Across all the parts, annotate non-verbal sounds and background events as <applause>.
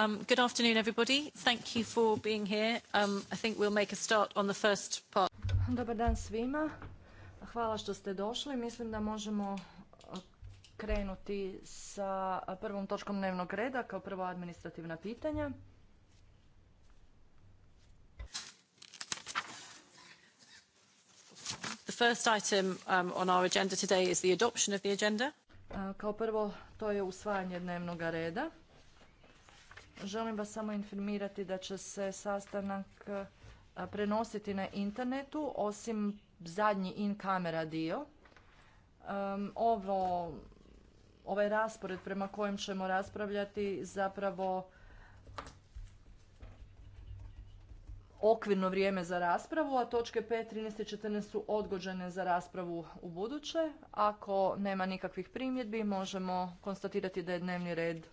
Um, good afternoon, everybody. Thank you for being here. Um, I think we'll make a start on the first part. Dobar dan svima. Hvala što ste došli. Mislim da možemo uh, krenuti sa uh, prvom točkom dnevnog reda, kao prvo administrativna pitanja. The first item um, on our agenda today is the adoption of the agenda. Uh, kao prvo, to je usvajanje dnevnog reda. Želim vas samo informirati da će se sastanak e, prenositi na internetu, osim zadnji in-kamera dio. Ovo, ovaj raspored prema kojem ćemo raspravljati zapravo okvirno vrijeme za raspravu, a točke 5, 13 i 14 su odgođene za raspravu u buduće. Ako nema nikakvih primjedbi, možemo konstatirati da je dnevni red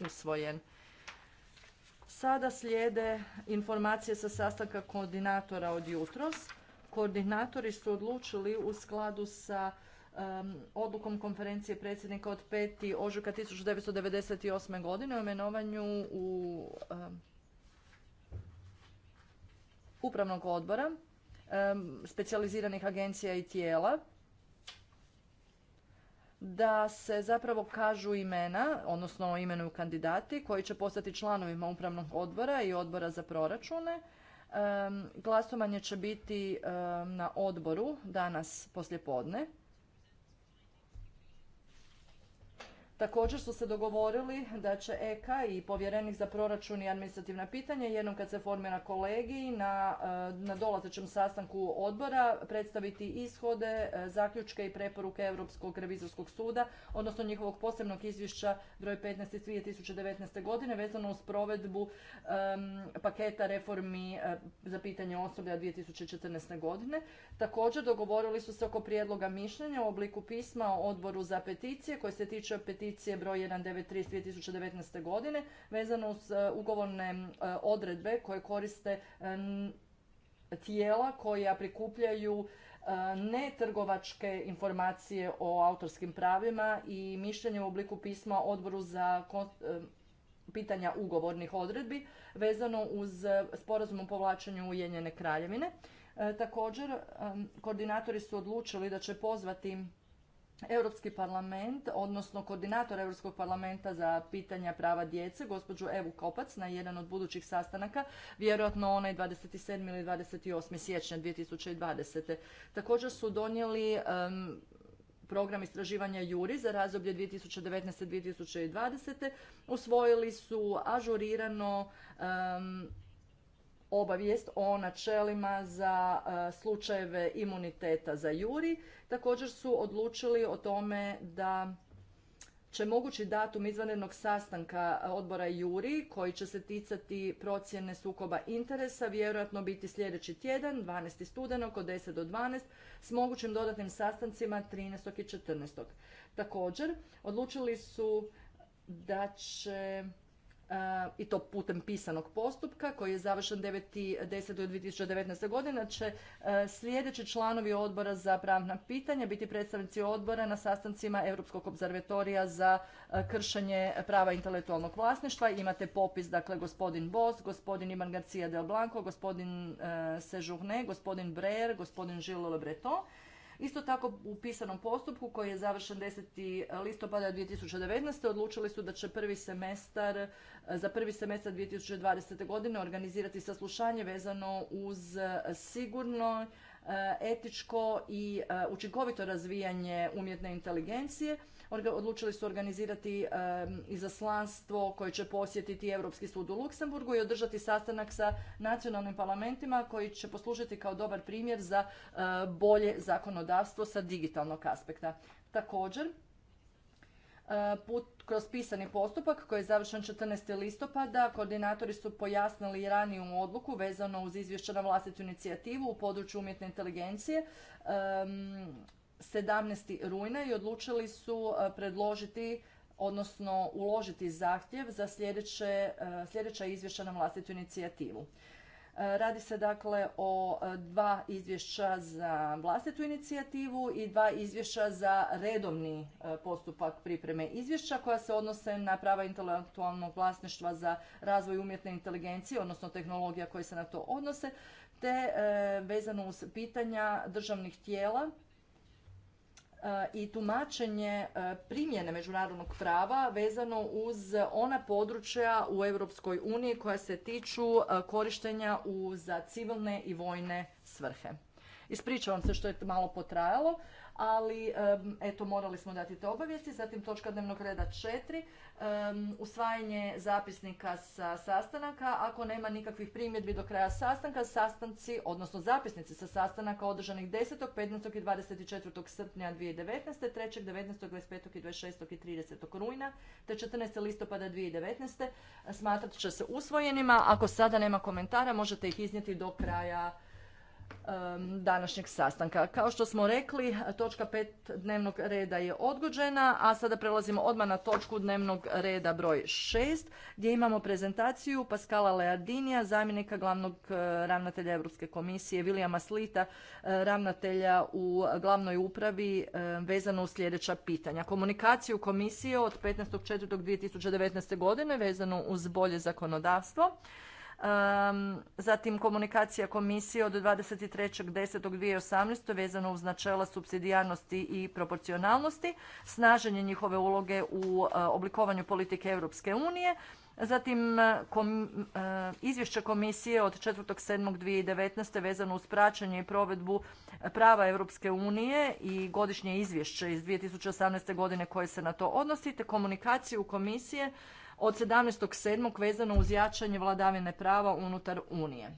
usvojen. Sada slijede informacije sa sastanka koordinatora od jutros. Koordinatori su odlučili u skladu sa odlukom konferencije predsjednika od 5. ožujka 1998. godine o imenovanju u upravnog odbora um, specijaliziranih agencija i tijela da se zapravo kažu imena, odnosno imenuju kandidati koji će postati članovima upravnog odbora i odbora za proračune. glasovanje će biti na odboru danas poslijepodne. Također su se dogovorili da će EK i povjerenik za proračun i administrativna pitanja jednom kad se formira kolegiji na, eh, na dolazećem sastanku odbora predstaviti ishode, eh, zaključke i preporuke Europskog revizorskog suda, odnosno njihovog posebnog izvješća broj 15 iz 2019. godine vezano uz provedbu paketa reformi eh, za pitanje osoblja 2014. godine. Također dogovorili su se oko prijedloga mišljenja u obliku pisma o odboru za peticije koje se tiče peticije peticije broj 193 2019. godine vezano uz e, ugovorne e, odredbe koje koriste e, tijela koja prikupljaju netrgovačke informacije o autorskim pravima i mišljenje u obliku pisma odboru za pitanja ugovornih odredbi vezano uz sporazum o povlačenju Ujedinjene kraljevine. Također, koordinatori su odlučili da će pozvati Europski parlament, odnosno koordinator Europskog parlamenta za pitanja prava djece, gospođu Evu Kopac, na jedan od budućih sastanaka, vjerojatno onaj 27. ili 28. siječnja 2020. Također su donijeli program istraživanja Juri za razoblje 2019-2020. Usvojili su ažurirano obavijest o načelima za e, slučajeve imuniteta za juri. Također su odlučili o tome da će mogući datum izvanrednog sastanka e, odbora Juri, koji će se ticati procjene sukoba interesa, vjerojatno biti sljedeći tjedan, 12. studenog od 10 do 12, s mogućim dodatnim sastancima 13. i 14. Također, odlučili su da će E, i to putem pisanog postupka koji je završen 9.10.2019. godine će e, sljedeći članovi odbora za pravna pitanja biti predstavnici odbora na sastancima Europskog observatorija za e, kršenje prava intelektualnog vlasništva. Imate popis, dakle, gospodin Bos, gospodin Iman Garcia del Blanco, gospodin Sežurne, gospodin Breer, gospodin Gilles Lebreton. Breton Isto tako u pisanom postupku koji je završen 10. listopada 2019. odlučili su da će prvi semestar, za prvi semestar 2020. godine organizirati saslušanje vezano uz sigurno e, etičko i e, učinkovito razvijanje umjetne inteligencije odlučili su organizirati izaslanstvo koje će posjetiti Europski sud u Luksemburgu i održati sastanak sa nacionalnim parlamentima koji će poslužiti kao dobar primjer za e, bolje zakonodavstvo sa digitalnog aspekta. Također, e, put kroz pisani postupak koji je završen 14. listopada. Koordinatori su pojasnili raniju odluku vezano uz izvješće na vlastitu inicijativu u području umjetne inteligencije. 17. rujna i odlučili su e, predložiti odnosno uložiti zahtjev za sljedeće, e, sljedeća izvješća na vlastitu inicijativu. E, radi se dakle o dva izvješća za vlastitu inicijativu i dva izvješća za redovni postupak pripreme izvješća koja se odnose na prava intelektualnog vlasništva za razvoj umjetne inteligencije, odnosno tehnologija koje se na to odnose, te vezano uz pitanja državnih tijela i tumačenje e, primjene međunarodnog prava vezano uz ona područja u Europskoj uniji koja se tiču e, korištenja za civilne i vojne svrhe. Ispričavam se što je malo potrajalo, ali eto morali smo dati te obavijesti. Zatim točka dnevnog reda četiri, Usvajanje zapisnika sa sastanaka. Ako nema nikakvih primjedbi do kraja sastanka, sastanci, odnosno zapisnici sa sastanaka održanih 10., 15. i 24. srpnja 2019. 3. 19. 25. i 26. i 30. rujna te 14. listopada 2019. smatrat će se usvojenima. Ako sada nema komentara možete ih iznijeti do kraja današnjeg sastanka. Kao što smo rekli, točka 5 dnevnog reda je odgođena, a sada prelazimo odmah na točku dnevnog reda broj 6, gdje imamo prezentaciju Paskala Leardinija, zamjenika glavnog eh, ravnatelja Europske komisije, Vilijama Slita, eh, ravnatelja u glavnoj upravi, eh, vezano u sljedeća pitanja. Komunikaciju komisije od 15.4.2019. godine vezano uz bolje zakonodavstvo, zatim komunikacija komisije od 23.10.2018. vezano uz načela subsidijarnosti i proporcionalnosti, snaženje njihove uloge u e, oblikovanju politike Europske unije, Zatim e, e, izvješće komisije od 4.7.2019. vezano uz praćenje i provedbu prava Europske unije i godišnje izvješće iz 2018. godine koje se na to odnosi te komunikaciju komisije od 17.7. vezano uz jačanje vladavine prava unutar Unije.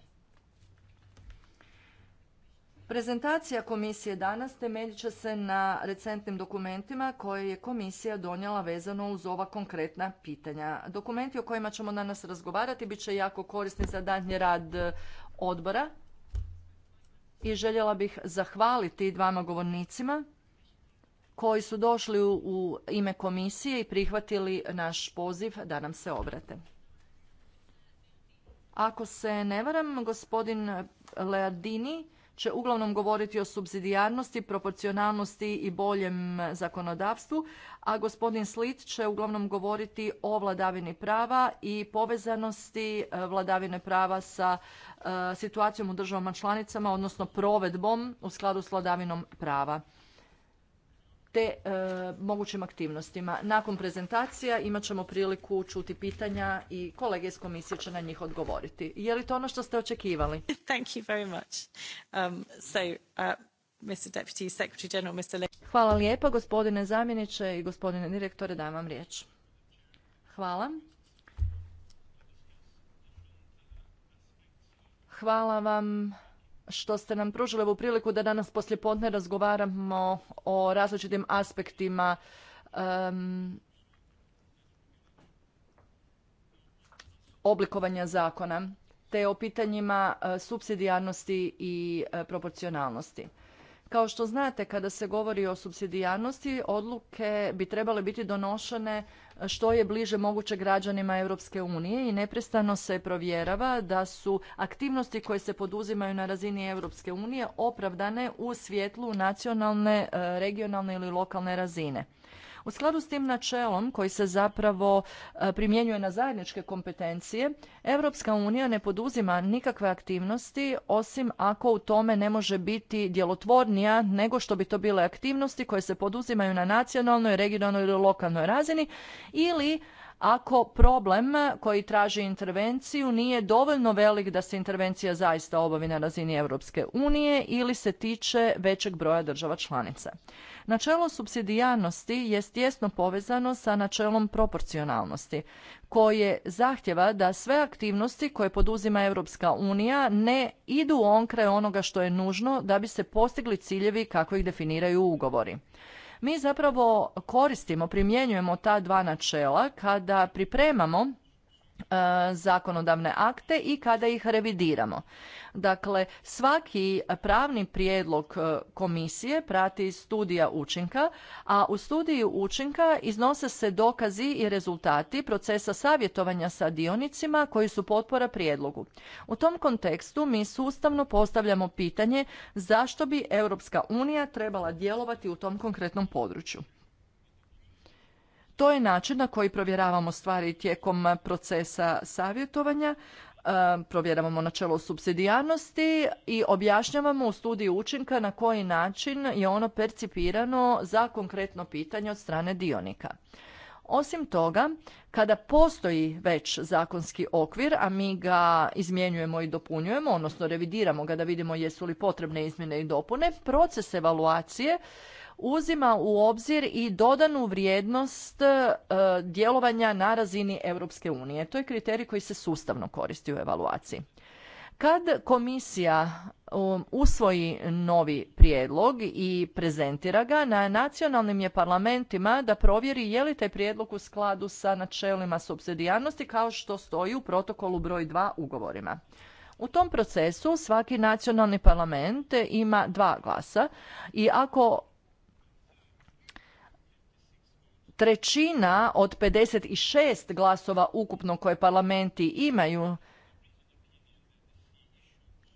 Prezentacija komisije danas temeljit će se na recentnim dokumentima koje je komisija donijela vezano uz ova konkretna pitanja. Dokumenti o kojima ćemo danas razgovarati bit će jako korisni za danji rad e, odbora i željela bih zahvaliti dvama govornicima koji su došli u, ime komisije i prihvatili naš poziv da nam se obrate. Ako se ne varam, gospodin Leardini će uglavnom govoriti o subsidijarnosti, proporcionalnosti i boljem zakonodavstvu, a gospodin Slit će uglavnom govoriti o vladavini prava i povezanosti e, vladavine prava sa e, situacijom u državama članicama, odnosno provedbom u skladu s vladavinom prava te e, mogućim aktivnostima. Nakon prezentacija imat ćemo priliku čuti pitanja i kolege iz komisije će na njih odgovoriti. Je li to ono što ste očekivali? Thank you very much. Um, uh, Hvala lijepa gospodine zamjeniče i gospodine direktore, dajem vam riječ. Hvala. Hvala vam što ste nam pružili ovu priliku da danas poslijepodne razgovaramo o različitim aspektima oblikovanja zakona te o pitanjima e, subsidijarnosti i e, proporcionalnosti. Kao što znate, kada se govori o subsidijarnosti, odluke bi trebale biti donošene što je bliže moguće građanima Europske unije i neprestano se provjerava da su aktivnosti koje se poduzimaju na razini Europske unije opravdane u svjetlu nacionalne, eh, regionalne ili lokalne razine. U skladu s tim načelom koji se zapravo e, primjenjuje na zajedničke kompetencije, Europska unija ne poduzima nikakve aktivnosti osim ako u tome ne može biti djelotvornija nego što bi to bile aktivnosti koje se poduzimaju na nacionalnoj, regionalnoj ili lokalnoj razini ili ako problem koji traži intervenciju nije dovoljno velik da se intervencija zaista obavi na razini Europske unije ili se tiče većeg broja država članica. Načelo subsidijarnosti je tjesno povezano sa načelom proporcionalnosti, koje zahtjeva da sve aktivnosti koje poduzima Europska unija ne idu onkraj onoga što je nužno da bi se postigli ciljevi kako ih definiraju ugovori. Mi zapravo koristimo, primjenjujemo ta dva načela kada pripremamo E, zakonodavne akte i kada ih revidiramo. Dakle, svaki pravni prijedlog e, komisije prati studija učinka, a u studiju učinka iznose se dokazi i rezultati procesa savjetovanja sa dionicima koji su potpora prijedlogu. U tom kontekstu mi sustavno postavljamo pitanje zašto bi Europska unija trebala djelovati u tom konkretnom području. To je način na koji provjeravamo stvari tijekom procesa savjetovanja, e, provjeravamo načelo subsidijarnosti i objašnjavamo u studiju učinka na koji način je ono percipirano za konkretno pitanje od strane dionika. Osim toga, kada postoji već zakonski okvir, a mi ga izmjenjujemo i dopunjujemo, odnosno revidiramo ga da vidimo jesu li potrebne izmjene i dopune, proces evaluacije uzima u obzir i dodanu vrijednost e, djelovanja na razini Europske unije. To je kriterij koji se sustavno koristi u evaluaciji. Kad komisija um, usvoji novi prijedlog i prezentira ga, na nacionalnim je parlamentima da provjeri je li taj prijedlog u skladu sa načelima subsidijarnosti kao što stoji u protokolu broj 2 ugovorima. U tom procesu svaki nacionalni parlament ima dva glasa i ako trećina od 56 glasova ukupno koje parlamenti imaju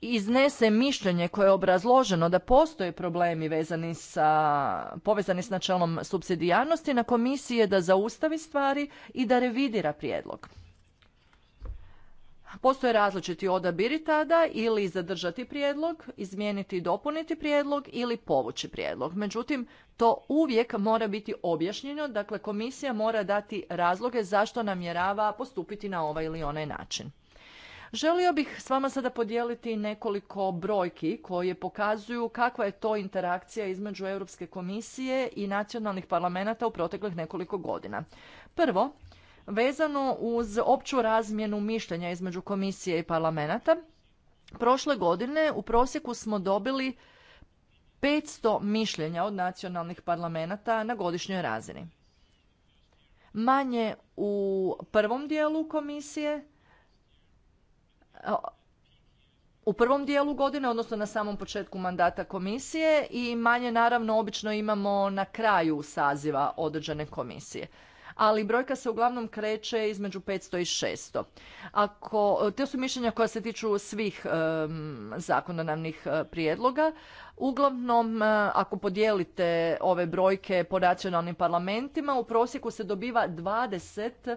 iznese mišljenje koje je obrazloženo da postoje problemi vezani sa, povezani s načelom subsidijarnosti na komisije da zaustavi stvari i da revidira prijedlog. Postoje različiti odabiri tada ili zadržati prijedlog, izmijeniti i dopuniti prijedlog ili povući prijedlog. Međutim, to uvijek mora biti objašnjeno, dakle komisija mora dati razloge zašto namjerava postupiti na ovaj ili onaj način. Želio bih s vama sada podijeliti nekoliko brojki koje pokazuju kakva je to interakcija između Europske komisije i nacionalnih parlamenta u proteklih nekoliko godina. Prvo, vezano uz opću razmjenu mišljenja između komisije i parlamenta. Prošle godine u prosjeku smo dobili 500 mišljenja od nacionalnih parlamenta na godišnjoj razini. Manje u prvom dijelu komisije, u prvom dijelu godine, odnosno na samom početku mandata komisije i manje naravno obično imamo na kraju saziva određene komisije ali brojka se uglavnom kreće između 500 i 600. Ako, te su mišljenja koja se tiču svih um, zakonodavnih e, prijedloga. Uglavnom, e, ako podijelite ove brojke po nacionalnim parlamentima, u prosjeku se dobiva 20 e,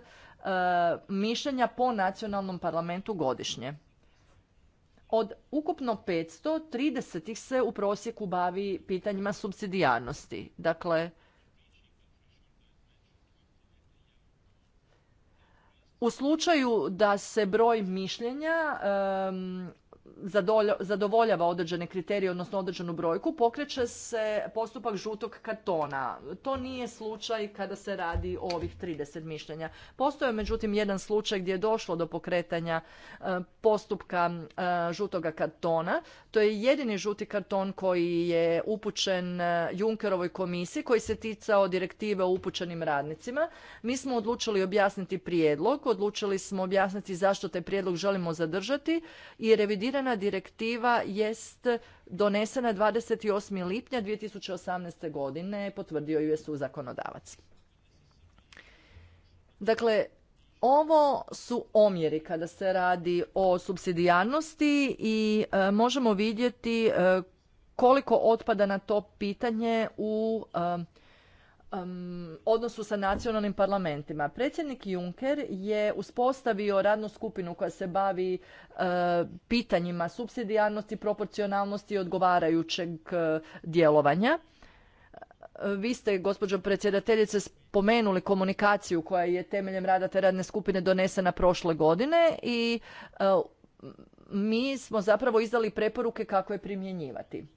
mišljenja po nacionalnom parlamentu godišnje. Od ukupno 530 ih se u prosjeku bavi pitanjima subsidijarnosti. Dakle, U slučaju da se broj mišljenja zadovoljava određene kriterije, odnosno određenu brojku, pokreće se postupak žutog kartona. To nije slučaj kada se radi o ovih 30 mišljenja. Postoje međutim jedan slučaj gdje je došlo do pokretanja e, postupka e, žutoga kartona. To je jedini žuti karton koji je upućen e, Junkerovoj komisiji koji se ticao direktive o upućenim radnicima. Mi smo odlučili objasniti prijedlog, odlučili smo objasniti zašto taj prijedlog želimo zadržati i revidirati direktiva jest donesena 28. lipnja 2018. godine, potvrdio ju je su zakonodavac. Dakle, ovo su omjeri kada se radi o subsidijarnosti i e, možemo vidjeti e, koliko otpada na to pitanje u e, um, odnosu sa nacionalnim parlamentima. Predsjednik Juncker je uspostavio radnu skupinu koja se bavi e, pitanjima subsidijarnosti, proporcionalnosti i odgovarajućeg e, djelovanja. Vi ste, gospođo predsjedateljice, spomenuli komunikaciju koja je temeljem rada te radne skupine donesena prošle godine i e, mi smo zapravo izdali preporuke kako je primjenjivati.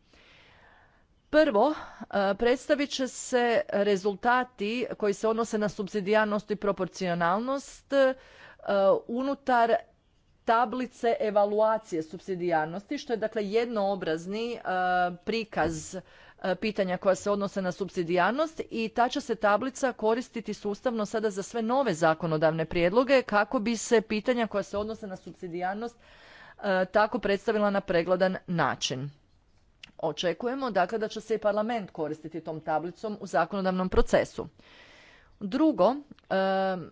Prvo, e, predstavit će se rezultati koji se odnose na subsidijarnost i proporcionalnost e, unutar tablice evaluacije subsidijarnosti, što je dakle jednoobrazni e, prikaz pitanja koja se odnose na subsidijarnost i ta će se tablica koristiti sustavno sada za sve nove zakonodavne prijedloge kako bi se pitanja koja se odnose na subsidijarnost tako predstavila na pregledan način. Očekujemo dakle da će se i parlament koristiti tom tablicom u zakonodavnom procesu. Drugo, e,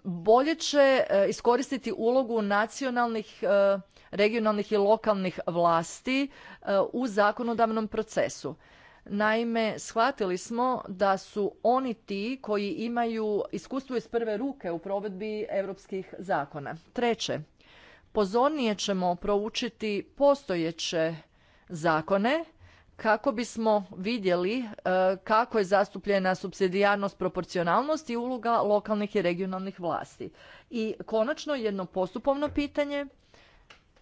bolje će e, iskoristiti ulogu nacionalnih, e, regionalnih i lokalnih vlasti u zakonodavnom procesu. Naime, shvatili smo da su oni ti koji imaju iskustvo iz prve ruke u provedbi europskih zakona. Treće, pozornije ćemo proučiti postojeće zakone kako bismo vidjeli e, kako je zastupljena supsidijarnost proporcionalnost i uloga lokalnih i regionalnih vlasti. I konačno jedno postupovno pitanje,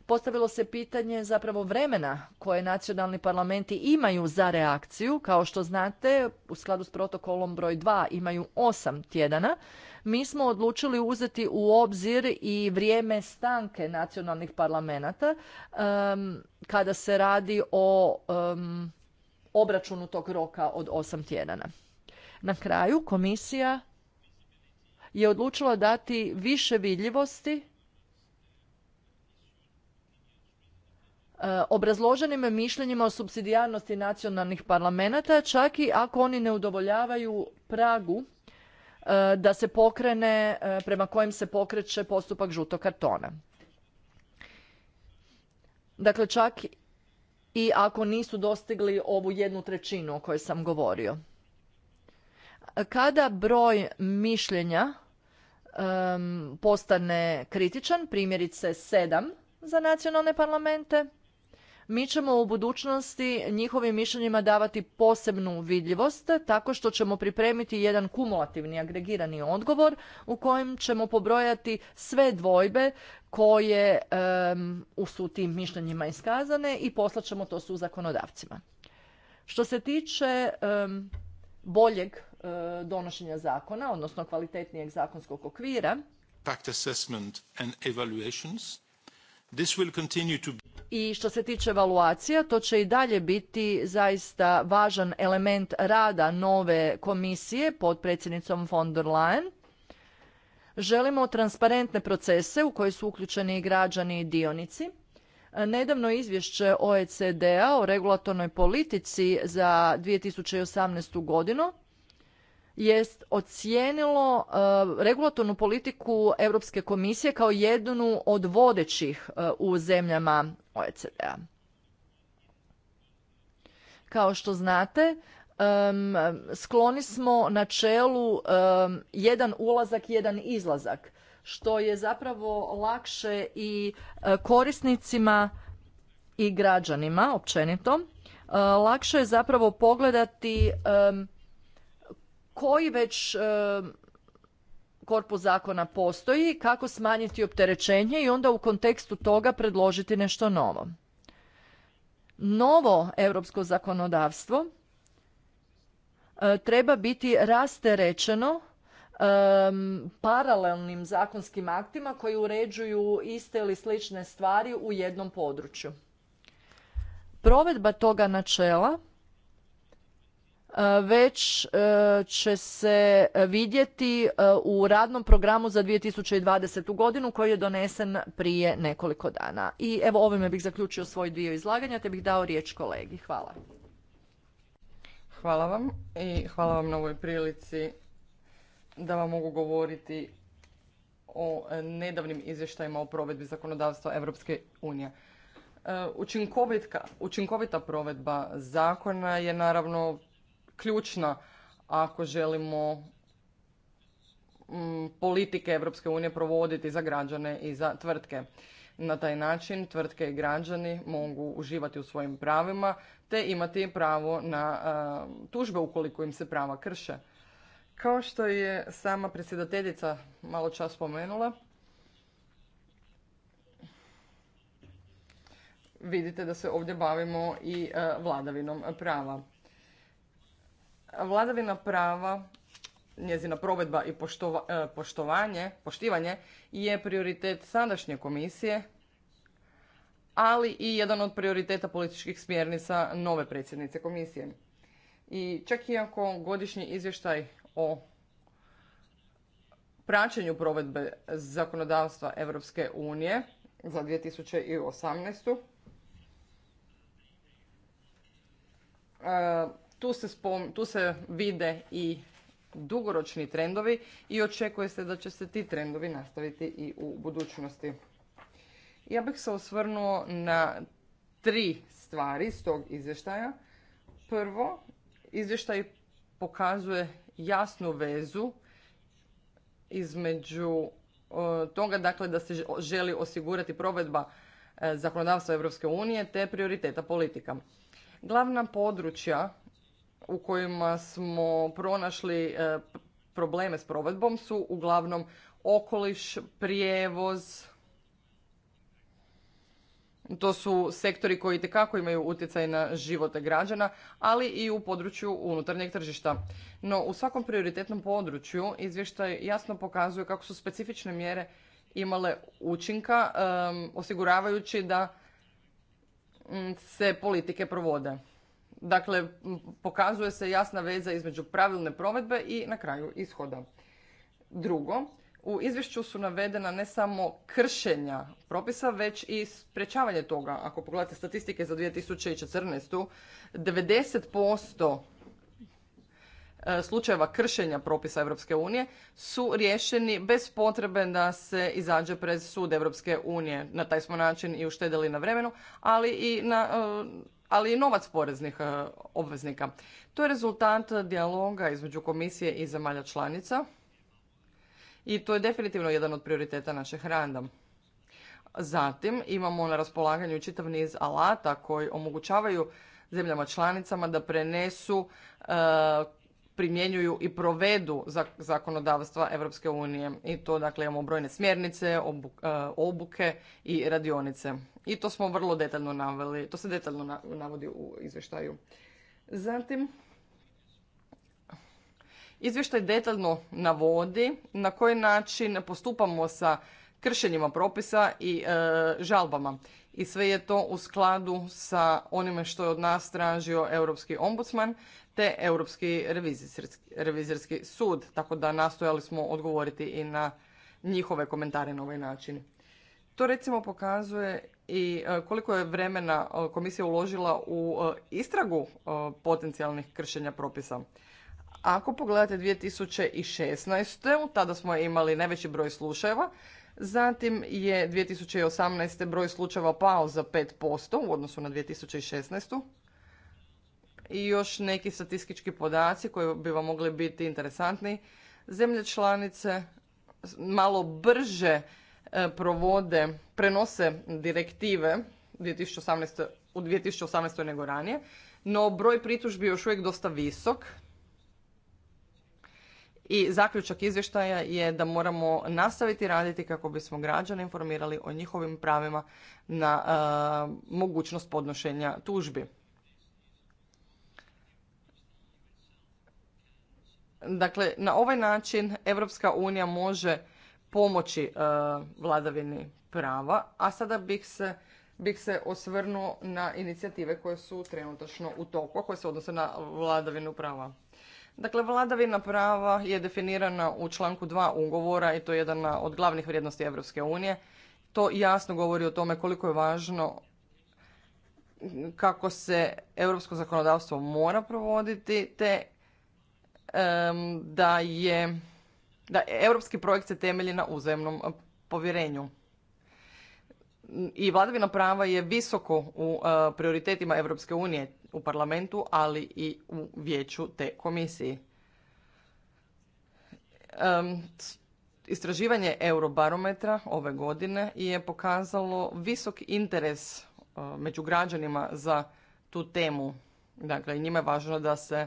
postavilo se pitanje zapravo vremena koje nacionalni parlamenti imaju za reakciju. Kao što znate, u skladu s protokolom broj 2 imaju osam tjedana mi smo odlučili uzeti u obzir i vrijeme stanke nacionalnih parlamenata kada se radi o obračunu tog roka od osam tjedana. Na kraju komisija je odlučila dati više vidljivosti eh, obrazloženim mišljenjima o subsidijarnosti nacionalnih parlamenata, čak i ako oni ne udovoljavaju pragu E, da se pokrene, e, prema kojem se pokreće postupak žutog kartona. Dakle, čak i ako nisu dostigli ovu jednu trećinu o kojoj sam govorio. Kada broj mišljenja postane kritičan, primjerice sedam za nacionalne parlamente, mi ćemo u budućnosti njihovim mišljenjima davati posebnu vidljivost tako što ćemo pripremiti jedan kumulativni agregirani odgovor u kojem ćemo pobrojati sve dvojbe koje um, su tim mišljenjima iskazane i poslat ćemo to su zakonodavcima. Što se tiče boljeg e, donošenja zakona, odnosno kvalitetnijeg zakonskog okvira, and evaluations i što se tiče evaluacija, to će i dalje biti zaista važan element rada nove komisije pod predsjednicom von der Leyen. Želimo transparentne procese u koje su uključeni i građani i dionici. Nedavno izvješće OECD-a o regulatornoj politici za 2018. godinu jest ocijenilo e, regulatornu politiku Europske komisije kao jednu od vodećih e, u zemljama OECD-a. Kao što znate, skloni smo na čelu jedan ulazak, jedan izlazak, što je zapravo lakše i e, korisnicima i građanima općenito. Lakše je zapravo pogledati koji već korpus zakona postoji, kako smanjiti opterećenje i onda u kontekstu toga predložiti nešto novo. Novo europsko zakonodavstvo e, treba biti rasterečeno paralelnim zakonskim aktima koji uređuju iste ili slične stvari u jednom području. Provedba toga načela E, već e, će se vidjeti e, u radnom programu za 2020. godinu koji je donesen prije nekoliko dana. I evo ovime bih zaključio svoj dio izlaganja te bih dao riječ kolegi. Hvala. Hvala vam i hvala vam na ovoj prilici da vam mogu govoriti o nedavnim izvještajima o provedbi zakonodavstva Europske unije. Učinkovita provedba zakona je naravno ključna ako želimo mm, politike Europske unije provoditi za građane i za tvrtke. Na taj način tvrtke i građani mogu uživati u svojim pravima te imati pravo na tužbe ukoliko im se prava krše. Kao što je sama predsjedateljica malo čas spomenula, vidite da se ovdje bavimo i vladavinom prava. Vladavina prava, njezina provedba i e, poštivanje je prioritet sadašnje komisije, ali i jedan od prioriteta političkih smjernica nove predsjednice komisije. I čak iako godišnji izvještaj o praćenju provedbe zakonodavstva Europske unije za 2018. Tu se, spom, se vide i dugoročni trendovi i očekuje se da će se ti trendovi nastaviti i u budućnosti. Ja bih se osvrnuo na tri stvari s tog izvještaja. Prvo, izvještaj pokazuje jasnu vezu između e, toga dakle da se želi osigurati provedba e, zakonodavstva Europske unije te prioriteta politika. Glavna područja u kojima smo pronašli e, probleme s provedbom su uglavnom okoliš, prijevoz. To su sektori koji itekako imaju utjecaj na živote građana, ali i u području unutarnjeg tržišta. No, u svakom prioritetnom području izvještaj jasno pokazuje kako su specifične mjere imale učinka, e, osiguravajući da mm, se politike provode. Dakle, pokazuje se jasna veza između pravilne provedbe i na kraju ishoda. Drugo, u izvješću su navedena ne samo kršenja propisa, već i sprečavanje toga. Ako pogledate statistike za 2014. 90% e, slučajeva kršenja propisa Europske unije su riješeni bez potrebe da se izađe pred sud Europske unije. Na taj smo način i uštedili na vremenu, ali i na e, ali i novac poreznih e, obveznika. To je rezultat dijaloga između komisije i zemalja članica i to je definitivno jedan od prioriteta našeg randa. Zatim imamo na raspolaganju čitav niz alata koji omogućavaju zemljama članicama da prenesu, e, primjenjuju i provedu zakonodavstva Europske unije. I to dakle imamo brojne smjernice, e, obuke i radionice. I to smo vrlo detaljno naveli, to se detaljno navodi u izvještaju. Zatim, izvještaj detaljno navodi na koji način postupamo sa kršenjima propisa i e, žalbama. I sve je to u skladu sa onime što je od nas tražio Europski ombudsman te Europski revizorski sud. Tako da nastojali smo odgovoriti i na njihove komentare na ovaj način. To recimo pokazuje i e, koliko je vremena e, komisija uložila u e, istragu potencijalnih kršenja propisa. Ako pogledate 2016. tada smo imali najveći broj slučajeva, zatim je 2018. broj slučajeva pao za 5% u odnosu na 2016. I još neki statistički podaci koji bi vam mogli biti interesantni. Zemlje članice malo brže E, provode, prenose direktive 2018, u 2018. nego ranije, no broj pritužbi je još uvijek dosta visok. I zaključak izvještaja je da moramo nastaviti raditi kako bismo građane informirali o njihovim pravima na e, mogućnost podnošenja tužbi. Dakle, na ovaj način Europska unija može pomoći e, vladavini prava, a sada bih se bih se osvrnuo na inicijative koje su trenutačno u toku, a koje se odnose na vladavinu prava. Dakle, vladavina prava je definirana u članku 2 ugovora i to je jedna od glavnih vrijednosti Europske unije. To jasno govori o tome koliko je važno kako se europsko zakonodavstvo mora provoditi te da je da europski projekt se temelji na uzajemnom e, povjerenju. I vladavina prava je visoko u e, prioritetima Europske unije u parlamentu, ali i u vijeću te komisiji. Istraživanje Eurobarometra ove godine je pokazalo visok interes e, među građanima za tu temu. Dakle, njima je važno da se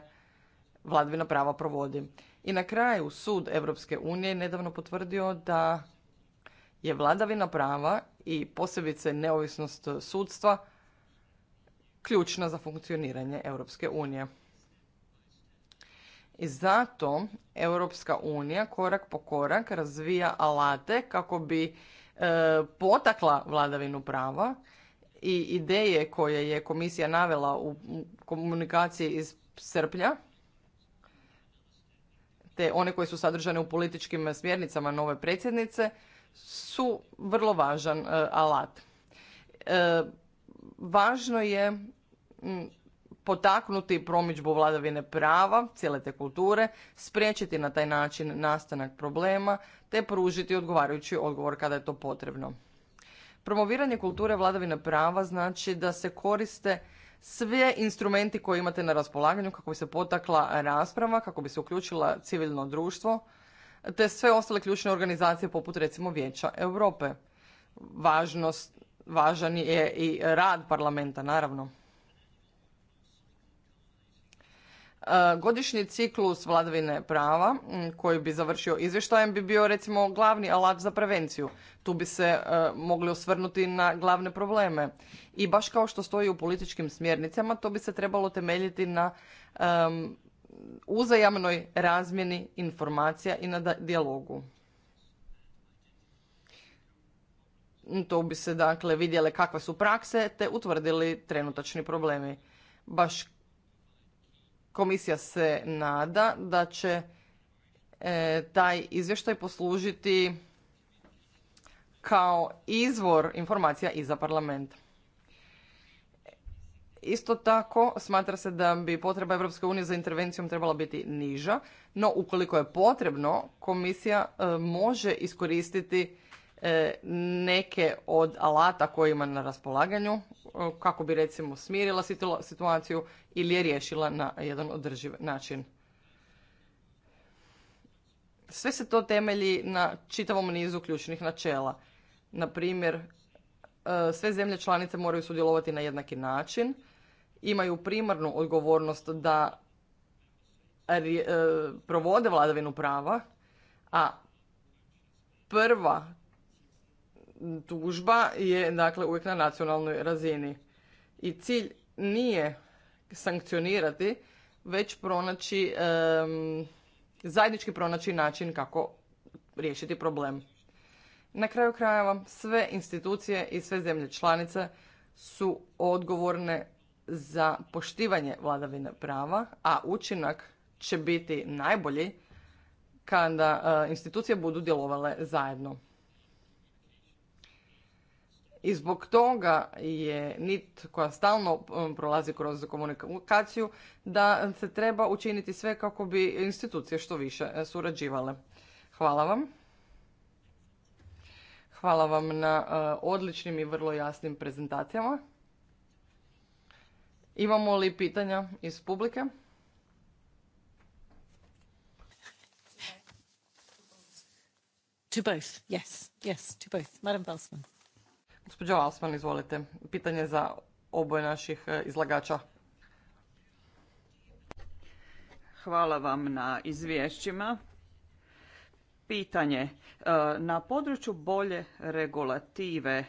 vladavina prava provodi. I na kraju sud Europske unije nedavno potvrdio da je vladavina prava i posebice neovisnost sudstva ključna za funkcioniranje Europske unije. I zato Europska unija korak po korak razvija alate kako bi e, potakla vladavinu prava i ideje koje je komisija navela u komunikaciji iz srpnja te one koje su sadržane u političkim smjernicama nove predsjednice su vrlo važan e, alat. E, važno je potaknuti promičbu vladavine prava, cijele te kulture, spriječiti na taj način nastanak problema te pružiti odgovarajući odgovor kada je to potrebno. Promoviranje kulture vladavine prava znači da se koriste sve instrumenti koje imate na raspolaganju kako bi se potakla rasprava, kako bi se uključila civilno društvo, te sve ostale ključne organizacije poput recimo Vijeća Europe. Važnost, važan je i rad parlamenta naravno. E, godišnji ciklus vladavine prava koji bi završio izvještajem bi bio recimo glavni alat za prevenciju. Tu bi se e, mogli osvrnuti na glavne probleme. I baš kao što stoji u političkim smjernicama, to bi se trebalo temeljiti na uzajamnoj razmjeni informacija i na dijalogu. To bi se dakle vidjele kakve su prakse te utvrdili trenutačni problemi. Baš Komisija se nada da će e, taj izvještaj poslužiti kao izvor informacija i za parlament. Isto tako, smatra se da bi potreba Europske unije za intervencijom trebala biti niža, no ukoliko je potrebno, komisija e, može iskoristiti E, neke od alata koje ima na raspolaganju e, kako bi recimo smirila situaciju ili je riješila na jedan održiv način. Sve se to temelji na čitavom nizu ključnih načela. Na primjer, e, sve zemlje članice moraju sudjelovati na jednaki način, imaju primarnu odgovornost da provode vladavinu prava, a prva tužba je dakle uvijek na nacionalnoj razini. I cilj nije sankcionirati, već pronaći, zajednički pronaći način kako riješiti problem. Na kraju krajeva sve institucije i sve zemlje članice su odgovorne za poštivanje vladavine prava, a učinak će biti najbolji kada eh, institucije budu djelovale zajedno. I zbog toga je nit koja stalno um, prolazi kroz komunikaciju da se treba učiniti sve kako bi institucije što više e, surađivale. Hvala vam. Hvala vam na e, odličnim i vrlo jasnim prezentacijama. Imamo li pitanja iz publike? To both, yes, yes, to both. Madam Gospođo Osman, izvolite. Pitanje za oboje naših e, izlagača. Hvala vam na izvješćima. Pitanje. E, na području bolje regulative e,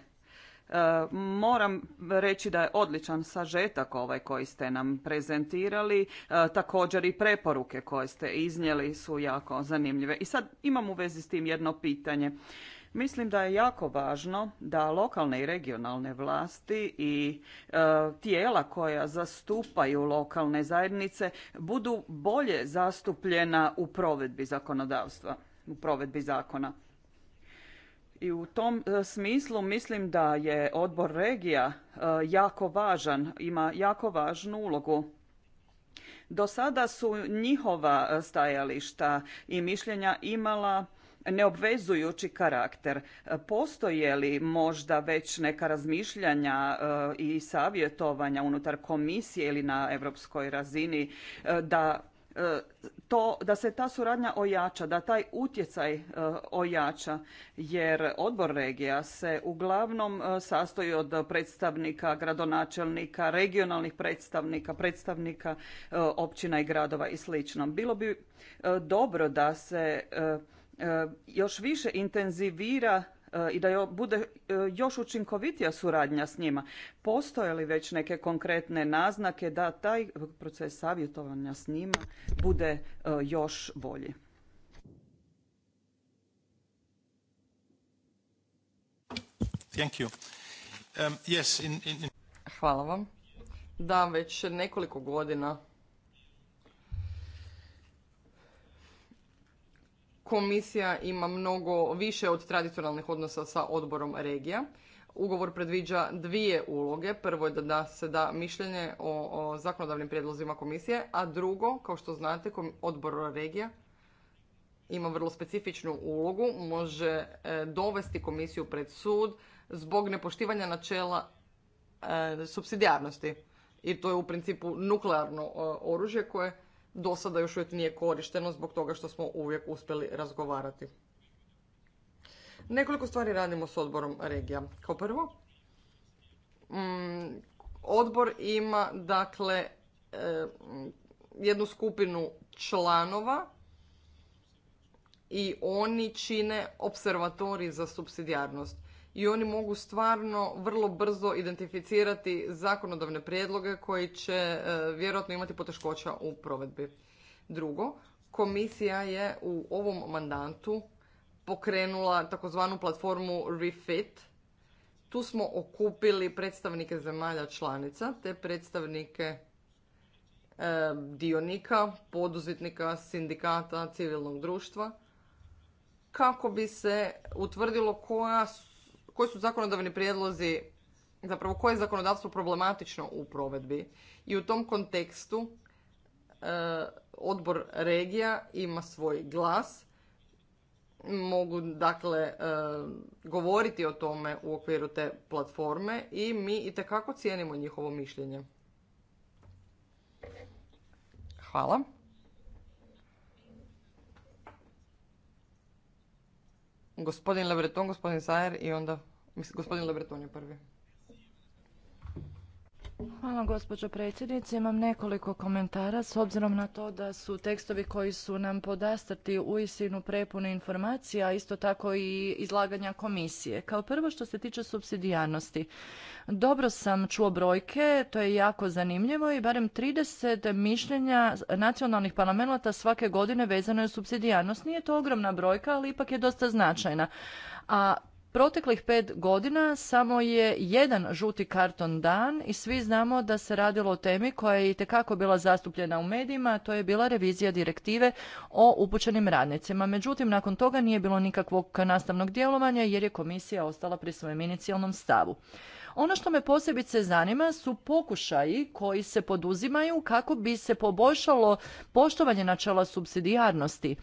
Moram reći da je odličan sažetak ovaj koji ste nam prezentirali, također i preporuke koje ste iznijeli su jako zanimljive. I sad imam u vezi s tim jedno pitanje. Mislim da je jako važno da lokalne i regionalne vlasti i e, tijela koja zastupaju lokalne zajednice budu bolje zastupljena u provedbi zakonodavstva, u provedbi zakona. I u tom e, smislu mislim da je odbor regija e, jako važan, ima jako važnu ulogu. Do sada su njihova stajališta i mišljenja imala neobvezujući karakter. Postoje li možda već neka razmišljanja e, i savjetovanja unutar komisije ili na europskoj razini e, da e, to da se ta suradnja ojača, da taj utjecaj ojača jer odbor regija se uglavnom sastoji od predstavnika gradonačelnika, regionalnih predstavnika, predstavnika općina i gradova i slično. Bilo bi dobro da se E, još više intenzivira e, i da bude e, još učinkovitija suradnja s njima. Postoje li već neke konkretne naznake da taj proces savjetovanja s njima bude još bolji? Um, Hvala vam. Da, već nekoliko godina Komisija ima mnogo više od tradicionalnih odnosa sa odborom regija. Ugovor predviđa dvije uloge. Prvo je da, da se da mišljenje o, zakonodavnim prijedlozima komisije, a drugo, kao što znate, odbor regija ima vrlo specifičnu ulogu, može e, dovesti komisiju pred sud zbog nepoštivanja načela e, subsidijarnosti. I to je u principu nuklearno e, oružje koje do sada još uvijek nije korišteno zbog toga što smo uvijek uspjeli razgovarati. Nekoliko stvari radimo s odborom regija. Kao prvo, mm, odbor ima dakle e, jednu skupinu članova i oni čine observatori za subsidijarnost i oni mogu stvarno vrlo brzo identificirati zakonodavne prijedloge koji će e, vjerojatno imati poteškoća u provedbi. Drugo, komisija je u ovom mandatu pokrenula takozvanu platformu Refit. Tu smo okupili predstavnike zemalja članica te predstavnike e, dionika, poduzetnika, sindikata, civilnog društva kako bi se utvrdilo koja koji su zakonodavni prijedlozi, zapravo koje je zakonodavstvo problematično u provedbi. I u tom kontekstu e, odbor regija ima svoj glas, mogu dakle e, govoriti o tome u okviru te platforme i mi itekako cijenimo njihovo mišljenje. Hvala. Gospodin Lebreton, gospodin Zajer i onda... Mislim, gospodin Lebreton je prvi. Hvala gospođo predsjednice. Imam nekoliko komentara s obzirom na to da su tekstovi koji su nam podastrti uistinu prepune informacija, isto tako i izlaganja komisije. Kao prvo što se tiče subsidijarnosti. Dobro sam čuo brojke, to je jako zanimljivo i barem 30 mišljenja nacionalnih parlamenta svake godine vezano je subsidijarnost. Nije to ogromna brojka, ali ipak je dosta značajna. A Proteklih pet godina samo je jedan žuti karton dan i svi znamo da se radilo o temi koja je itekako bila zastupljena u medijima, a to je bila revizija direktive o upućenim radnicima. Međutim, nakon toga nije bilo nikakvog nastavnog djelovanja jer je komisija ostala pri svojem inicijalnom stavu. Ono što me posebice zanima su pokušaji koji se poduzimaju kako bi se poboljšalo poštovanje načela subsidijarnosti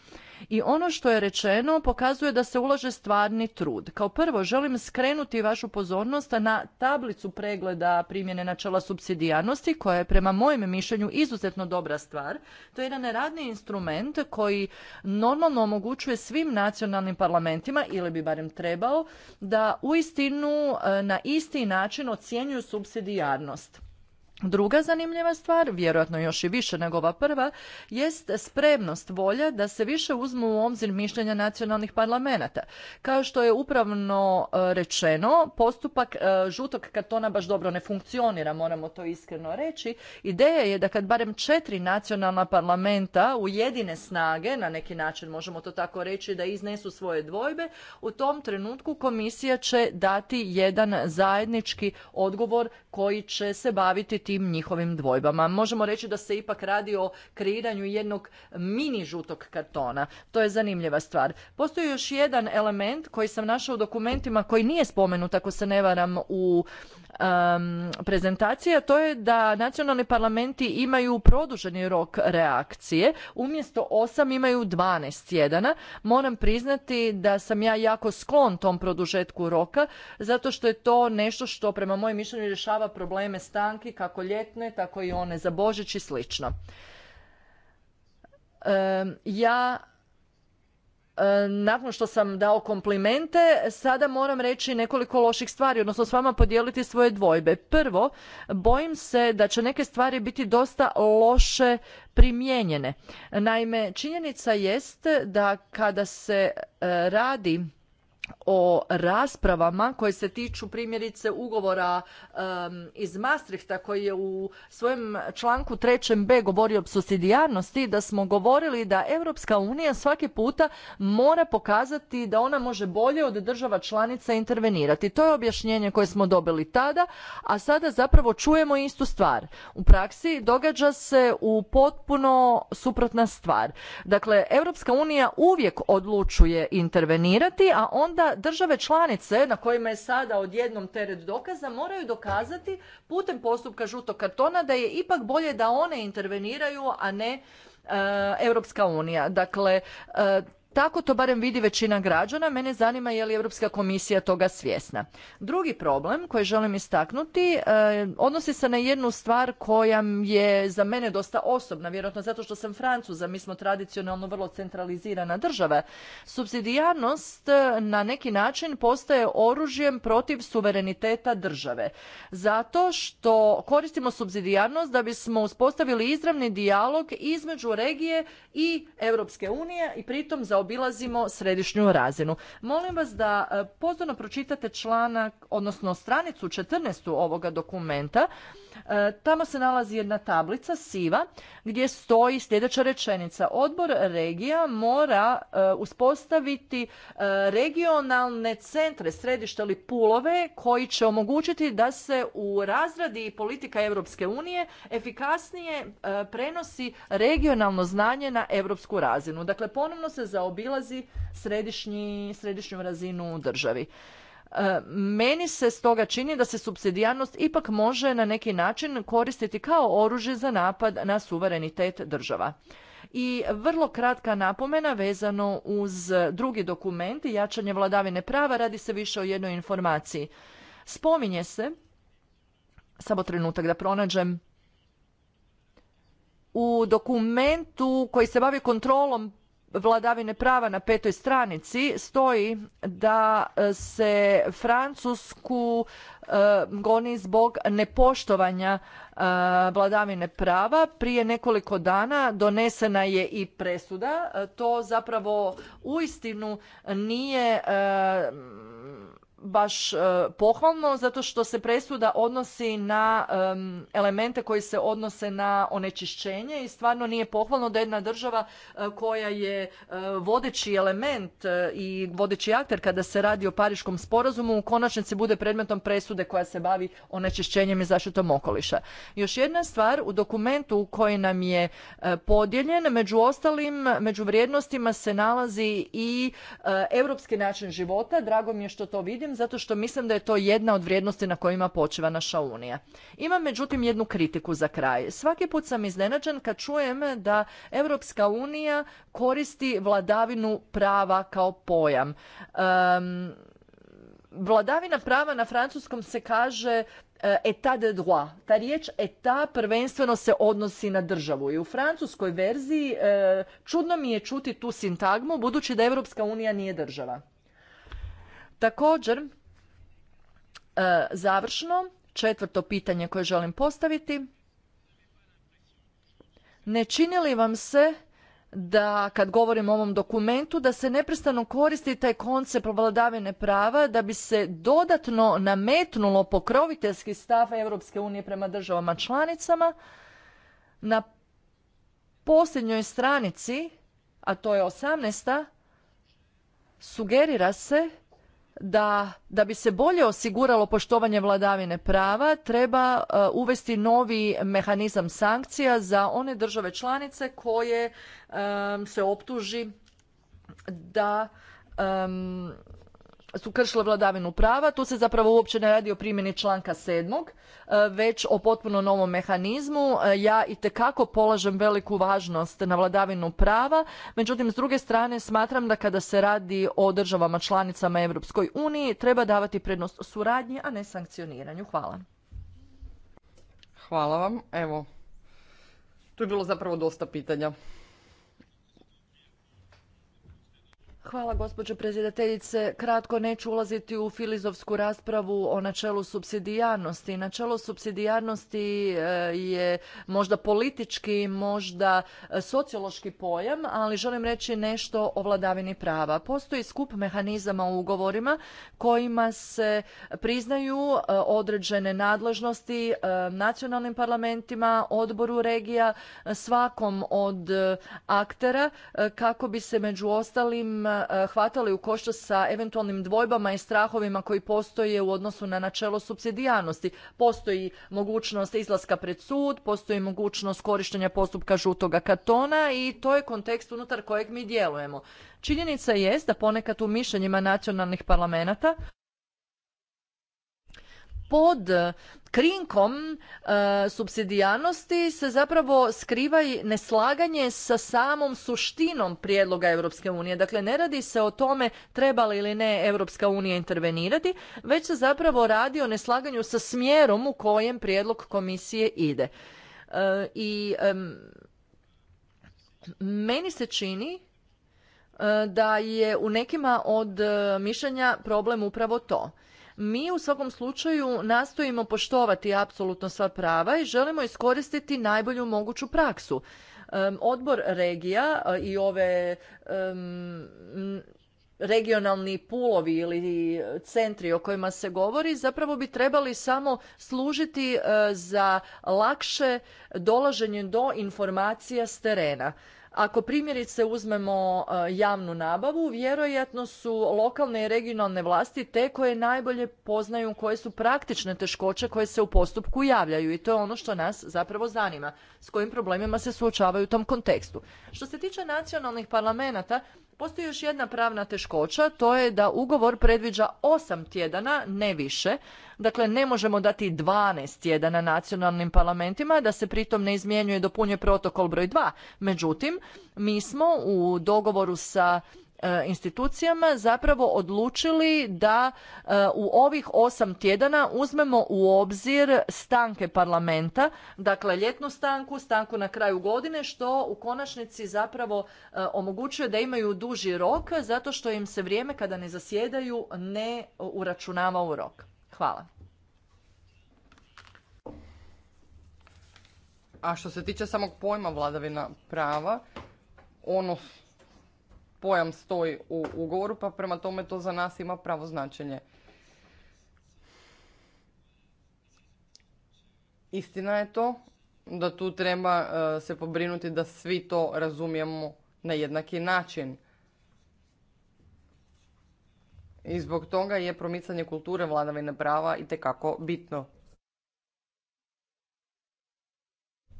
i ono što je rečeno pokazuje da se ulaže stvarni trud. Kao prvo želim skrenuti vašu pozornost na tablicu pregleda primjene načela subsidijarnosti koja je prema mojem mišljenju izuzetno dobra stvar. To je jedan radni instrument koji normalno omogućuje svim nacionalnim parlamentima ili bi barem trebao da uistinu e, na isti način ocjenjuju subsidijarnost. Druga zanimljiva stvar, vjerojatno još i više nego ova prva, jest spremnost volja da se više uzmu u obzir mišljenja nacionalnih parlamenata. Kao što je upravno e, rečeno, postupak e, žutog kartona baš dobro ne funkcionira, moramo to iskreno reći. Ideja je da kad barem četiri nacionalna parlamenta ujedine snage, na neki način možemo to tako reći, da iznesu svoje dvojbe, u tom trenutku komisija će dati jedan zajednički odgovor koji će se baviti tim njihovim dvojbama. Možemo reći da se ipak radi o kreiranju jednog mini žutog kartona. To je zanimljiva stvar. Postoji još jedan element koji sam našao u dokumentima koji nije spomenut, ako se ne varam, u um, prezentaciji, a to je da nacionalni parlamenti imaju produženi rok reakcije. Umjesto osam imaju 12 tjedana. Moram priznati da sam ja jako sklon tom produžetku roka, zato što je to nešto što prema mojem mišljenju rješava probleme stanki kako kako ljetne, tako i one za Božić i slično. ja nakon što sam dao komplimente, sada moram reći nekoliko loših stvari, odnosno s vama podijeliti svoje dvojbe. Prvo, bojim se da će neke stvari biti dosta loše primijenjene. Naime, činjenica jest da kada se e, radi o raspravama koje se tiču primjerice ugovora iz Maastrichta koji je u svojem članku 3b govorio o subsidijarnosti da smo govorili da Europska unija svaki puta mora pokazati da ona može bolje od država članica intervenirati. To je objašnjenje koje smo dobili tada, a sada zapravo čujemo istu stvar. U praksi događa se u potpuno suprotna stvar. Dakle, Europska unija uvijek odlučuje intervenirati, a onda države članice na kojima je sada odjednom teret dokaza moraju dokazati putem postupka žutog kartona da je ipak bolje da one interveniraju, a ne e, Europska unija. Dakle, e, tako to barem vidi većina građana, mene zanima je li Europska komisija toga svjesna. Drugi problem koji želim istaknuti e, odnosi se na jednu stvar koja je za mene dosta osobna, vjerojatno zato što sam Francuza, mi smo tradicionalno vrlo centralizirana država. Subsidijarnost e, na neki način postaje oružjem protiv suvereniteta države. Zato što koristimo subsidijarnost da bismo uspostavili izravni dijalog između regije i Europske unije i pritom za obilazimo središnju razinu. Molim vas da e, pozorno pročitate članak, odnosno stranicu 14. ovoga dokumenta. E, tamo se nalazi jedna tablica siva gdje stoji sljedeća rečenica. Odbor regija mora e, uspostaviti regionalne centre, središta ili pulove koji će omogućiti da se u razradi politika Europske unije efikasnije prenosi regionalno znanje na europsku razinu. Dakle, ponovno se za obilazi središnji, središnju razinu u državi. E, meni se stoga čini da se subsidijarnost ipak može na neki način koristiti kao oružje za napad na suverenitet država. I vrlo kratka napomena vezano uz drugi dokument i jačanje vladavine prava, radi se više o jednoj informaciji. Spominje se, samo trenutak da pronađem, u dokumentu koji se bavi kontrolom vladavine prava na petoj stranici stoji da e, se Francusku e, goni zbog nepoštovanja e, vladavine prava. Prije nekoliko dana donesena je i presuda. To zapravo uistinu nije baš e, pohvalno zato što se presuda odnosi na elemente koji se odnose na onečišćenje i stvarno nije pohvalno da jedna država e, koja je e, vodeći element i vodeći akter kada se radi o pariškom sporazumu u konačnici bude predmetom presude koja se bavi onečišćenjem i zaštitom okoliša. Još jedna stvar u dokumentu koji nam je podijeljen među ostalim među vrijednostima se nalazi i europski način života. Drago mi je što to vidim zato što mislim da je to jedna od vrijednosti na kojima počeva naša unija. Imam međutim jednu kritiku za kraj. Svaki put sam iznenađen kad čujem da Europska unija koristi vladavinu prava kao pojam. vladavina prava na francuskom se kaže etat eh, de droit. Ta riječ etat prvenstveno se odnosi na državu i u francuskoj verziji eh, čudno mi je čuti tu sintagmu budući da Europska unija nije država. Također, e, završno, četvrto pitanje koje želim postaviti. Ne čini li vam se da kad govorim o ovom dokumentu da se neprestano koristi taj koncept vladavine prava da bi se dodatno nametnulo pokroviteljski stav Europske unije prema državama članicama na posljednjoj stranici, a to je 18. sugerira se da, da bi se bolje osiguralo poštovanje vladavine prava treba uh, uvesti novi mehanizam sankcija za one države članice koje um, se optuži da um, su kršile vladavinu prava. Tu se zapravo uopće ne radi o primjeni članka sedmog, e, već o potpuno novom mehanizmu. E, ja i tekako polažem veliku važnost na vladavinu prava, međutim s druge strane smatram da kada se radi o državama članicama Evropskoj uniji treba davati prednost suradnji, a ne sankcioniranju. Hvala. Hvala vam. Evo, tu je bilo zapravo dosta pitanja. Hvala gospođo predsjedateljice. Kratko neću ulaziti u filozofsku raspravu o načelu supsidijarnosti. Načelo supsidijarnosti eh, je možda politički, možda eh, sociološki pojam, ali želim reći nešto o vladavini prava. Postoji skup mehanizama u ugovorima kojima se priznaju eh, određene nadležnosti nacionalnim parlamentima, odboru regija, svakom od aktera kako bi se među ostalim E, hvatali u koštac sa eventualnim dvojbama i strahovima koji postoje u odnosu na načelo supsidijarnosti. Postoji mogućnost izlaska pred sud, postoji mogućnost korištenja postupka žutoga katona i to je kontekst unutar kojeg mi djelujemo. Činjenica jest da ponekad u mišljenjima nacionalnih parlamenata pod eh, krinkom e, subsidijarnosti se zapravo skriva i neslaganje sa samom suštinom prijedloga Europske unije. Dakle, ne radi se o tome treba li ili ne Europska unija intervenirati, već se zapravo radi o neslaganju sa smjerom u kojem prijedlog komisije ide. Eh, I meni se čini da je u nekima od mišljenja problem upravo to. Mi u svakom slučaju nastojimo poštovati apsolutno sva prava i želimo iskoristiti najbolju moguću praksu. Odbor regija e, i ove regionalni pulovi ili centri o kojima se govori zapravo bi trebali samo služiti e, za lakše dolaženje do informacija s terena. Ako primjerice uzmemo e, javnu nabavu, vjerojatno su lokalne i regionalne vlasti te koje najbolje poznaju koje su praktične teškoće koje se u postupku javljaju i to je ono što nas zapravo zanima, s kojim problemima se suočavaju u tom kontekstu. Što se tiče nacionalnih parlamenata, Postoji još jedna pravna teškoća, to je da ugovor predviđa 8 tjedana, ne više. Dakle, ne možemo dati 12 tjedana nacionalnim parlamentima, da se pritom ne izmjenjuje i dopunje protokol broj 2. Međutim, mi smo u dogovoru sa E, institucijama zapravo odlučili da e, u ovih osam tjedana uzmemo u obzir stanke parlamenta, dakle ljetnu stanku, stanku na kraju godine, što u konačnici zapravo e, omogućuje da imaju duži rok zato što im se vrijeme kada ne zasjedaju ne uračunava u rok. Hvala. A što se tiče samog pojma vladavina prava, ono pojam stoji u ugovoru, pa prema tome to za nas ima pravo značenje. Istina je to da tu treba e, se pobrinuti da svi to razumijemo na jednaki način. I zbog toga je promicanje kulture vladavine prava i tekako bitno.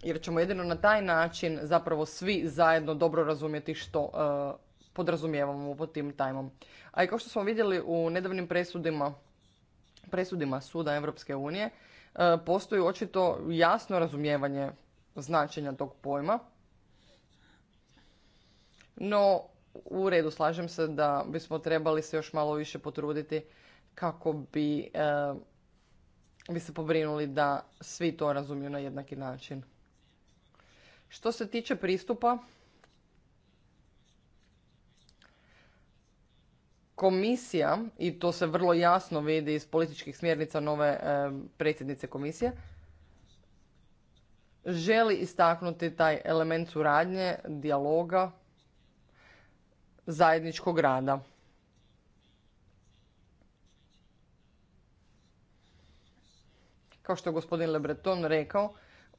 Jer ćemo jedino na taj način zapravo svi zajedno dobro razumjeti što e, podrazumijevamo pod tim tajmom. A i kao što smo vidjeli u nedavnim presudima, presudima Suda Europske unije, e, postoji očito jasno razumijevanje značenja tog pojma. No, u redu slažem se da bismo trebali se još malo više potruditi kako bi, e, bi se pobrinuli da svi to razumiju na jednaki način. Što se tiče pristupa, komisija, i to se vrlo jasno vidi iz političkih smjernica nove eh, predsjednice komisije, želi istaknuti taj element suradnje, dijaloga, zajedničkog rada. Kao što je gospodin Breton rekao,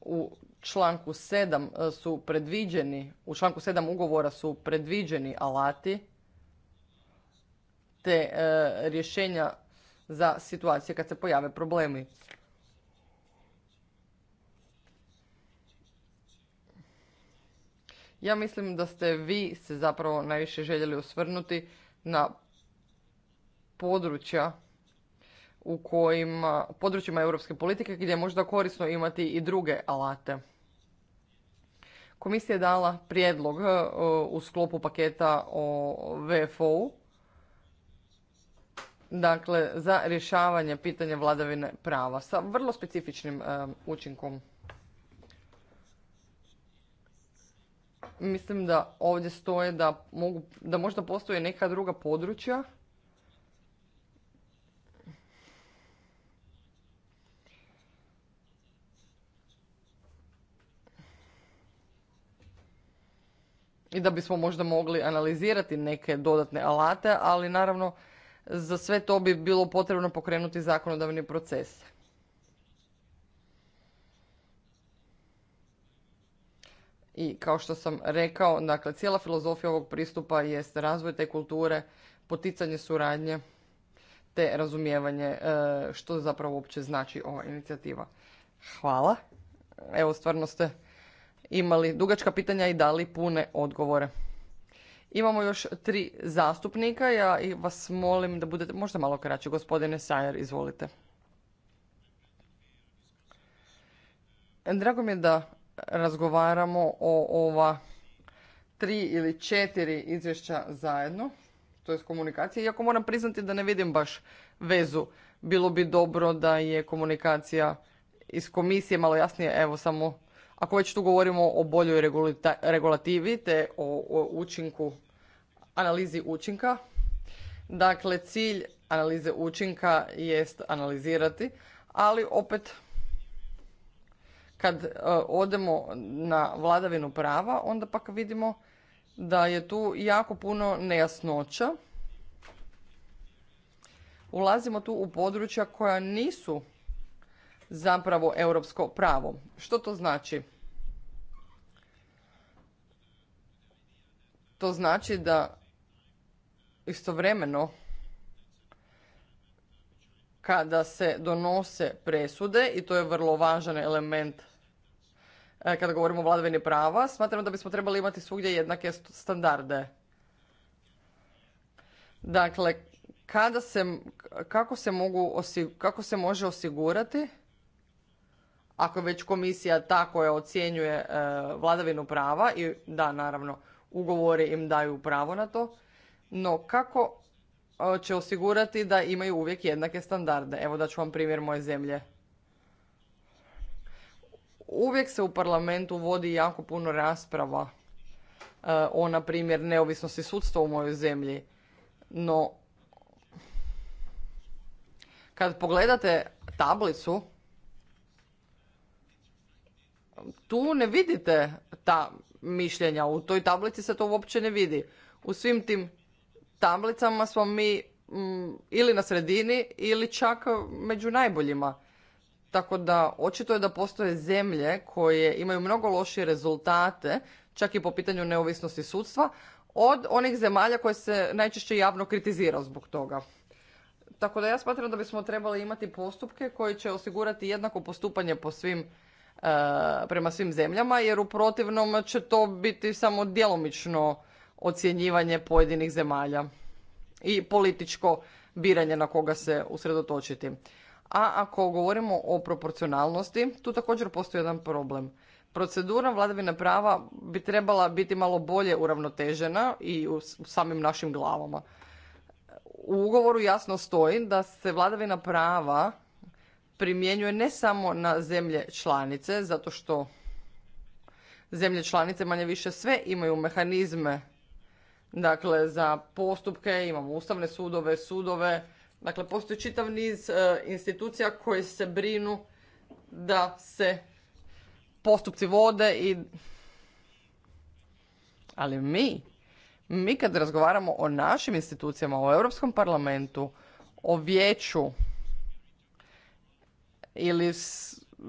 u članku 7 su predviđeni, u članku 7 ugovora su predviđeni alati te e, rješenja za situacije kad se pojave problemi. Ja mislim da ste vi se zapravo najviše željeli osvrnuti na područja u kojima, područjima europske politike gdje je možda korisno imati i druge alate. Komisija je dala prijedlog e, u sklopu paketa o VFO-u dakle, za rješavanje pitanja vladavine prava sa vrlo specifičnim učinkom. Mislim da ovdje stoje da, mogu, da možda postoje neka druga područja i da bismo možda mogli analizirati neke dodatne alate, ali naravno za sve to bi bilo potrebno pokrenuti zakonodavni proces. I kao što sam rekao, dakle, cijela filozofija ovog pristupa jest razvoj te kulture, poticanje suradnje te razumijevanje e, što zapravo uopće znači ova inicijativa. Hvala. Evo, stvarno ste imali dugačka pitanja i dali pune odgovore. Imamo još tri zastupnika. Ja vas molim da budete možda malo kraći. Gospodine Sajer, izvolite. Drago mi je da razgovaramo o ova tri ili četiri izvješća zajedno, to je komunikacija. iako moram priznati da ne vidim baš vezu. Bilo bi dobro da je komunikacija iz komisije malo jasnije, evo samo ako već tu govorimo o boljoj regulativi te o učinku analizi učinka. Dakle, cilj analize učinka jest analizirati, ali opet kad e, odemo na vladavinu prava, onda pak vidimo da je tu jako puno nejasnoća. Ulazimo tu u područja koja nisu zapravo europsko pravo. Što to znači? To znači da istovremeno kada se donose presude i to je vrlo važan element e, kada govorimo o vladavini prava, smatram da bismo trebali imati svugdje jednake standarde. Dakle, kada se, kako, se mogu, kako se može osigurati, ako već komisija ta koja ocjenjuje e, vladavinu prava, i da, naravno, ugovori im daju pravo na to, no kako e, će osigurati da imaju uvijek jednake standarde? Evo da ću vam primjer moje zemlje. Uvijek se u parlamentu vodi jako puno rasprava e, o, na primjer, neovisnosti sudstva u mojoj zemlji. No, kad pogledate tablicu, tu ne vidite ta mišljenja, u toj tablici se to uopće ne vidi. U svim tim tablicama smo mi mm, ili na sredini ili čak e, među najboljima. Tako da očito je da postoje zemlje koje imaju mnogo lošije rezultate, čak i po pitanju neovisnosti sudstva, od onih zemalja koje se najčešće javno kritizira zbog toga. Tako da ja smatram da bismo trebali imati postupke koji će osigurati jednako postupanje po svim e, prema svim zemljama jer u protivnom će to biti samo djelomično ocjenjivanje pojedinih zemalja i političko biranje na koga se usredotočiti. A ako govorimo o proporcionalnosti, tu također postoji jedan problem. Procedura vladavina prava bi trebala biti malo bolje uravnotežena i u samim našim glavama. U ugovoru jasno stoji da se vladavina prava primjenjuje ne samo na zemlje članice, zato što zemlje članice manje više sve imaju mehanizme dakle za postupke, imamo ustavne sudove, sudove, dakle postoji čitav niz e, institucija koje se brinu da se postupci vode i ali mi mi kad razgovaramo o našim institucijama, o Europskom parlamentu, o vijeću ili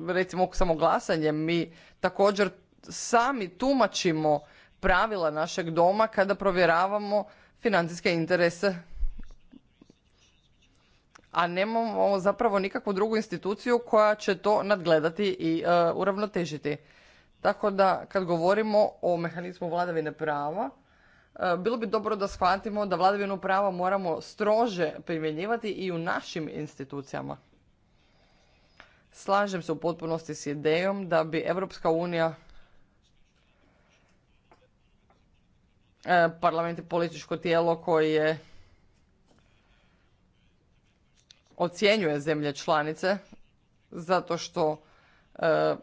recimo samo glasanje, mi također sami tumačimo pravila našeg doma kada provjeravamo financijske interese a nemamo zapravo nikakvu drugu instituciju koja će to nadgledati i e, uravnotežiti. Tako da kad govorimo o mehanizmu vladavine prava, e, bilo bi dobro da shvatimo da vladavinu prava moramo strože primjenjivati i u našim institucijama. Slažem se u potpunosti s idejom da bi Europska unija E, parlament je političko tijelo koje ocjenjuje zemlje članice zato što e,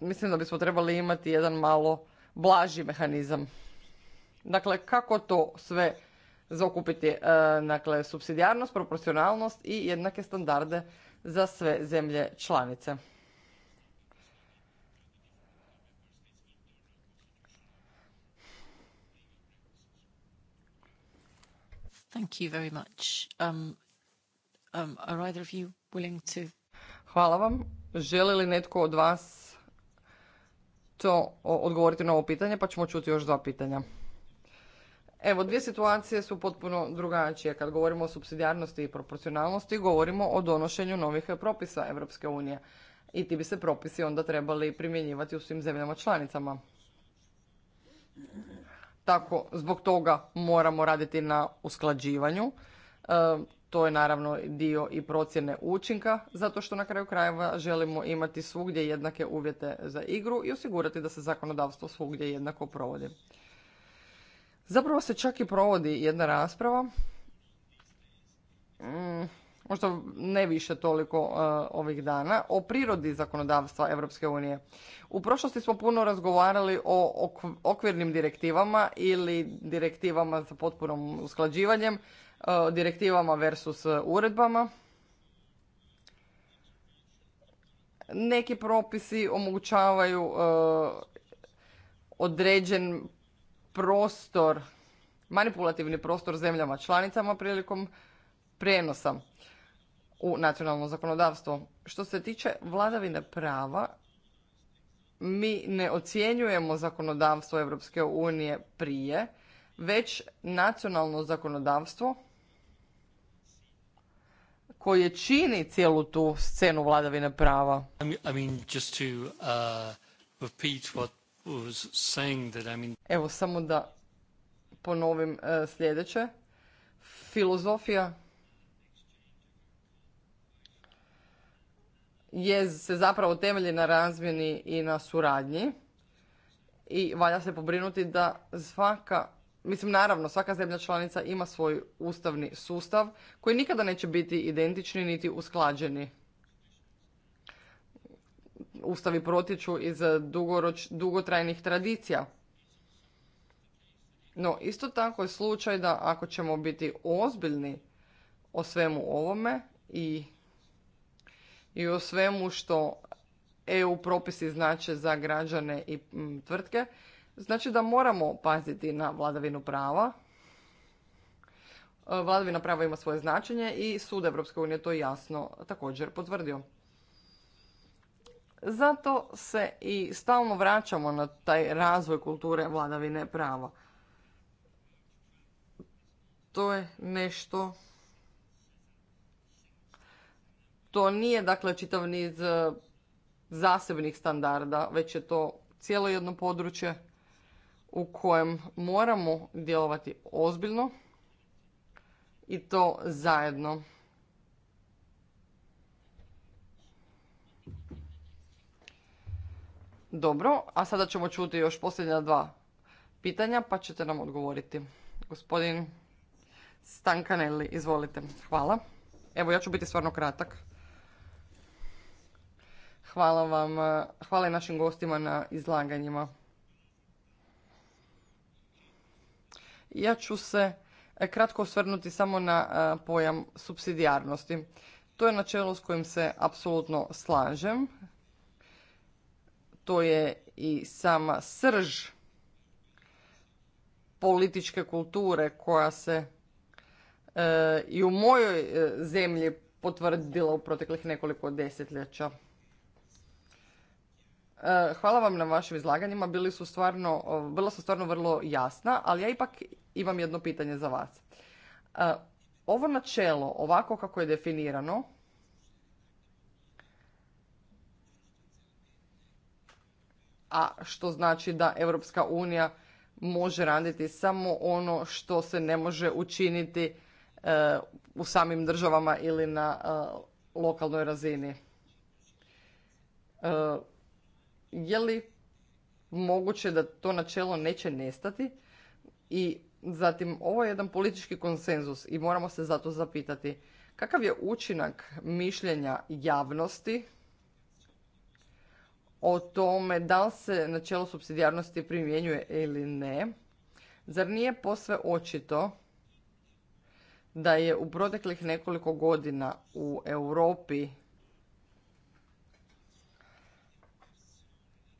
mislim da bismo trebali imati jedan malo blaži mehanizam. Dakle, kako to sve zaokupiti? E, dakle, subsidijarnost, proporcionalnost i jednake standarde za sve zemlje članice. Hvala vam. Želi li netko od vas to odgovoriti na ovo pitanje, pa ćemo čuti još dva pitanja. Evo, dvije situacije su potpuno drugačije. Kad govorimo o subsidijarnosti i proporcionalnosti, govorimo o donošenju novih propisa Europske unije. I ti bi se propisi onda trebali primjenjivati u svim zemljama članicama tako zbog toga moramo raditi na usklađivanju. E, to je naravno dio i procjene učinka, zato što na kraju krajeva želimo imati svugdje jednake uvjete za igru i osigurati da se zakonodavstvo svugdje jednako provodi. Zapravo se čak i provodi jedna rasprava. Mm, možda ne više toliko e, ovih dana, o prirodi zakonodavstva Europske unije. U prošlosti smo puno razgovarali o okvirnim direktivama ili direktivama sa potpunom usklađivanjem, e, direktivama versus uredbama. Neki propisi omogućavaju e, određen prostor, manipulativni prostor zemljama članicama prilikom prijenosa u nacionalno zakonodavstvo. Što se tiče vladavine prava, mi ne ocjenjujemo zakonodavstvo Europske unije prije, već nacionalno zakonodavstvo koje čini cijelu tu scenu vladavine prava. Evo samo da ponovim uh, sljedeće. Filozofija je se zapravo temelji na razmjeni i na suradnji i valja se pobrinuti da svaka, mislim naravno svaka zemlja članica ima svoj ustavni sustav koji nikada neće biti identični niti usklađeni. Ustavi protiču iz dugoroč, dugotrajnih tradicija. No isto tako je slučaj da ako ćemo biti ozbiljni o svemu ovome i i o svemu što EU propisi znače za građane i tvrtke, znači da moramo paziti na vladavinu prava. E, vladavina prava ima svoje značenje i Sud Evropske unije to jasno također potvrdio. Zato se i stalno vraćamo na taj razvoj kulture vladavine prava. To je nešto to nije dakle čitav niz e, zasebnih standarda, već je to cijelo jedno područje u kojem moramo djelovati ozbiljno i to zajedno. Dobro, a sada ćemo čuti još posljednja dva pitanja, pa ćete nam odgovoriti. Gospodin Stankanelli, izvolite. Hvala. Evo, ja ću biti stvarno kratak hvala vam, eh, hvala i našim gostima na izlaganjima. Ja ću se eh, kratko osvrnuti samo na eh, pojam subsidijarnosti. To je načelo s kojim se apsolutno slažem. To je i sama srž političke kulture koja se i u mojoj zemlji potvrdila u proteklih nekoliko desetljeća. E, hvala vam na vašim izlaganjima, bili su stvarno, bila su stvarno vrlo jasna, ali ja ipak imam jedno pitanje za vas. E, ovo načelo, ovako kako je definirano, a što znači da Europska unija može raditi samo ono što se ne može učiniti e, u samim državama ili na lokalnoj razini je li moguće da to načelo neće nestati i zatim ovo je jedan politički konsenzus i moramo se zato zapitati kakav je učinak mišljenja javnosti o tome da li se načelo subsidijarnosti primjenjuje ili ne. Zar nije posve očito da je u proteklih nekoliko godina u Europi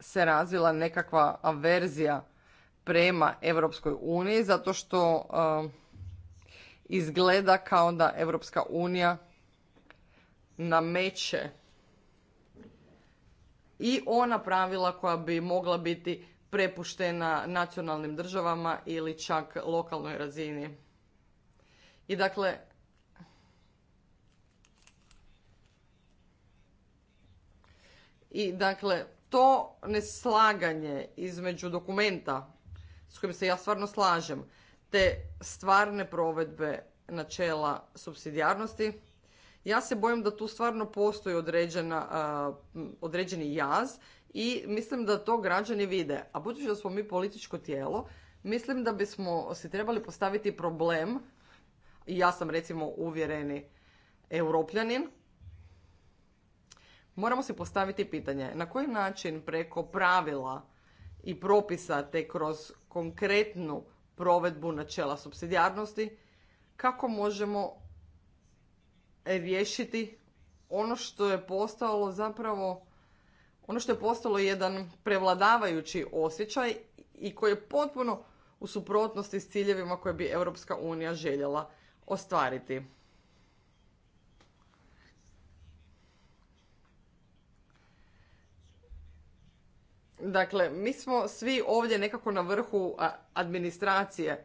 se razvila nekakva averzija prema Europskoj uniji zato što um, izgleda kao da Europska unija nameće i ona pravila koja bi mogla biti prepuštena nacionalnim državama ili čak lokalnoj razini. I dakle, i dakle, to neslaganje između dokumenta s kojim se ja stvarno slažem, te stvarne provedbe načela subsidijarnosti, ja se bojim da tu stvarno postoji određena, određeni jaz i mislim da to građani vide. A budući da smo mi političko tijelo, mislim da bismo si trebali postaviti problem, i ja sam recimo uvjereni europljanin, Moramo si postaviti pitanje na koji način preko pravila i propisa te kroz konkretnu provedbu načela subsidijarnosti kako možemo e, riješiti ono što je postalo zapravo ono što je postalo jedan prevladavajući osjećaj i koji je potpuno u suprotnosti s ciljevima koje bi Europska unija željela ostvariti. Dakle, mi smo svi ovdje nekako na vrhu administracije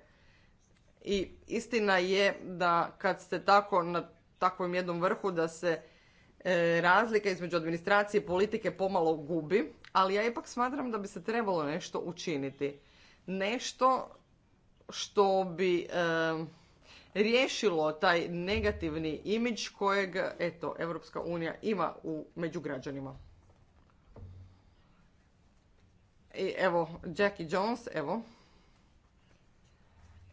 i istina je da kad ste tako na takvom jednom vrhu da se e, razlika između administracije i politike pomalo gubi, ali ja ipak smatram da bi se trebalo nešto učiniti. Nešto što bi e, riješilo taj negativni imidž kojeg, eto, Europska unija ima u, među građanima. I evo, Jackie Jones, evo.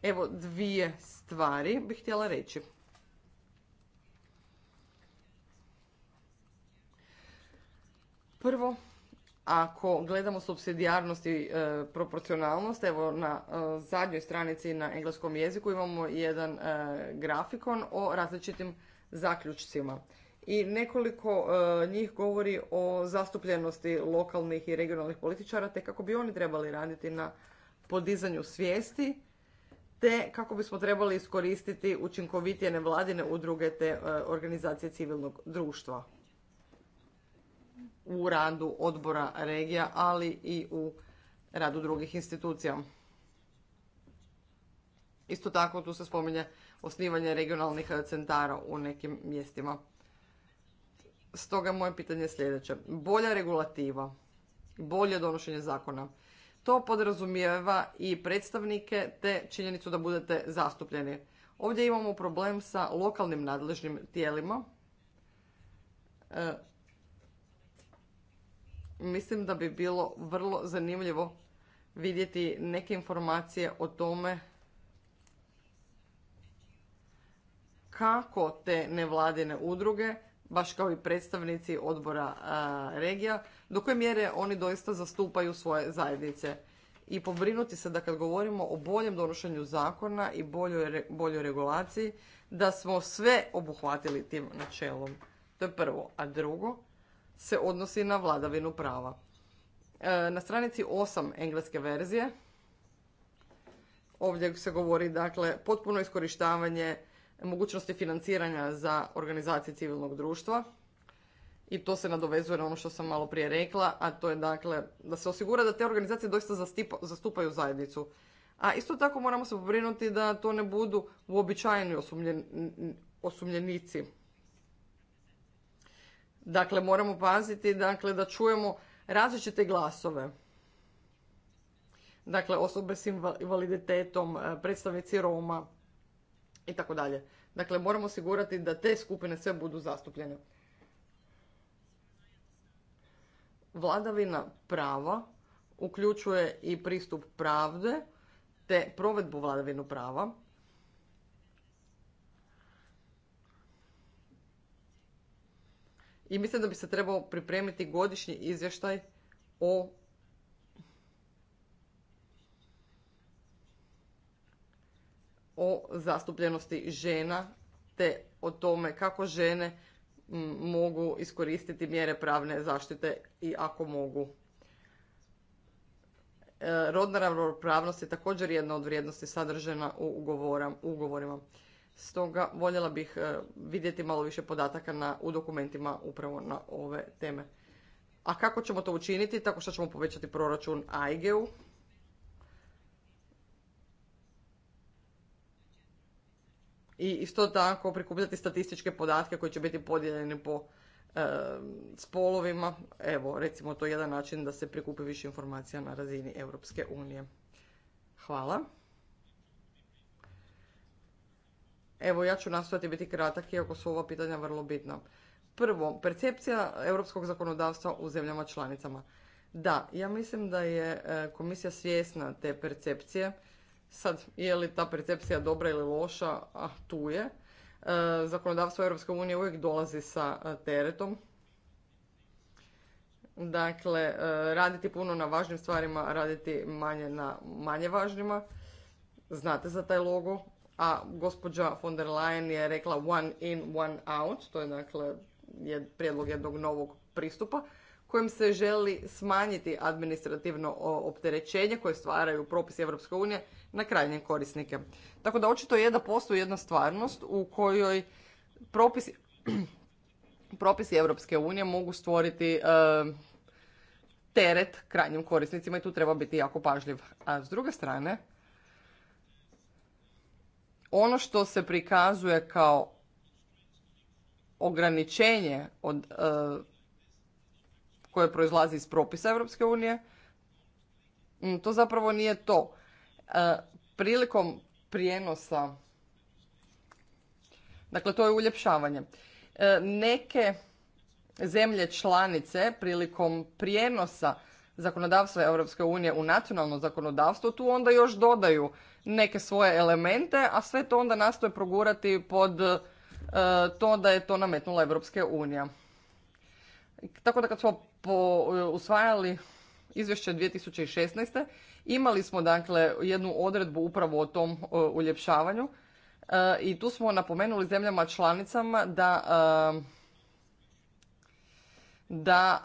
Evo dvije stvari bih htjela reći. Prvo, ako gledamo subsidijarnost i e, proporcionalnost, evo na e, zadnjoj stranici na engleskom jeziku imamo jedan e, grafikon o različitim zaključcima i nekoliko e, njih govori o zastupljenosti lokalnih i regionalnih političara te kako bi oni trebali raditi na podizanju svijesti te kako bismo trebali iskoristiti učinkovitije nevladine udruge te e, organizacije civilnog društva u radu odbora regija, ali i u radu drugih institucija. Isto tako tu se spominje osnivanje regionalnih e, centara u nekim mjestima. Stoga moje pitanje je sljedeće. Bolja regulativa, bolje donošenje zakona. To podrazumijeva i predstavnike te činjenicu da budete zastupljeni. Ovdje imamo problem sa lokalnim nadležnim tijelima. E, mislim da bi bilo vrlo zanimljivo vidjeti neke informacije o tome kako te nevladine udruge baš kao i predstavnici odbora regija, do koje mjere oni doista zastupaju svoje zajednice i pobrinuti se da kad govorimo o boljem donošenju zakona i boljoj, boljoj regulaciji, da smo sve obuhvatili tim načelom. To je prvo. A drugo se odnosi na vladavinu prava. E, na stranici 8 engleske verzije ovdje se govori dakle potpuno iskorištavanje mogućnosti financiranja za organizacije civilnog društva i to se nadovezuje na ono što sam malo prije rekla, a to je dakle da se osigura da te organizacije doista zastupaju zajednicu. A isto tako moramo se pobrinuti da to ne budu uobičajeni osumljenici. Dakle, moramo paziti dakle, da čujemo različite glasove. Dakle, osobe s invaliditetom, predstavnici Roma, i tako dalje. Dakle, moramo osigurati da te skupine sve budu zastupljene. Vladavina prava uključuje i pristup pravde te provedbu vladavinu prava. I mislim da bi se trebao pripremiti godišnji izvještaj o o zastupljenosti žena te o tome kako žene mogu iskoristiti mjere pravne zaštite i ako mogu. E, rodna ravnopravnost je također jedna od vrijednosti sadržena u ugovorima. Stoga voljela bih e, vidjeti malo više podataka na, u dokumentima upravo na ove teme. A kako ćemo to učiniti? Tako što ćemo povećati proračun AIGE-u i isto tako prikupljati statističke podatke koji će biti podijeljeni po spolovima. Evo, recimo to je jedan način da se prikupi više informacija na razini Europske unije. Hvala. Evo, ja ću nastojati biti kratak, iako su ova pitanja vrlo bitna. Prvo, percepcija europskog zakonodavstva u zemljama članicama. Da, ja mislim da je eh, komisija svjesna te percepcije Sad, je li ta percepcija dobra ili loša, a tu je. E, zakonodavstvo Europske unije uvijek dolazi sa e, teretom. Dakle, e, raditi puno na važnim stvarima, raditi manje na manje važnima. Znate za taj logo. A gospođa von der Leyen je rekla one in, one out. To je dakle je prijedlog jednog novog pristupa kojim se želi smanjiti administrativno opterećenje koje stvaraju propisi Europske unije na krajnje korisnike. Tako da očito je da postoji jedna stvarnost u kojoj propisi, <clears throat> propisi Europske unije mogu stvoriti e, teret krajnjim korisnicima i tu treba biti jako pažljiv. A s druge strane, ono što se prikazuje kao ograničenje od, e, koje proizlazi iz propisa Europske unije, to zapravo nije to. E, prilikom prijenosa, dakle to je uljepšavanje, e, neke zemlje članice prilikom prijenosa zakonodavstva Europske unije u nacionalno zakonodavstvo tu onda još dodaju neke svoje elemente, a sve to onda nastoje progurati pod e, to da je to nametnula Europske unija. Tako da kad smo usvajali izvješće 2016. Imali smo dakle jednu odredbu upravo o tom e, uljepšavanju e, i tu smo napomenuli zemljama članicama da, e, da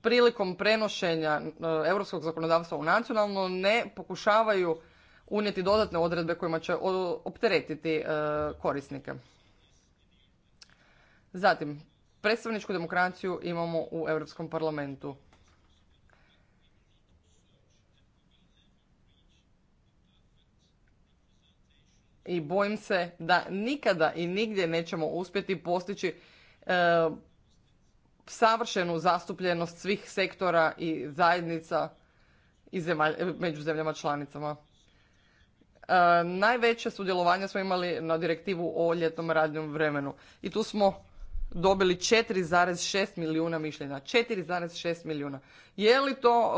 prilikom prenošenja europskog zakonodavstva u nacionalno ne pokušavaju unijeti dodatne odredbe kojima će opteretiti korisnike. Zatim, predstavničku demokraciju imamo u Europskom parlamentu. i bojim se da nikada i nigdje nećemo uspjeti postići e, savršenu zastupljenost svih sektora i zajednica i zemalj, među zemljama članicama. E, najveće sudjelovanje smo imali na direktivu o ljetnom radnom vremenu i tu smo dobili 4,6 milijuna mišljenja. 4,6 milijuna. Je li to e,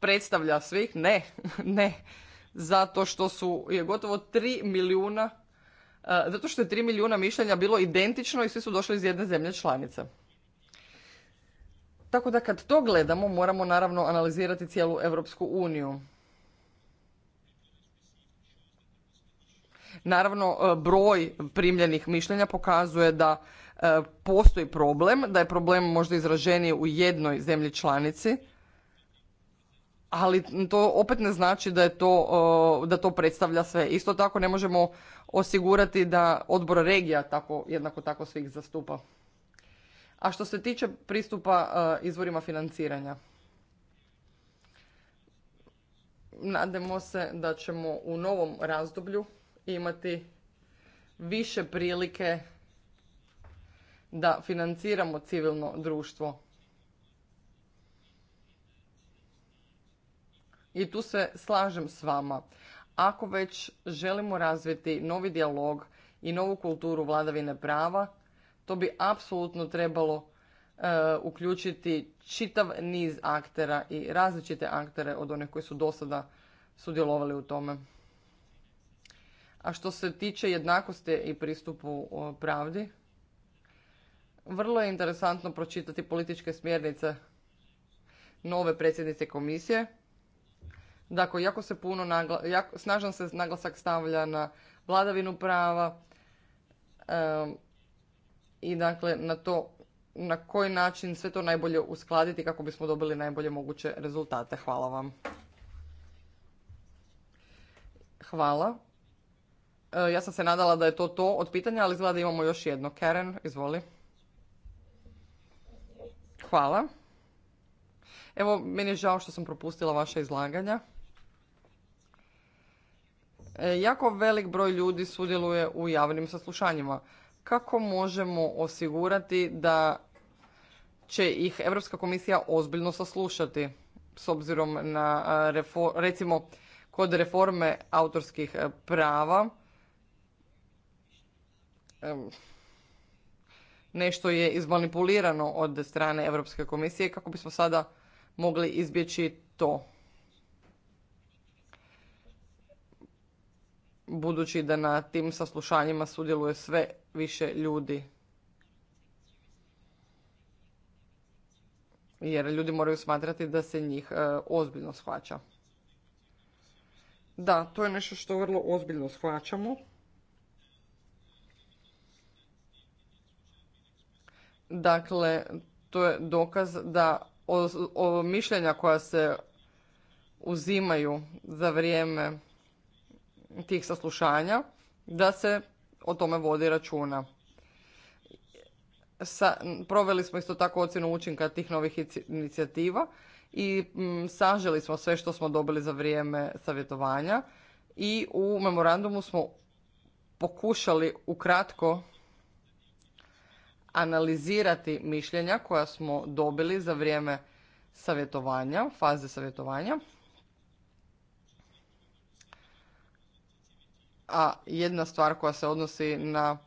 predstavlja svih? Ne, <laughs> ne zato što su je gotovo 3 milijuna e, zato što je 3 milijuna mišljenja bilo identično i svi su došli iz jedne zemlje članice. Tako da kad to gledamo moramo naravno analizirati cijelu Europsku uniju. Naravno e, broj primljenih mišljenja pokazuje da e, postoji problem, da je problem možda izraženiji u jednoj zemlji članici, ali to opet ne znači da je to, da to predstavlja sve. Isto tako ne možemo osigurati da odbor regija tako, jednako tako svih zastupa. A što se tiče pristupa e, izvorima financiranja, nadamo se da ćemo u novom razdoblju imati više prilike da financiramo civilno društvo I tu se slažem s vama. Ako već želimo razviti novi dijalog i novu kulturu vladavine prava, to bi apsolutno trebalo e, uključiti čitav niz aktera i različite aktere od onih koji su do sada sudjelovali u tome. A što se tiče jednakosti i pristupu pravdi, vrlo je interesantno pročitati političke smjernice nove predsjednice komisije Dakle, jako se puno nagla, jako, snažan se naglasak stavlja na vladavinu prava i dakle na to na koji način sve to najbolje uskladiti kako bismo dobili najbolje moguće rezultate. Hvala vam. Hvala. E, ja sam se nadala da je to to od pitanja, ali izgleda da imamo još jedno. Karen, izvoli. Hvala. Evo, meni je žao što sam propustila vaša izlaganja. E, jako velik broj ljudi sudjeluje u javnim saslušanjima. Kako možemo osigurati da će ih Europska komisija ozbiljno saslušati s obzirom na recimo kod reforme autorskih e, prava e, nešto je izmanipulirano od strane Europske komisije kako bismo sada mogli izbjeći to. budući da na tim saslušanjima sudjeluje sve više ljudi. Jer ljudi moraju smatrati da se njih e, ozbiljno shvaća. Da, to je nešto što vrlo ozbiljno shvaćamo. Dakle, to je dokaz da o, mišljenja koja se uzimaju za vrijeme tih saslušanja da se o tome vodi računa. Sa, proveli smo isto tako ocjenu učinka tih novih inicijativa i mm, saželi smo sve što smo dobili za vrijeme savjetovanja i u memorandumu smo pokušali ukratko analizirati mišljenja koja smo dobili za vrijeme savjetovanja, faze savjetovanja a jedna stvar koja se odnosi na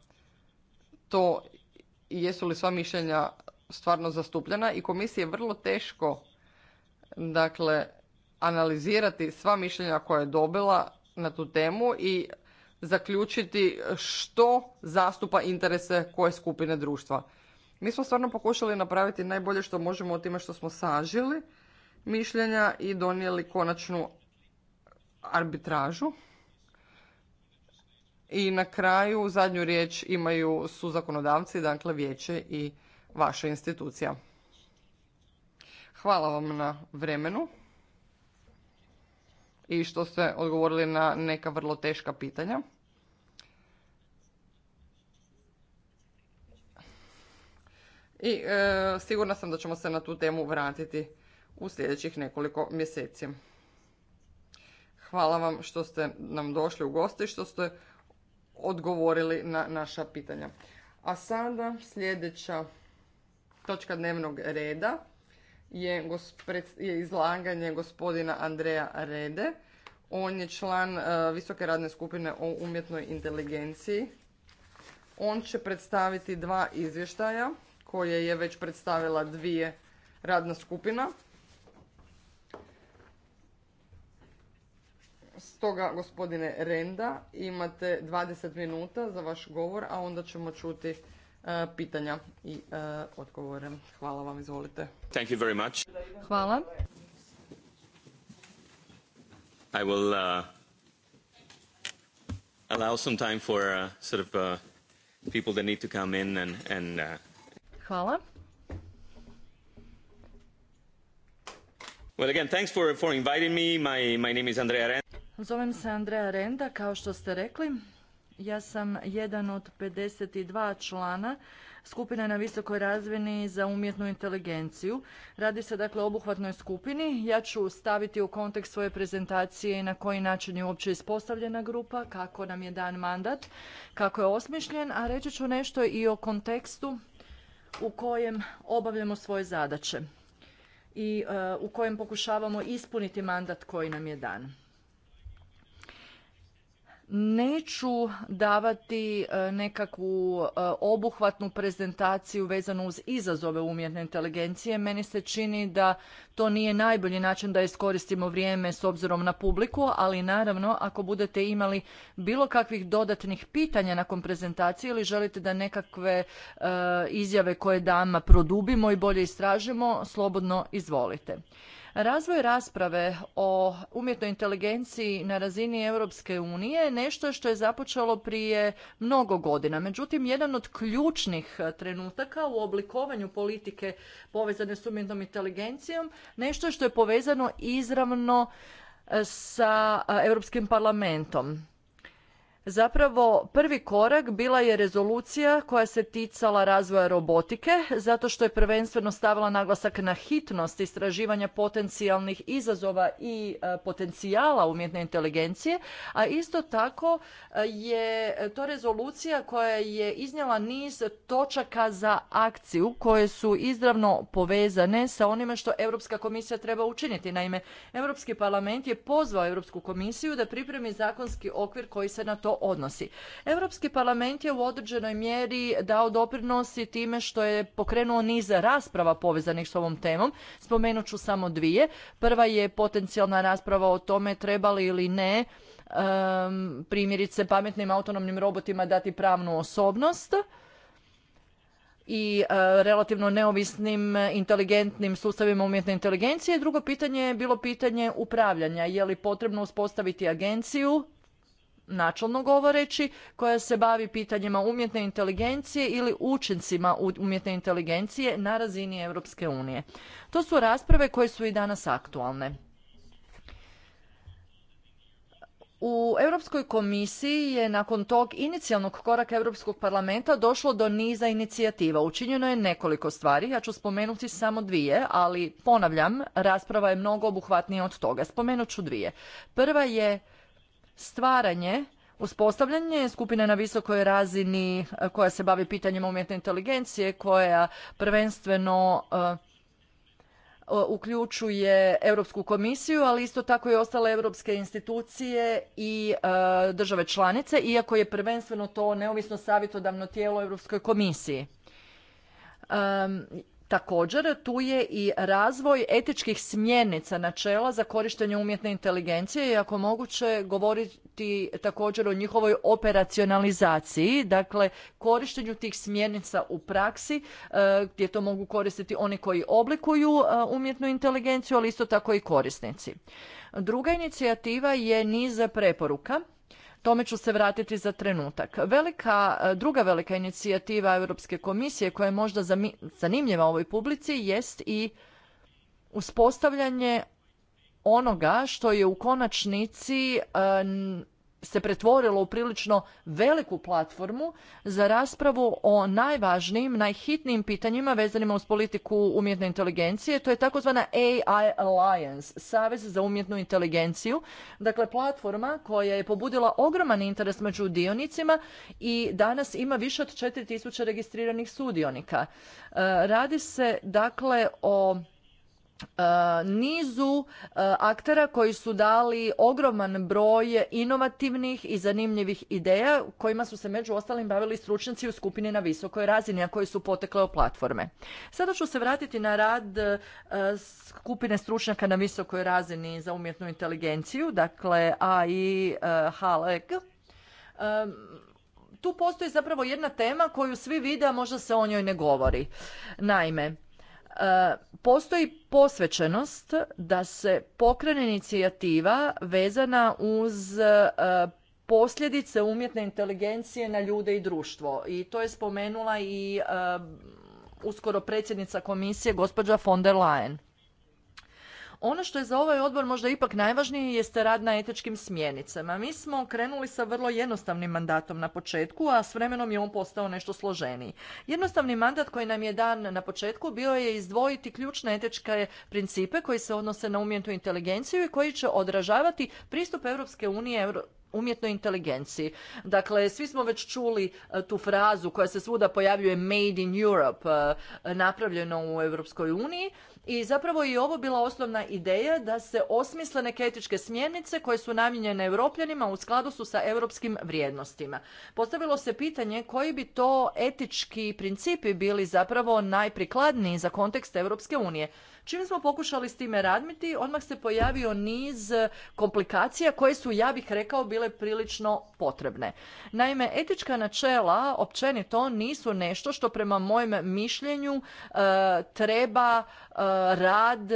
to jesu li sva mišljenja stvarno zastupljena i komisiji je vrlo teško dakle analizirati sva mišljenja koja je dobila na tu temu i zaključiti što zastupa interese koje skupine društva. Mi smo stvarno pokušali napraviti najbolje što možemo o time što smo sažili mišljenja i donijeli konačnu arbitražu. I na kraju zadnju riječ imaju su zakonodavci, dakle vijeće i vaša institucija. Hvala vam na vremenu i što ste odgovorili na neka vrlo teška pitanja. I e, sigurna sam da ćemo se na tu temu vratiti u sljedećih nekoliko mjeseci. Hvala vam što ste nam došli u goste i što ste odgovorili na naša pitanja. A sada sljedeća točka dnevnog reda je, je izlaganje gospodina Andreja Rede. On je član e, Visoke radne skupine o umjetnoj inteligenciji. On će predstaviti dva izvještaja koje je već predstavila dvije radna skupina Stoga, gospodine Renda, imate 20 minuta za vaš govor, a onda ćemo čuti e, pitanja i e, odgovore. Hvala vam, izvolite. Thank you very much. Hvala. I will uh, allow some time for uh, sort of uh, people that need to come in and, and uh... Hvala. Well, again, thanks for, for inviting me. My, my name is Andrea Ren. Zovem se Andreja Renda, kao što ste rekli. Ja sam jedan od 52 člana skupine na visokoj razvini za umjetnu inteligenciju. Radi se dakle o obuhvatnoj skupini. Ja ću staviti u kontekst svoje prezentacije i na koji način je uopće ispostavljena grupa, kako nam je dan mandat, kako je osmišljen, a reći ću nešto i o kontekstu u kojem obavljamo svoje zadaće i e, u kojem pokušavamo ispuniti mandat koji nam je dan. Neću davati e, nekakvu e, obuhvatnu prezentaciju vezanu uz izazove umjetne inteligencije. Meni se čini da to nije najbolji način da iskoristimo vrijeme s obzirom na publiku, ali naravno ako budete imali bilo kakvih dodatnih pitanja nakon prezentacije ili želite da nekakve e, izjave koje dama produbimo i bolje istražimo, slobodno izvolite. Razvoj rasprave o umjetnoj inteligenciji na razini Europske unije nešto što je započelo prije mnogo godina. Međutim, jedan od ključnih e, trenutaka u oblikovanju politike povezane s umjetnom inteligencijom nešto što je povezano izravno e, sa e, Europskim parlamentom. Zapravo prvi korak bila je rezolucija koja se ticala razvoja robotike zato što je prvenstveno stavila naglasak na hitnost istraživanja potencijalnih izazova i e, potencijala umjetne inteligencije, a isto tako e, je to rezolucija koja je iznijela niz točaka za akciju koje su izravno povezane sa onime što Europska komisija treba učiniti. Naime, Europski parlament je pozvao Europsku komisiju da pripremi zakonski okvir koji se na to odnosi. Europski parlament je u određenoj mjeri dao doprinosi time što je pokrenuo niz rasprava povezanih s ovom temom. Spomenut ću samo dvije. Prva je potencijalna rasprava o tome trebali ili ne primjerice pametnim autonomnim robotima dati pravnu osobnost i e, relativno neovisnim inteligentnim sustavima umjetne inteligencije. Drugo pitanje je bilo pitanje upravljanja. Je li potrebno uspostaviti agenciju načelno govoreći, koja se bavi pitanjima umjetne inteligencije ili učincima umjetne inteligencije na razini Europske unije. To su rasprave koje su i danas aktualne. U Europskoj komisiji je nakon tog inicijalnog koraka Europskog parlamenta došlo do niza inicijativa. Učinjeno je nekoliko stvari, ja ću spomenuti samo dvije, ali ponavljam, rasprava je mnogo obuhvatnija od toga. Spomenut ću dvije. Prva je stvaranje Uspostavljanje skupine na visokoj razini e, koja se bavi pitanjem umjetne inteligencije, koja prvenstveno e, uključuje Europsku komisiju, ali isto tako i ostale europske institucije i e, države članice, iako je prvenstveno to neovisno savjetodavno tijelo Europskoj komisiji. Također tu je i razvoj etičkih smjernica načela za korištenje umjetne inteligencije i ako moguće govoriti također o njihovoj operacionalizaciji, dakle korištenju tih smjernica u praksi e, gdje to mogu koristiti oni koji oblikuju e, umjetnu inteligenciju, ali isto tako i korisnici. Druga inicijativa je niz preporuka Tome ću se vratiti za trenutak. Velika, e, druga velika inicijativa Europske komisije koja je možda zanimljiva ovoj publici jest i uspostavljanje onoga što je u konačnici e, se pretvorilo u prilično veliku platformu za raspravu o najvažnijim, najhitnijim pitanjima vezanima uz politiku umjetne inteligencije. To je takozvana AI Alliance, Savez za umjetnu inteligenciju. Dakle, platforma koja je pobudila ogroman interes među dionicima i danas ima više od 4000 registriranih sudionika. E, radi se dakle o E, nizu e, aktera koji su dali ogroman broj inovativnih i zanimljivih ideja kojima su se među ostalim bavili stručnjaci u skupini na visokoj razini, a koji su potekle od platforme. Sada ću se vratiti na rad e, skupine stručnjaka na visokoj razini za umjetnu inteligenciju, dakle AI HALEG. Tu postoji zapravo jedna tema koju svi vide, a možda se o njoj ne govori. Naime, Postoji posvećenost da se pokrene inicijativa vezana uz e, posljedice umjetne inteligencije na ljude i društvo. I to je spomenula i e, uskoro predsjednica komisije gospođa von der Leyen. Ono što je za ovaj odbor možda ipak najvažnije jeste rad na etičkim smjernicama. Mi smo krenuli sa vrlo jednostavnim mandatom na početku, a s vremenom je on postao nešto složeniji. Jednostavni mandat koji nam je dan na početku bio je izdvojiti ključne etičke principe koji se odnose na umjetnu inteligenciju i koji će odražavati pristup Europske unije umjetnoj inteligenciji. Dakle, svi smo već čuli e, tu frazu koja se svuda pojavljuje made in Europe, e, napravljeno u Europskoj uniji. I zapravo i ovo bila osnovna ideja da se osmisle neke etičke smjernice koje su namijenjene europljanima u skladu su sa europskim vrijednostima. Postavilo se pitanje koji bi to etički principi bili zapravo najprikladniji za kontekst Europske unije. Čim smo pokušali s time radmiti odmah se pojavio niz komplikacija koje su, ja bih rekao, bile prilično potrebne. Naime, etička načela općenito nisu nešto što prema mojem mišljenju e, treba e, rad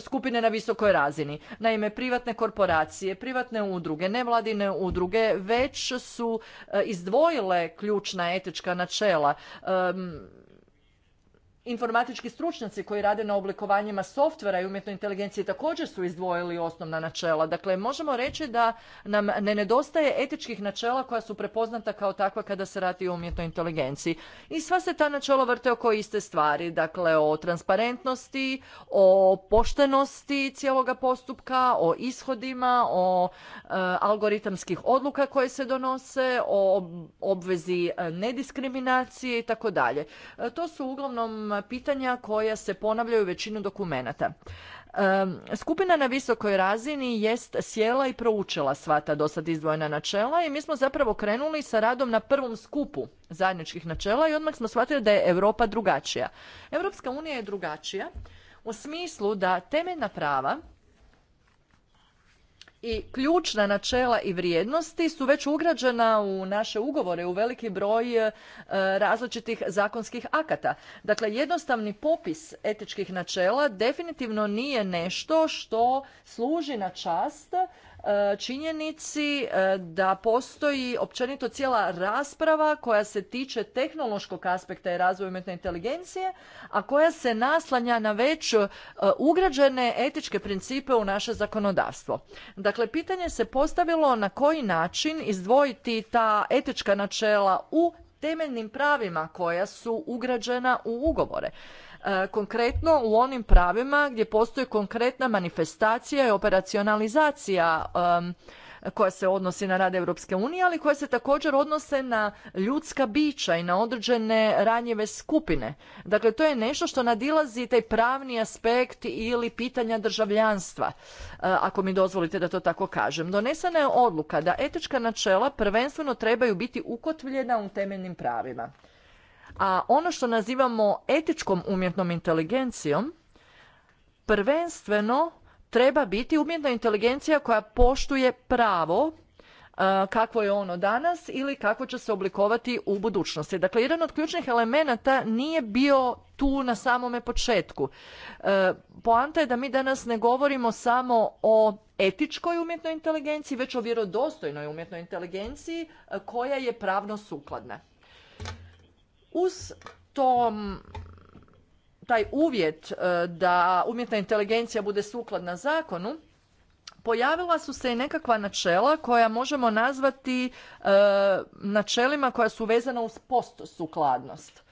skupine na visokoj razini. Naime, privatne korporacije, privatne udruge, nevladine udruge već su e, izdvojile ključna etička načela informatički stručnjaci koji rade na oblikovanjima softvera i umjetnoj inteligenciji također su izdvojili osnovna načela. Dakle, možemo reći da nam ne nedostaje etičkih načela koja su prepoznata kao takva kada se radi o umjetnoj inteligenciji. I sva se ta načela vrte oko iste stvari, dakle o transparentnosti, o poštenosti cijeloga postupka, o ishodima, o e, algoritamskih odluka koje se donose, o obvezi e, nediskriminacije i tako dalje. E, to su uglavnom pitanja koja se ponavljaju u većinu dokumenata. Skupina na visokoj razini jest sjela i proučila sva ta dosad izdvojena načela i mi smo zapravo krenuli sa radom na prvom skupu zajedničkih načela i odmah smo shvatili da je Europa drugačija. Europska unija je drugačija u smislu da temeljna prava i ključna načela i vrijednosti su već ugrađena u naše ugovore u veliki broj e, različitih zakonskih akata. Dakle, jednostavni popis etičkih načela definitivno nije nešto što služi na čast E, činjenici e, da postoji općenito cijela rasprava koja se tiče tehnološkog aspekta i razvoja umjetne inteligencije, a koja se naslanja na već e, ugrađene etičke principe u naše zakonodavstvo. Dakle, pitanje se postavilo na koji način izdvojiti ta etička načela u temeljnim pravima koja su ugrađena u ugovore. E, konkretno u onim pravima gdje postoji konkretna manifestacija i operacionalizacija koja se odnosi na rad Europske unije, ali koja se također odnose na ljudska bića i na određene ranjive skupine. Dakle, to je nešto što nadilazi taj pravni aspekt ili pitanja državljanstva, e, ako mi dozvolite da to tako kažem. Donesena je odluka da etička načela prvenstveno trebaju biti ukotvljena u temeljnim pravima. A ono što nazivamo etičkom umjetnom inteligencijom prvenstveno treba biti umjetna inteligencija koja poštuje pravo e, kakvo je ono danas ili kako će se oblikovati u budućnosti. Dakle, jedan od ključnih elemenata nije bio tu na samome početku. E, poanta je da mi danas ne govorimo samo o etičkoj umjetnoj inteligenciji, već o vjerodostojnoj umjetnoj inteligenciji e, koja je pravno sukladna. Uz tom taj uvjet e, da umjetna inteligencija bude sukladna zakonu, pojavila su se i nekakva načela koja možemo nazvati e, načelima koja su vezana uz postsukladnost.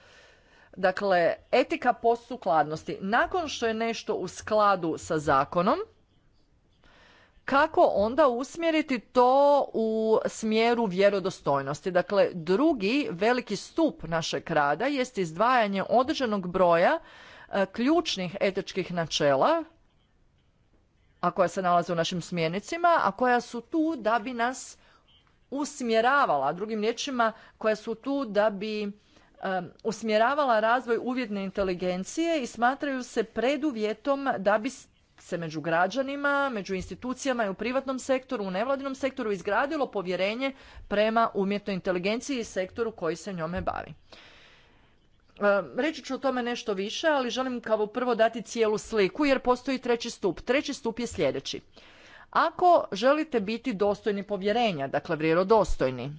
Dakle, etika postsukladnosti. Nakon što je nešto u skladu sa zakonom, kako onda usmjeriti to u smjeru vjerodostojnosti. Dakle, drugi veliki stup našeg rada jest izdvajanje određenog broja e, ključnih etičkih načela, a koja se nalaze u našim smjernicima, a koja su tu da bi nas usmjeravala, drugim riječima koja su tu da bi e, usmjeravala razvoj uvjetne inteligencije i smatraju se preduvjetom da bi se među građanima, među institucijama i u privatnom sektoru, u nevladinom sektoru izgradilo povjerenje prema umjetnoj inteligenciji i sektoru koji se njome bavi. E, reći ću o tome nešto više, ali želim kao prvo dati cijelu sliku jer postoji treći stup. Treći stup je sljedeći. Ako želite biti dostojni povjerenja, dakle vjerodostojni,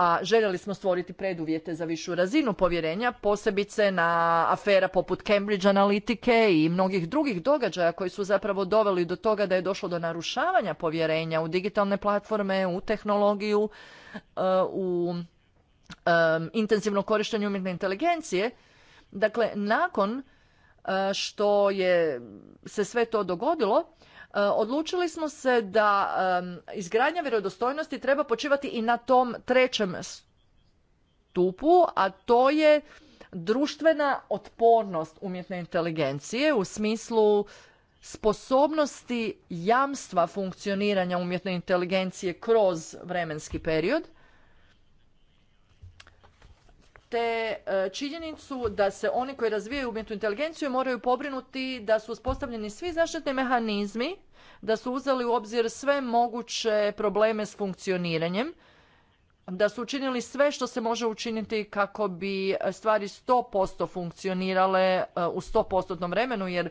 a željeli smo stvoriti preduvjete za višu razinu povjerenja, posebice na afera poput Cambridge analitike i mnogih drugih događaja koji su zapravo doveli do toga da je došlo do narušavanja povjerenja u digitalne platforme, u tehnologiju, uh, u um, intenzivno korištenje umjetne inteligencije. Dakle, nakon uh, što je se sve to dogodilo, E, odlučili smo se da izgradnja vjerodostojnosti treba počivati i na tom trećem stupu, a to je društvena otpornost umjetne inteligencije u smislu sposobnosti jamstva funkcioniranja umjetne inteligencije kroz vremenski period te e, činjenicu da se oni koji razvijaju umjetnu inteligenciju moraju pobrinuti da su uspostavljeni svi zaštitni mehanizmi, da su uzeli u obzir sve moguće probleme s funkcioniranjem, da su učinili sve što se može učiniti kako bi e, stvari 100% funkcionirale e, u 100% vremenu jer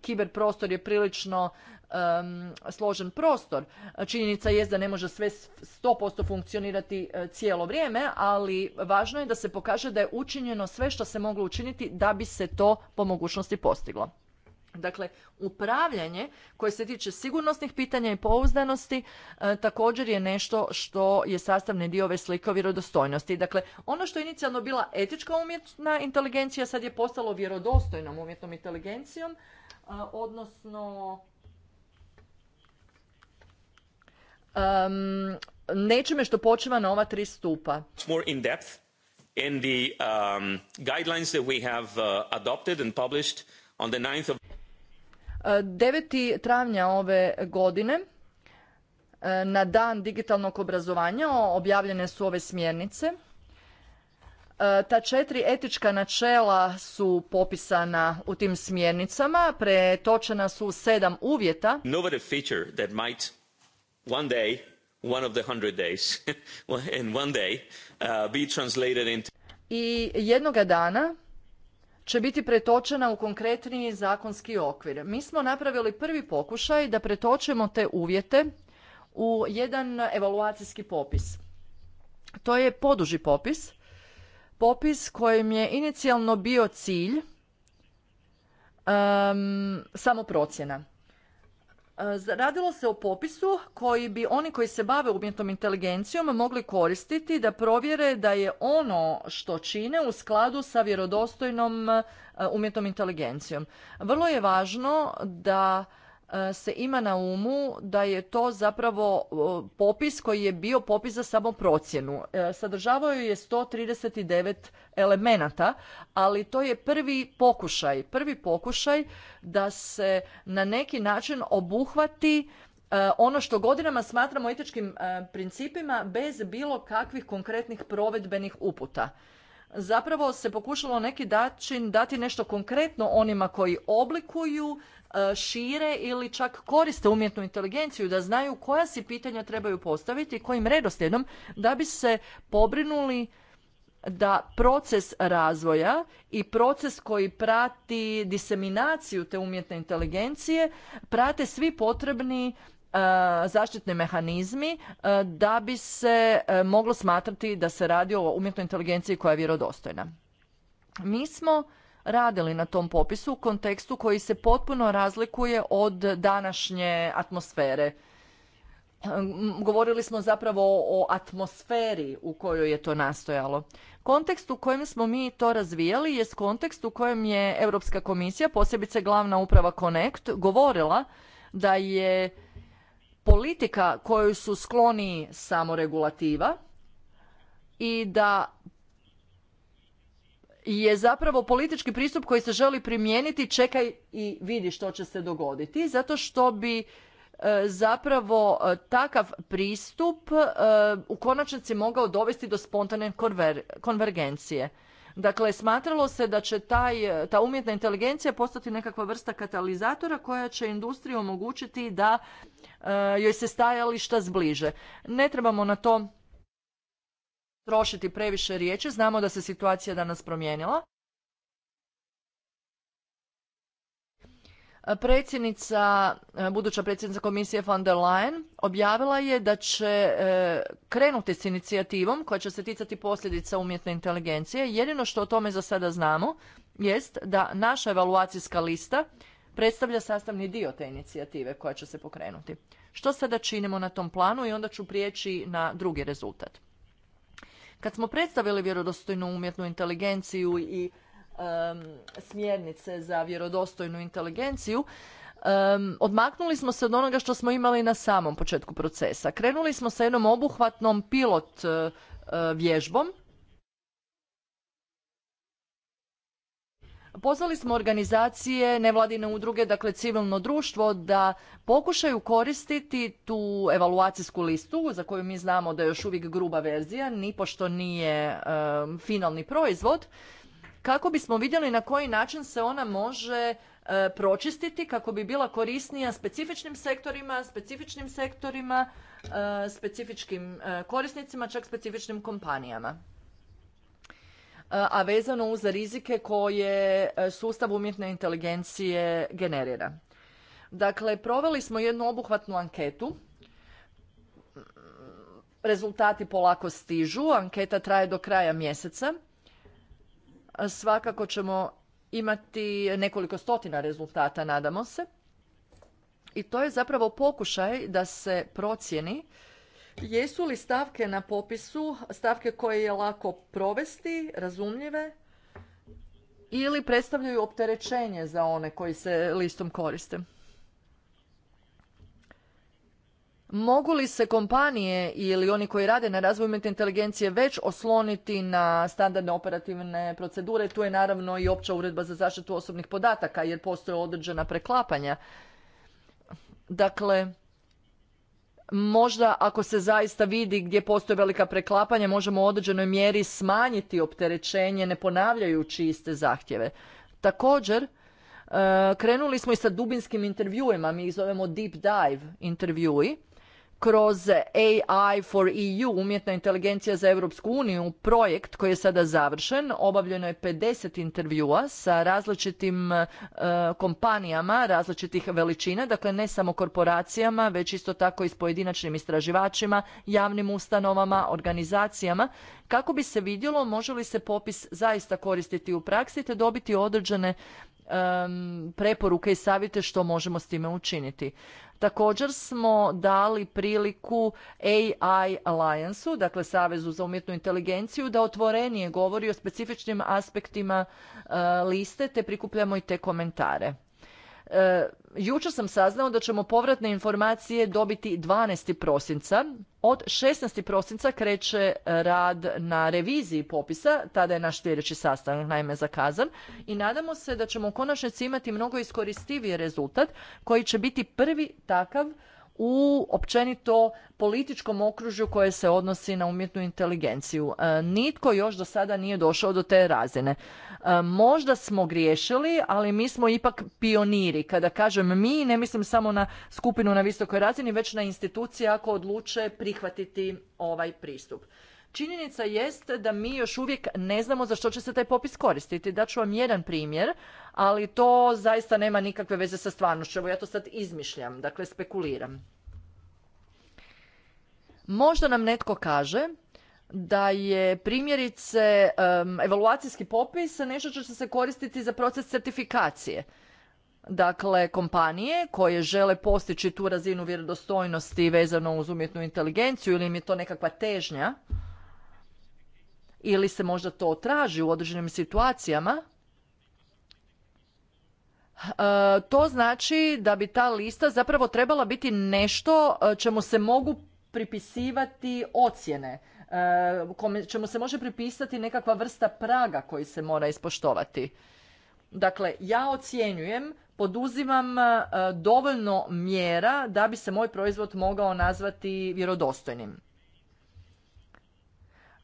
kiberprostor je prilično složen prostor. Činjenica je da ne može sve 100% funkcionirati e, cijelo vrijeme, ali važno je da se pokaže da je učinjeno sve što se moglo učiniti da bi se to po mogućnosti postiglo. Dakle, upravljanje koje se tiče sigurnosnih pitanja i pouzdanosti e, također je nešto što je sastavni dio ove slike o vjerodostojnosti. Dakle, ono što je inicijalno bila etička umjetna inteligencija sad je postalo vjerodostojnom umjetnom inteligencijom, e, odnosno um, nečime što počeva na ova tri stupa. More in depth in the um, guidelines that we have uh, adopted and published on the 9th of... 9. travnja ove godine na dan digitalnog obrazovanja objavljene su ove smjernice. Ta četiri etička načela su popisana u tim smjernicama, pretočena su sedam uvjeta. Innovative feature that might one day, one of the days, <laughs> one day, uh, be translated into... I jednoga dana će biti pretočena u konkretniji zakonski okvir. Mi smo napravili prvi pokušaj da pretočemo te uvjete u jedan evaluacijski popis. To je poduži popis, popis kojem je inicijalno bio cilj samo um, samoprocjena. Eh, radilo se o popisu koji bi oni koji se bave umjetnom inteligencijom mogli koristiti da provjere da je ono što čine u skladu sa vjerodostojnom eh, umjetnom inteligencijom. Vrlo je važno da E, se ima na umu da je to zapravo e, popis koji je bio popis za samoprocjenu. E, sadržavao je 139 elemenata, ali to je prvi pokušaj, prvi pokušaj da se na neki način obuhvati ono što godinama smatramo etičkim principima bez bilo kakvih konkretnih provedbenih uputa zapravo se pokušalo neki način dati nešto konkretno onima koji oblikuju E, šire ili čak koriste umjetnu inteligenciju da znaju koja si pitanja trebaju postaviti i kojim redoslijedom da bi se pobrinuli da proces razvoja i proces koji prati diseminaciju te umjetne inteligencije prate svi potrebni e, zaštitni mehanizmi e, da bi se moglo smatrati da se radi o umjetnoj inteligenciji koja je vjerodostojna. Mi smo radili na tom popisu u kontekstu koji se potpuno razlikuje od današnje atmosfere. Ehm, govorili smo zapravo o atmosferi u kojoj je to nastojalo. Kontekst u kojem smo mi to razvijali je kontekst u kojem je Europska komisija, posebice glavna uprava Connect, govorila da je politika koju su skloni samoregulativa i da je zapravo politički pristup koji se želi primijeniti čekaj i vidi što će se dogoditi zato što bi e, zapravo e, takav pristup e, u konačnici mogao dovesti do spontane konvergencije. Dakle, smatralo se da će taj, ta umjetna inteligencija postati nekakva vrsta katalizatora koja će industriji omogućiti da joj se stajališta zbliže. Ne trebamo na to trošiti previše riječi, znamo da se situacija danas promijenila. Predsjednica, e, buduća predsjednica komisije von der Leyen objavila je da će e, krenuti s inicijativom koja će se ticati posljedica umjetne inteligencije. Jedino što o tome za sada znamo jest da naša evaluacijska lista predstavlja sastavni dio te inicijative koja će se pokrenuti. Što sada činimo na tom planu i onda ću prijeći na drugi rezultat. Kad smo predstavili vjerodostojnu umjetnu inteligenciju i smjernice za vjerodostojnu inteligenciju, odmaknuli smo se od onoga što smo imali na samom početku procesa. Krenuli smo sa jednom obuhvatnom pilot eh, vježbom Pozvali smo organizacije, nevladine udruge, dakle civilno društvo da pokušaju koristiti tu evaluacijsku listu za koju mi znamo da je još uvijek gruba verzija, nipošto nije finalni proizvod, kako bismo vidjeli na koji način se ona može e, pročistiti kako bi bila korisnija specifičnim sektorima, specifičnim sektorima, e, specifičkim e, korisnicima, čak specifičnim kompanijama a vezano uz rizike koje e, sustav umjetne inteligencije generira. Dakle, proveli smo jednu obuhvatnu anketu. Rezultati polako stižu, anketa traje do kraja mjeseca. Svakako ćemo imati nekoliko stotina rezultata, nadamo se. I to je zapravo pokušaj da se procjeni Jesu li stavke na popisu stavke koje je lako provesti, razumljive ili predstavljaju opterećenje za one koji se listom koriste? Mogu li se kompanije ili oni koji rade na razvoju umjetne inteligencije već osloniti na standardne operativne procedure? Tu je naravno i opća uredba za zaštitu osobnih podataka jer postoje određena preklapanja. Dakle, možda ako se zaista vidi gdje postoje velika preklapanja možemo u određenoj mjeri smanjiti opterećenje ne ponavljajući iste zahtjeve. Također, e, krenuli smo i sa dubinskim intervjuima, mi ih zovemo deep dive intervjui kroz AI for EU, umjetna inteligencija za Europsku uniju, projekt koji je sada završen. Obavljeno je 50 intervjua sa različitim e, kompanijama, različitih veličina, dakle ne samo korporacijama, već isto tako i s pojedinačnim istraživačima, javnim ustanovama, organizacijama kako bi se vidjelo može li se popis zaista koristiti u praksi te dobiti određene preporuke i savjete što možemo s time učiniti. Također smo dali priliku AI Alliance-u, dakle Savezu za umjetnu inteligenciju, da otvorenije govori o specifičnim aspektima eh, liste te prikupljamo i te komentare. E, jučer sam saznao da ćemo povratne informacije dobiti 12. prosinca. Od 16. prosinca kreće e, rad na reviziji popisa, tada je naš sljedeći sastanak naime zakazan i nadamo se da ćemo u konačnici imati mnogo iskoristiviji rezultat koji će biti prvi takav u općenito političkom okružju koje se odnosi na umjetnu inteligenciju. E, nitko još do sada nije došao do te razine. E, možda smo griješili, ali mi smo ipak pioniri. Kada kažem mi, ne mislim samo na skupinu na visokoj razini, već na institucije ako odluče prihvatiti ovaj pristup. Činjenica jest da mi još uvijek ne znamo za što će se taj popis koristiti. ću vam jedan primjer, ali to zaista nema nikakve veze sa stvarnošću. Evo ja to sad izmišljam, dakle spekuliram. Možda nam netko kaže da je primjerice evaluacijski popis nešto što će se koristiti za proces certifikacije. Dakle, kompanije koje žele postići tu razinu vjerodostojnosti vezano uz umjetnu inteligenciju ili im je to nekakva težnja, ili se možda to traži u određenim situacijama, e, to znači da bi ta lista zapravo trebala biti nešto e, čemu se mogu pripisivati ocjene, e, čemu se može pripisati nekakva vrsta praga koji se mora ispoštovati. Dakle, ja ocjenjujem, poduzimam dovoljno mjera da bi se moj proizvod mogao nazvati vjerodostojnim.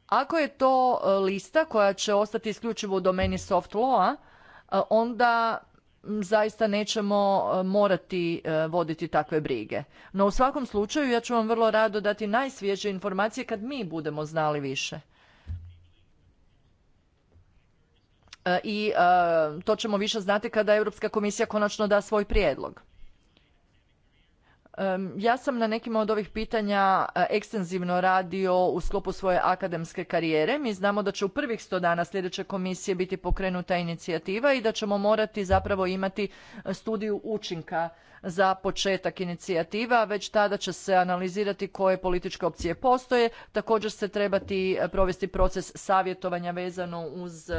Ako je to e, lista koja će ostati isključivo u domeni soft law e, onda zaista nećemo e, morati voditi takve brige. No u svakom slučaju ja ću vam vrlo rado dati najsvježe informacije kad mi budemo znali više. I to ćemo više znati kada Europska komisija konačno da svoj prijedlog. Ja sam na nekima od ovih pitanja e, ekstenzivno radio u sklopu svoje akademske karijere. Mi znamo da će u prvih sto dana sljedeće komisije biti pokrenuta inicijativa i da ćemo morati zapravo imati e, studiju učinka za početak inicijativa, već tada će se analizirati koje političke opcije postoje. Također se trebati e, provesti proces savjetovanja vezano uz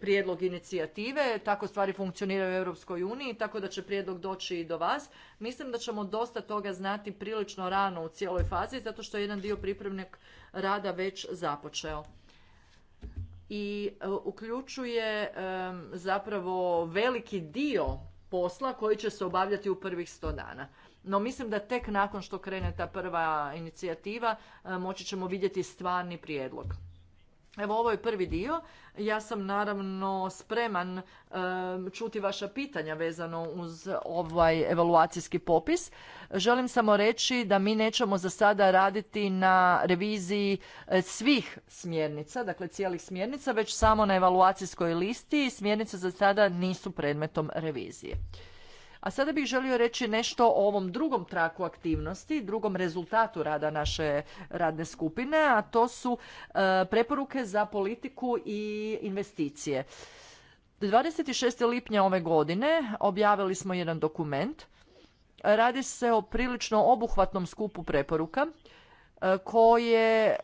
prijedlog inicijative. Tako stvari funkcioniraju u Europskoj uniji, tako da će prijedlog doći i do vas. Mislim da ćemo dosta toga znati prilično rano u cijeloj fazi, zato što je jedan dio pripremnog rada već započeo i e, uključuje zapravo veliki dio posla koji će se obavljati u prvih sto dana. No mislim da tek nakon što krene ta prva inicijativa e, moći ćemo vidjeti stvarni prijedlog. Evo ovo je prvi dio. Ja sam naravno spreman e, čuti vaša pitanja vezano uz ovaj evaluacijski popis. Želim samo reći da mi nećemo za sada raditi na reviziji e, svih smjernica, dakle cijelih smjernica, već samo na evaluacijskoj listi i smjernice za sada nisu predmetom revizije. A sada bih želio reći nešto o ovom drugom traku aktivnosti, drugom rezultatu rada naše radne skupine, a to su e, preporuke za politiku i investicije. 26. lipnja ove godine objavili smo jedan dokument. Radi se o prilično obuhvatnom skupu preporuka e, koje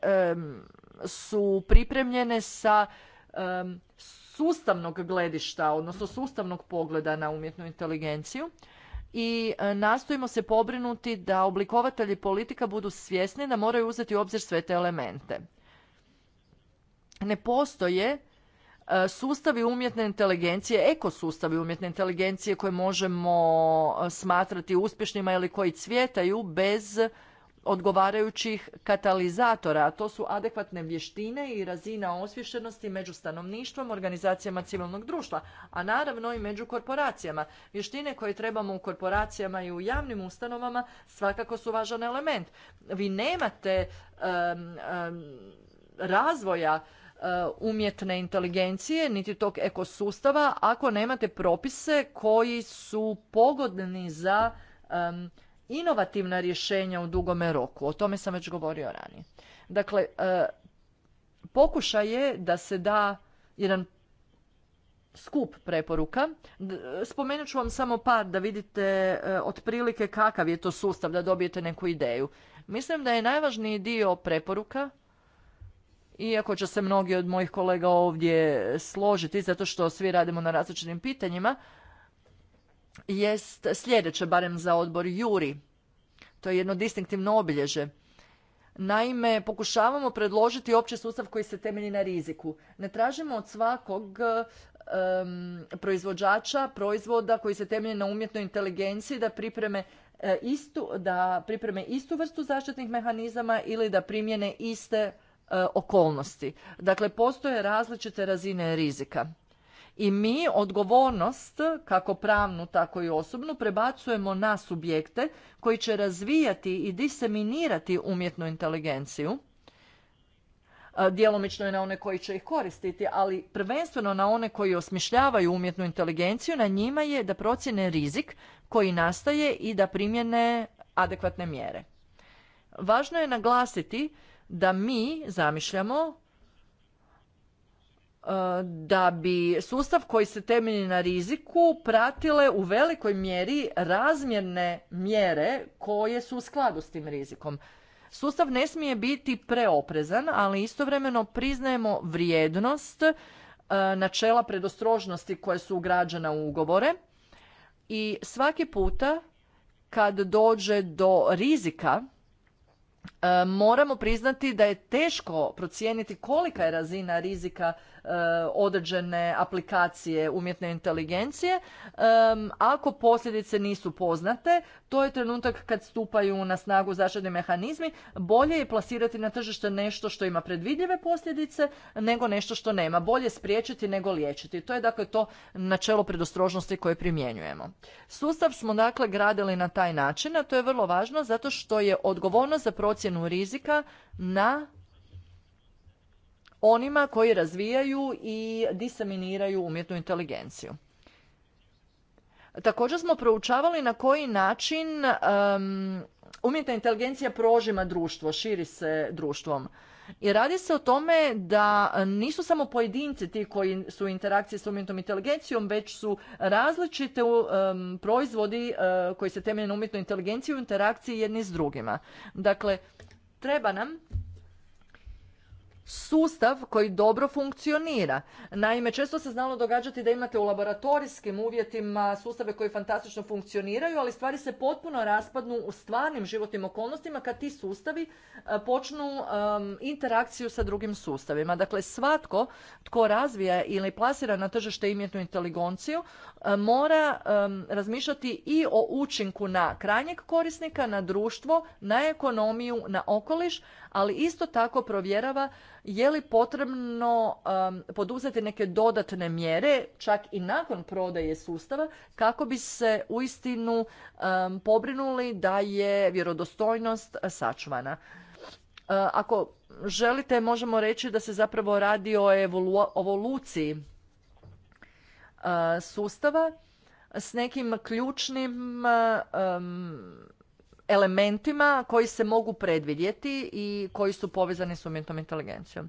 su pripremljene sa sustavnog gledišta, odnosno sustavnog pogleda na umjetnu inteligenciju i e, nastojimo se pobrinuti da oblikovatelji politika budu svjesni da moraju uzeti u obzir sve te elemente. Ne postoje e, sustavi umjetne inteligencije, ekosustavi umjetne inteligencije koje možemo e, smatrati uspješnima ili koji cvjetaju bez odgovarajućih katalizatora, a to su adekvatne vještine i razina osviještenosti među stanovništvom, organizacijama civilnog društva, a naravno i među korporacijama. Vještine koje trebamo u korporacijama i u javnim ustanovama svakako su važan element. Vi nemate razvoja eh, umjetne inteligencije, niti tog ekosustava, ako nemate propise koji su pogodni za inovativna rješenja u dugome roku. O tome sam već govorio ranije. Dakle, e, pokušaj je da se da jedan skup preporuka. Spomenut ću vam samo par da vidite e, otprilike kakav je to sustav, da dobijete neku ideju. Mislim da je najvažniji dio preporuka, iako će se mnogi od mojih kolega ovdje složiti, zato što svi radimo na različitim pitanjima, jest sljedeće, barem za odbor Juri. To je jedno distinktivno obilježe. Naime, pokušavamo predložiti opći sustav koji se temelji na riziku. Ne tražimo od svakog proizvođača proizvoda koji se temelji na umjetnoj inteligenciji da pripreme e, istu, da pripreme istu vrstu zaštitnih mehanizama ili da primjene iste e, okolnosti. Dakle, postoje različite razine rizika i mi odgovornost, kako pravnu, tako i osobnu, prebacujemo na subjekte koji će razvijati i diseminirati umjetnu inteligenciju, djelomično je na one koji će ih koristiti, ali prvenstveno na one koji osmišljavaju umjetnu inteligenciju, na njima je da procjene rizik koji nastaje i da primjene adekvatne mjere. Važno je naglasiti da mi zamišljamo E, da bi sustav koji se temelji na riziku pratile u velikoj mjeri razmjerne mjere koje su u skladu s tim rizikom. Sustav ne smije biti preoprezan, ali istovremeno priznajemo vrijednost e, načela predostrožnosti koje su ugrađena u ugovore i svaki puta kad dođe do rizika E, moramo priznati da je teško procijeniti kolika je razina rizika e, određene aplikacije umjetne inteligencije. E, ako posljedice nisu poznate, to je trenutak kad stupaju na snagu zaštitni mehanizmi, bolje je plasirati na tržište nešto što ima predvidljive posljedice nego nešto što nema. Bolje spriječiti nego liječiti. To je dakle to načelo predostrožnosti koje primjenjujemo. Sustav smo dakle gradili na taj način, a to je vrlo važno zato što je odgovornost za proces procjenu rizika na onima koji razvijaju i diseminiraju umjetnu inteligenciju. Također smo proučavali na koji način umjetna inteligencija prožima društvo, širi se društvom. I radi se o tome da nisu samo pojedinci ti koji su u interakciji s umjetnom inteligencijom, već su različite proizvodi e, koji se temelje na umjetnoj inteligenciji u interakciji jedni s drugima. Dakle, treba nam sustav koji dobro funkcionira. Naime, često se znalo događati da imate u laboratorijskim uvjetima sustave koji fantastično funkcioniraju, ali stvari se potpuno raspadnu u stvarnim životnim okolnostima kad ti sustavi e, počnu interakciju sa drugim sustavima. Dakle, svatko tko razvija ili plasira na tržište imjetnu inteligenciju e, mora razmišljati i o učinku na krajnjeg korisnika, na društvo, na ekonomiju, na okoliš, ali isto tako provjerava je li potrebno poduzeti neke dodatne mjere, čak i nakon prodaje sustava, kako bi se uistinu um, pobrinuli da je vjerodostojnost sačuvana. E, ako želite, možemo reći da se zapravo radi o evoluciji e, sustava s nekim ključnim elementima koji se mogu predvidjeti i koji su povezani s umjetnom inteligencijom.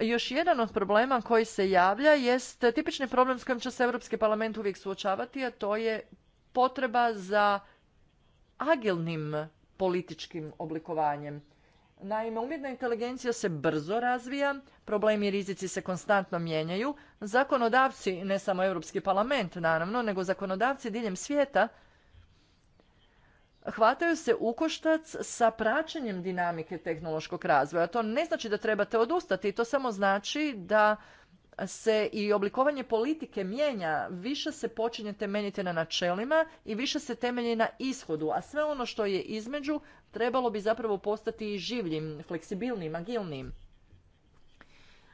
Još jedan od problema koji se javlja jest tipični problem s kojim će se Europski parlament uvijek suočavati, a to je potreba za agilnim političkim oblikovanjem. Naime, umjetna inteligencija se brzo razvija, problemi i rizici se konstantno mijenjaju, zakonodavci, ne samo Europski parlament naravno, nego zakonodavci diljem svijeta hvataju se u koštac sa praćenjem dinamike tehnološkog razvoja. To ne znači da trebate odustati, to samo znači da se i oblikovanje politike mijenja, više se počinje temeljiti na načelima i više se temelji na ishodu, a sve ono što je između trebalo bi zapravo postati i življim, fleksibilnim, agilnim.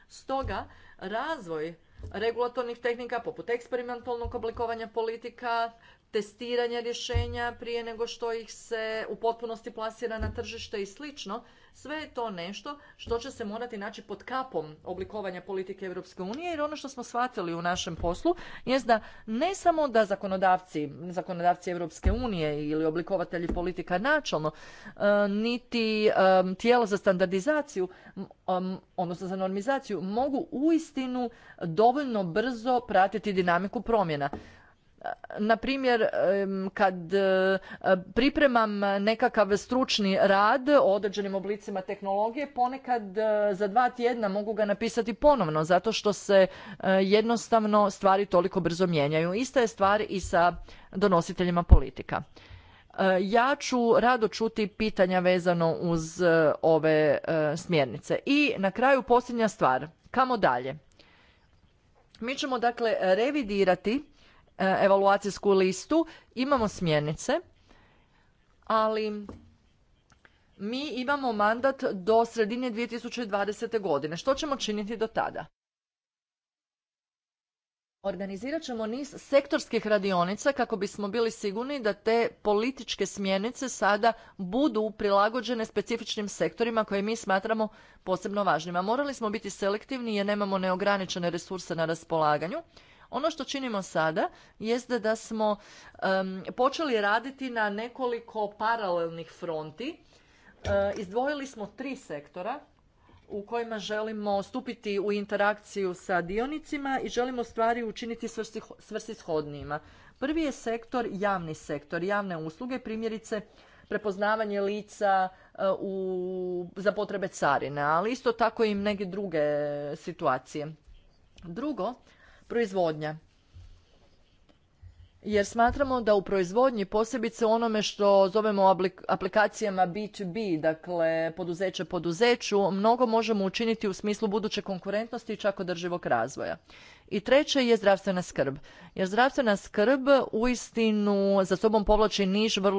Stoga, razvoj regulatornih tehnika poput eksperimentalnog oblikovanja politika, testiranja rješenja prije nego što ih se u potpunosti plasira na tržište i slično. Sve je to nešto što će se morati naći pod kapom oblikovanja politike Europske unije jer ono što smo shvatili u našem poslu je da ne samo da zakonodavci, zakonodavci Europske unije ili oblikovatelji politika načalno, e, niti e, tijelo za standardizaciju, e, odnosno za normizaciju, mogu uistinu dovoljno brzo pratiti dinamiku promjena na primjer kad e, pripremam nekakav stručni rad o određenim oblicima tehnologije ponekad e, za dva tjedna mogu ga napisati ponovno zato što se e, jednostavno stvari toliko brzo mijenjaju. Ista je stvar i sa donositeljima politika. Ja ću rado čuti pitanja vezano uz ove smjernice. I na kraju posljednja stvar. Kamo dalje? Mi ćemo dakle revidirati E, evaluacijsku listu, imamo smjernice, ali mi imamo mandat do sredine 2020. godine. Što ćemo činiti do tada? Organizirat ćemo niz sektorskih radionica kako bismo bili sigurni da te političke smjernice sada budu prilagođene specifičnim sektorima koje mi smatramo posebno važnima. Morali smo biti selektivni jer nemamo neograničene resurse na raspolaganju ono što činimo sada jest da smo počeli raditi na nekoliko paralelnih fronti. E, izdvojili smo tri sektora u kojima želimo stupiti u interakciju sa dionicima i želimo stvari učiniti svrsishodnijima. Prvi je sektor javni sektor, javne usluge, primjerice prepoznavanje lica e, u, za potrebe carine, ali isto tako i neke druge situacije. Drugo proizvodnja jer smatramo da u proizvodnji posebice onome što zovemo aplikacijama B2B, dakle poduzeće poduzeću, mnogo možemo učiniti u smislu buduće konkurentnosti i čak održivog razvoja. I treće je zdravstvena skrb. Jer zdravstvena skrb uistinu za sobom povlači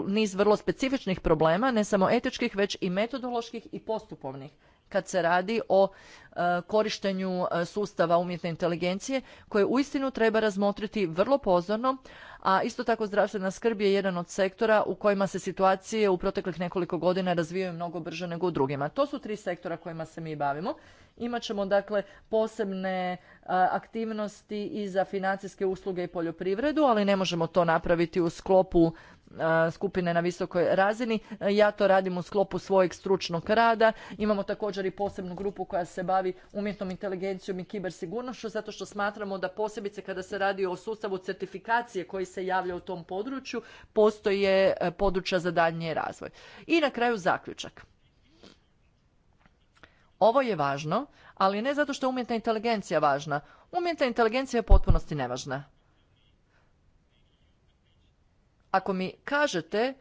niz vrlo specifičnih problema, ne samo etičkih, već i metodoloških i postupovnih kad se radi o e, korištenju e, sustava umjetne inteligencije koje uistinu treba razmotriti vrlo pozorno a isto tako zdravstvena skrb je jedan od sektora u kojima se situacije u proteklih nekoliko godina razvijaju mnogo brže nego u drugima. To su tri sektora kojima se mi bavimo. Imat ćemo dakle posebne e, aktivnosti i za financijske usluge i poljoprivredu, ali ne možemo to napraviti u sklopu e, skupine na visokoj razini. E, ja to radim u sklopu svojeg stručnog rada. Imamo također i posebnu grupu koja se bavi umjetnom inteligencijom i kibersigurnošću zato što smatramo da posebice kada se radi o sustavu certifikacije koji se javlja u tom području, postoje e, područja za daljnji razvoj. I na kraju zaključak. Ovo je važno, ali ne zato što je umjetna inteligencija važna. Umjetna inteligencija je potpunosti nevažna. Ako mi kažete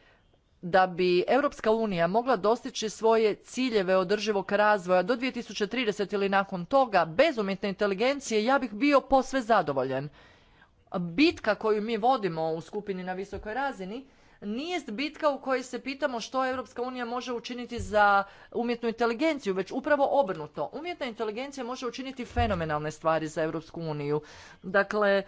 da bi Europska unija mogla dostići svoje ciljeve održivog razvoja do 2030 ili nakon toga bez umjetne inteligencije, ja bih bio posve zadovoljen bitka koju mi vodimo u skupini na visokoj razini nije bitka u kojoj se pitamo što Europska unija može učiniti za umjetnu inteligenciju, već upravo obrnuto. Umjetna inteligencija može učiniti fenomenalne stvari za Europsku uniju. Dakle,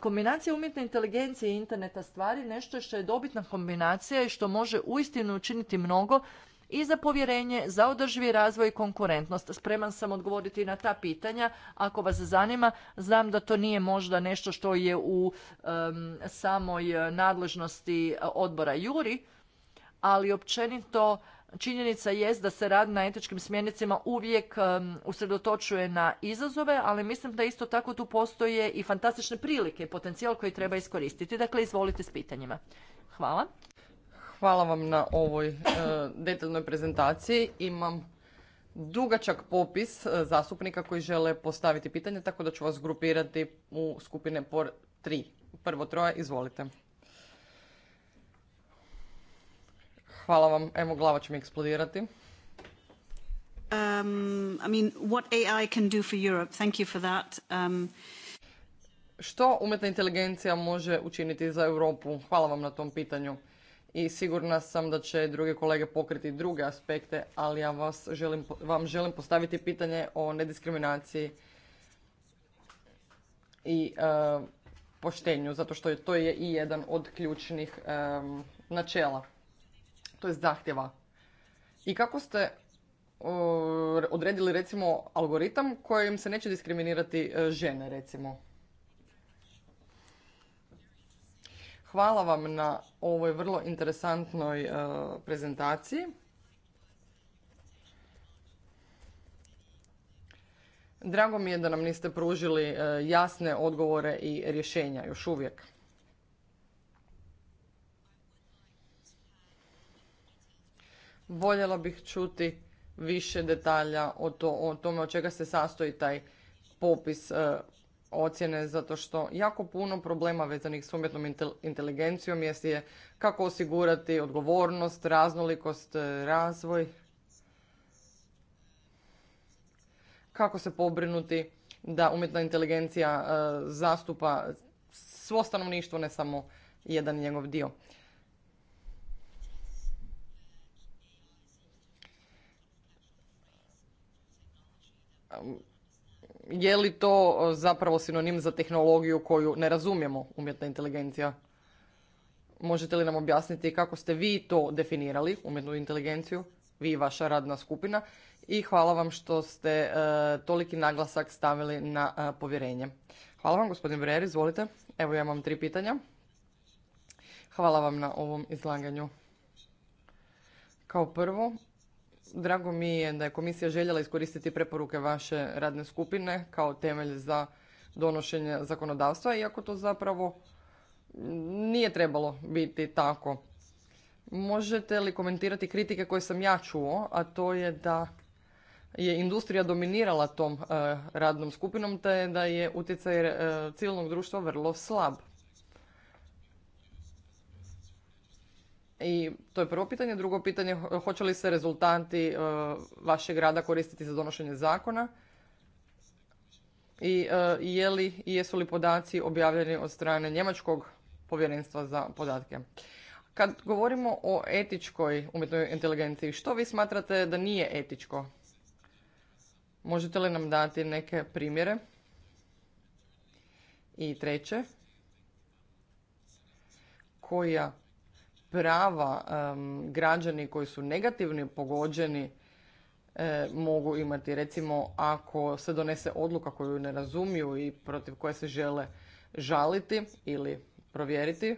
kombinacija umjetne inteligencije i interneta stvari nešto što je dobitna kombinacija i što može uistinu učiniti mnogo i za povjerenje za održivi razvoj i konkurentnost. Spreman sam odgovoriti na ta pitanja ako vas zanima. Znam da to nije možda nešto što je u samoj nadležnosti odbora Juri, ali općenito činjenica je da se rad na etičkim smjernicama uvijek usredotočuje na izazove, ali mislim da isto tako tu postoje i fantastične prilike, potencijal koji treba iskoristiti. Dakle, izvolite s pitanjima. Hvala. Hvala vam na ovoj e, detaljnoj prezentaciji. Imam dugačak popis e, zastupnika koji žele postaviti pitanje, tako da ću vas grupirati u skupine por tri. Prvo troje, izvolite. Hvala vam. Evo, glava će mi eksplodirati. Što umjetna inteligencija može učiniti za Europu? Hvala vam na tom pitanju i sigurna sam da će druge kolege pokriti druge aspekte, ali ja vas želim, vam želim postaviti pitanje o nediskriminaciji i e, poštenju, zato što je to je i jedan od ključnih e, načela, to je zahtjeva. I kako ste odredili recimo algoritam kojim se neće diskriminirati e, žene recimo? Hvala vam na ovoj vrlo interesantnoj e, prezentaciji. Drago mi je da nam niste pružili e, jasne odgovore i rješenja još uvijek. Voljela bih čuti više detalja o, tome od čega se sastoji taj popis e, ocjene zato što jako puno problema vezanih s umjetnom inteligencijom jest je kako osigurati odgovornost, raznolikost, e, razvoj, kako se pobrinuti da umjetna inteligencija e, zastupa svo stanovništvo, ne samo jedan njegov dio je li to e, zapravo sinonim za tehnologiju koju ne razumijemo, umjetna inteligencija? Možete li nam objasniti kako ste vi to definirali, umjetnu inteligenciju, vi i vaša radna skupina? I hvala vam što ste e, toliki naglasak stavili na e, povjerenje. Hvala vam, gospodin Brer, izvolite. Evo ja imam tri pitanja. Hvala vam na ovom izlaganju. Kao prvo, Drago mi je da je komisija željela iskoristiti preporuke vaše radne skupine kao temelj za donošenje zakonodavstva, iako to zapravo nije trebalo biti tako. Možete li komentirati kritike koje sam ja čuo, a to je da je industrija dominirala tom eh, radnom skupinom, te da je utjecaj eh, civilnog društva vrlo slab. I to je prvo pitanje. Drugo pitanje, hoće li se rezultanti e, vašeg rada koristiti za donošenje zakona? I e, je li, jesu li podaci objavljeni od strane Njemačkog povjerenstva za podatke? Kad govorimo o etičkoj umjetnoj inteligenciji, što vi smatrate da nije etičko? Možete li nam dati neke primjere? I treće, koja prava građani koji su negativno pogođeni e, mogu imati. Recimo, ako se donese odluka koju ne razumiju i protiv koje se žele žaliti ili provjeriti,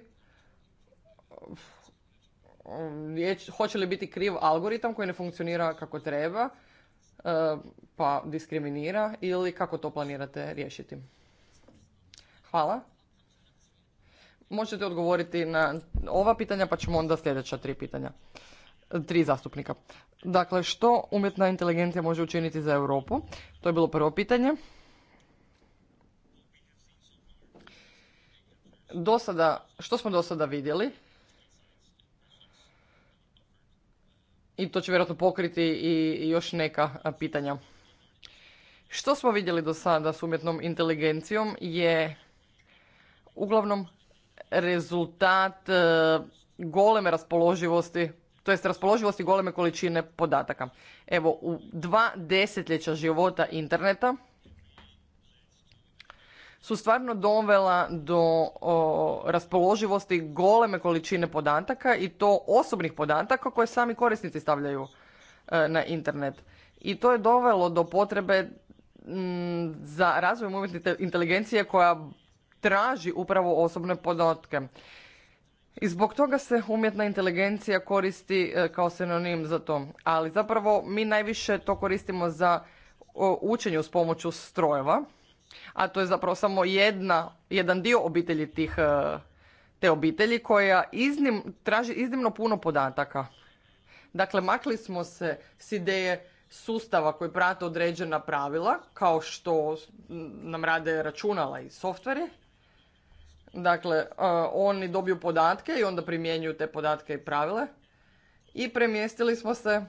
hoće li biti kriv algoritam koji ne funkcionira kako treba, e, pa diskriminira ili kako to planirate riješiti. Hvala možete odgovoriti na ova pitanja, pa ćemo onda sljedeća tri pitanja. Tri zastupnika. Dakle, što umjetna inteligencija može učiniti za Europu? To je bilo prvo pitanje. što smo do sada vidjeli? I to će vjerojatno pokriti i još neka pitanja. Što smo vidjeli do sada s umjetnom inteligencijom je uglavnom rezultat e, goleme raspoloživosti to jest raspoloživosti goleme količine podataka. Evo, u dva desetljeća života interneta su stvarno dovela do raspoloživosti goleme količine podataka i to osobnih podataka koje sami korisnici stavljaju e, na internet. I to je dovelo do potrebe za razvoj umjetne inteligencije koja traži upravo osobne podatke. I zbog toga se umjetna inteligencija koristi e, kao sinonim za to. Ali zapravo mi najviše to koristimo za učenje uz pomoću strojeva, a to je zapravo samo jedna, jedan dio obitelji tih, e, te obitelji koja iznim, traži iznimno puno podataka. Dakle, makli smo se s ideje sustava koji prate određena pravila, kao što nam rade računala i softveri, Dakle, e, oni dobiju podatke i onda primjenjuju te podatke i pravile. I premjestili smo se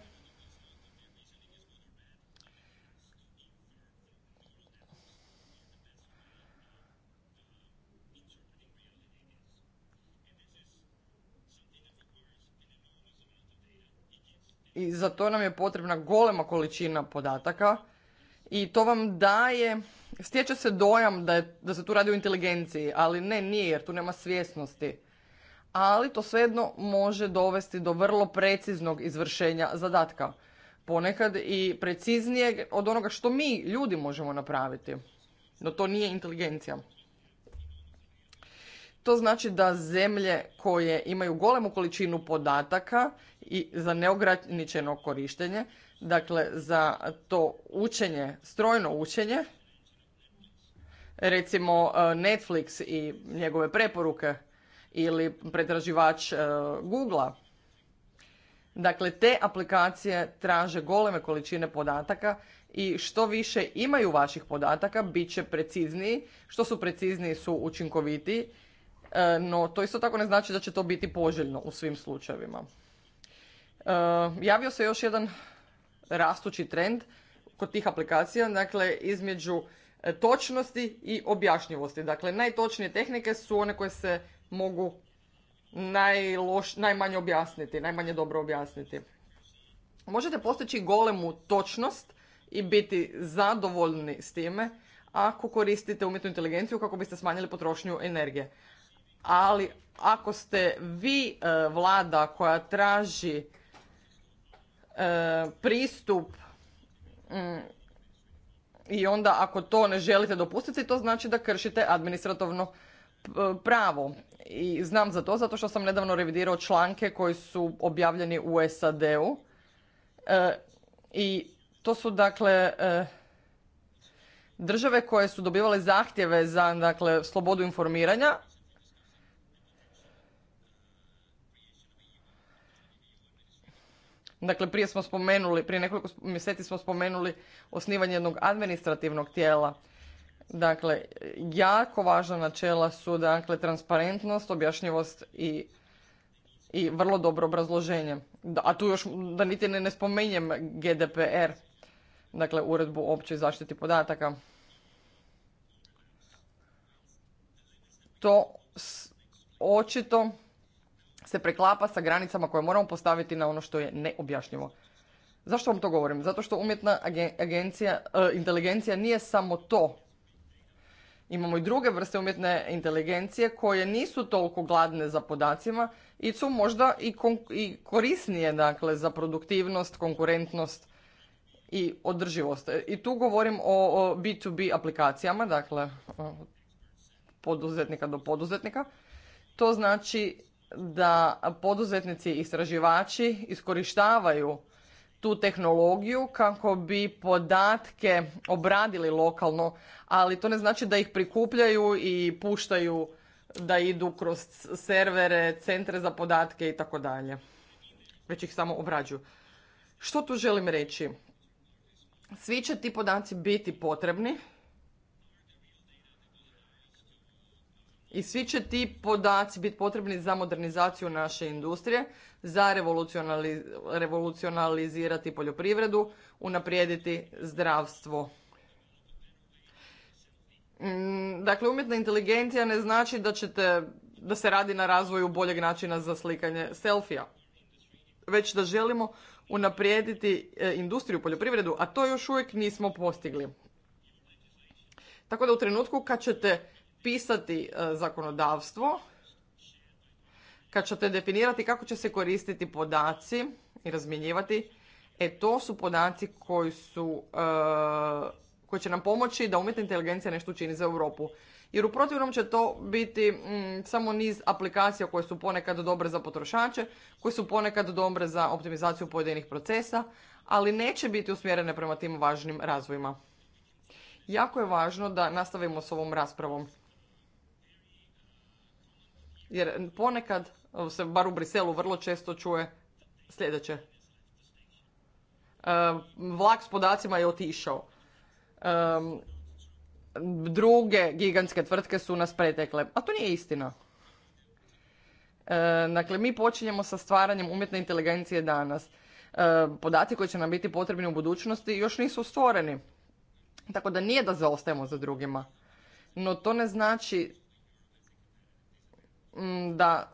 i za to nam je potrebna golema količina podataka i to vam daje stječe se dojam da, da se tu radi o inteligenciji, ali ne, nije jer tu nema svjesnosti. Ali to svejedno može dovesti do vrlo preciznog izvršenja zadatka. Ponekad i preciznijeg od onoga što mi ljudi možemo napraviti. No to nije inteligencija. To znači da zemlje koje imaju golemu količinu podataka i za neograničeno korištenje, dakle za to učenje, strojno učenje, recimo e, Netflix i njegove preporuke ili pretraživač e, Googlea. Dakle, te aplikacije traže goleme količine podataka i što više imaju vaših podataka, bit će precizniji. Što su precizniji su učinkovitiji, e, no to isto tako ne znači da će to biti poželjno u svim slučajevima. Javio se još jedan rastući trend kod tih aplikacija, dakle između točnosti i objašnjivosti. Dakle, najtočnije tehnike su one koje se mogu najloš, najmanje objasniti, najmanje dobro objasniti. Možete postići golemu točnost i biti zadovoljni s time ako koristite umjetnu inteligenciju kako biste smanjili potrošnju energije. Ali ako ste vi e, vlada koja traži e, pristup i onda ako to ne želite dopustiti, to znači da kršite administrativno pravo. I znam za to zato što sam nedavno revidirao članke koji su objavljeni u SAD-u. E, I to su dakle e, države koje su dobivale zahtjeve za dakle slobodu informiranja Dakle, prije smo spomenuli, prije nekoliko mjeseci smo spomenuli osnivanje jednog administrativnog tijela. Dakle, jako važna načela su dakle transparentnost, objašnjivost i, i vrlo dobro obrazloženje. A tu još da niti ne, spomenjem GDPR, dakle uredbu o općoj zaštiti podataka. To očito se preklapa sa granicama koje moramo postaviti na ono što je neobjašnjivo. Zašto vam to govorim? Zato što umjetna agencija, e, inteligencija nije samo to. Imamo i druge vrste umjetne inteligencije koje nisu toliko gladne za podacima i su možda i, korisnije dakle, za produktivnost, konkurentnost i održivost. E, I tu govorim o B2B aplikacijama, dakle poduzetnika do poduzetnika. To znači da poduzetnici i istraživači iskorištavaju tu tehnologiju kako bi podatke obradili lokalno, ali to ne znači da ih prikupljaju i puštaju da idu kroz servere, centre za podatke i tako dalje. Već ih samo obrađuju. Što tu želim reći? Svi će ti podaci biti potrebni I svi će ti podaci biti potrebni za modernizaciju naše industrije, za revolucionalizirati poljoprivredu, unaprijediti zdravstvo. Mm, dakle, umjetna inteligencija ne znači da ćete da se radi na razvoju boljeg načina za slikanje selfija, već da želimo unaprijediti e, industriju poljoprivredu, a to još uvijek nismo postigli. Tako da u trenutku kad ćete pisati e, zakonodavstvo, kad ćete definirati kako će se koristiti podaci i razmjenjivati, e to su podaci koji su, e, koji će nam pomoći da umjetna inteligencija nešto učini za Europu. Jer u protivnom će to biti mm, samo niz aplikacija koje su ponekad dobre za potrošače, koje su ponekad dobre za optimizaciju pojedinih procesa, ali neće biti usmjerene prema tim važnim razvojima. Jako je važno da nastavimo s ovom raspravom. Jer ponekad se, bar u Briselu, vrlo često čuje sljedeće. Ehm, vlak s podacima je otišao. Ehm, druge gigantske tvrtke su nas pretekle. A to nije istina. Ehm, dakle, mi počinjemo sa stvaranjem umjetne inteligencije danas. Podaci koji će nam biti potrebni u budućnosti još nisu stvoreni. Tako da nije da zaostajemo za drugima. No to ne znači Mm, da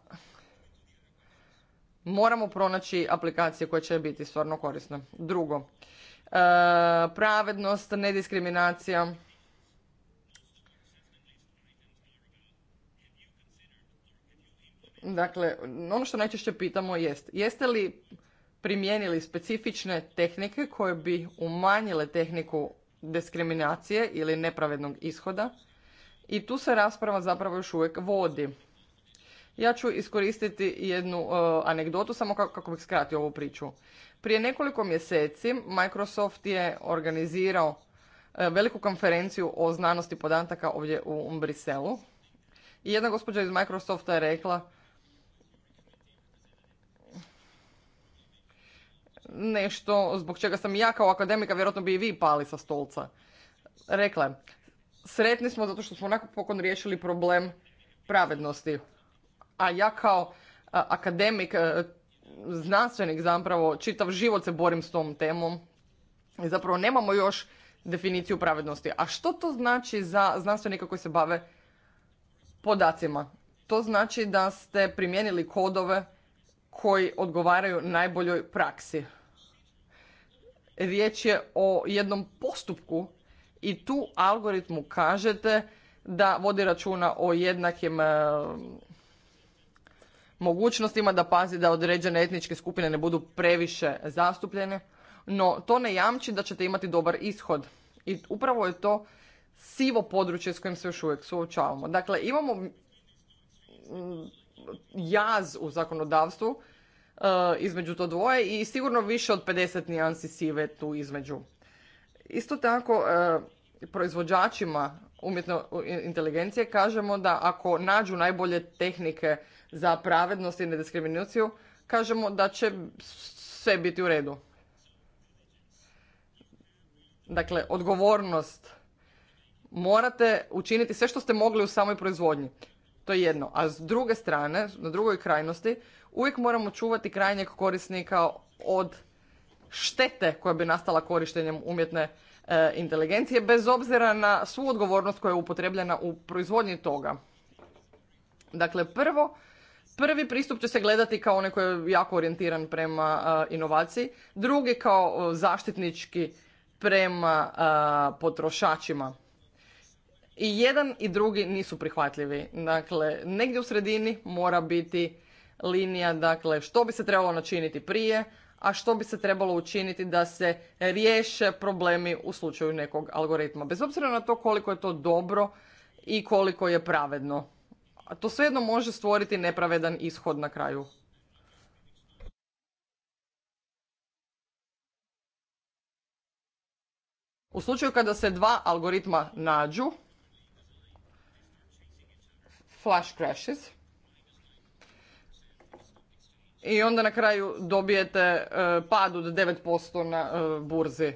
moramo pronaći aplikacije koje će biti stvarno korisne. Drugo, e, pravednost, nediskriminacija. Dakle, ono što najčešće pitamo jest, jeste li primijenili specifične tehnike koje bi umanjile tehniku diskriminacije ili nepravednog ishoda? I tu se rasprava zapravo još uvijek vodi. Ja ću iskoristiti jednu uh, anegdotu samo kako, kako bih skratio ovu priču. Prije nekoliko mjeseci Microsoft je organizirao e, veliku konferenciju o znanosti podataka ovdje u Briselu. I jedna gospođa iz Microsofta je rekla nešto zbog čega sam ja kao akademika, vjerojatno bi i vi pali sa stolca. Rekla je, sretni smo zato što smo pokon riješili problem pravednosti a ja kao akademik, e, znanstvenik zapravo, čitav život se borim s tom temom i zapravo nemamo još definiciju pravednosti. A što to znači za znanstvenika koji se bave podacima? To znači da ste primijenili kodove koji odgovaraju najboljoj praksi. Riječ je o jednom postupku i tu algoritmu kažete da vodi računa o jednakim e, mogućnostima da pazi da određene etničke skupine ne budu previše zastupljene, no to ne jamči da ćete imati dobar ishod. I upravo je to sivo područje s kojim se još uvijek suočavamo. Dakle, imamo jaz u zakonodavstvu e, između to dvoje i sigurno više od 50 nijansi sive tu između. Isto tako, e, proizvođačima umjetne inteligencije kažemo da ako nađu najbolje tehnike za pravednost i nediskriminaciju, kažemo da će sve biti u redu. Dakle, odgovornost. Morate učiniti sve što ste mogli u samoj proizvodnji. To je jedno. A s druge strane, na drugoj krajnosti, uvijek moramo čuvati krajnjeg korisnika od štete koja bi nastala korištenjem umjetne e, inteligencije, bez obzira na svu odgovornost koja je upotrebljena u proizvodnji toga. Dakle, prvo Prvi pristup će se gledati kao onaj koji je jako orijentiran prema inovaciji, drugi kao zaštitnički prema potrošačima. I jedan i drugi nisu prihvatljivi. Dakle, negdje u sredini mora biti linija, dakle, što bi se trebalo načiniti prije, a što bi se trebalo učiniti da se riješe problemi u slučaju nekog algoritma. Bez obzira na to koliko je to dobro i koliko je pravedno a to svejedno može stvoriti nepravedan ishod na kraju. U slučaju kada se dva algoritma nađu, flash crashes, i onda na kraju dobijete e, pad od 9% na e, burzi. E,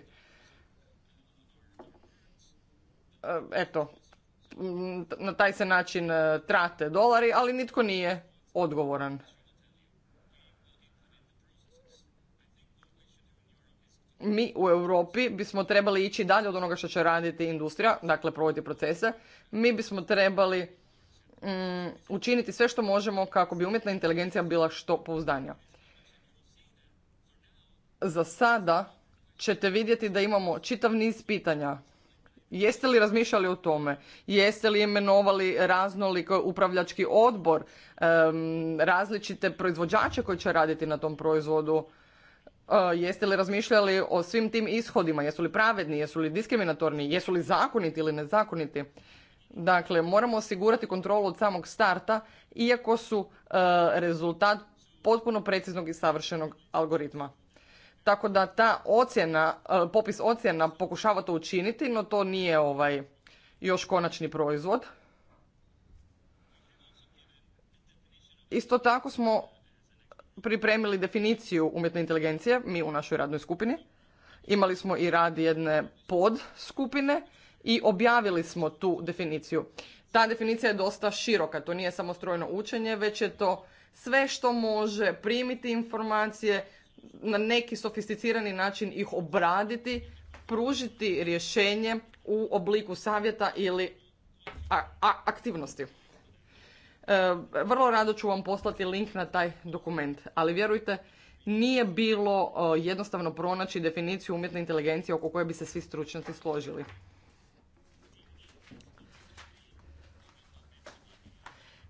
eto, Mm, na taj se način e, trate dolari, ali nitko nije odgovoran. Mi u Europi bismo trebali ići dalje od onoga što će raditi industrija, dakle provoditi procese. Mi bismo trebali mm, učiniti sve što možemo kako bi umjetna inteligencija bila što pouzdanja. Za sada ćete vidjeti da imamo čitav niz pitanja Jeste li razmišljali o tome? Jeste li imenovali raznolik upravljački odbor, različite proizvođače koji će raditi na tom proizvodu? E, jeste li razmišljali o svim tim ishodima? Jesu li pravedni, jesu li diskriminatorni, jesu li zakoniti ili nezakoniti? Dakle, moramo osigurati kontrolu od samog starta, iako su e, rezultat potpuno preciznog i savršenog algoritma. Tako da ta ocjena, e, popis ocjena pokušava to učiniti, no to nije ovaj još konačni proizvod. Isto tako smo pripremili definiciju umjetne inteligencije, mi u našoj radnoj skupini. Imali smo i rad jedne pod skupine i objavili smo tu definiciju. Ta definicija je dosta široka, to nije samo strojno učenje, već je to sve što može primiti informacije, na neki sofisticirani način ih obraditi, pružiti rješenje u obliku savjeta ili aktivnosti. E, vrlo rado ću vam poslati link na taj dokument, ali vjerujte, nije bilo e, jednostavno pronaći definiciju umjetne inteligencije oko koje bi se svi stručnjaci složili.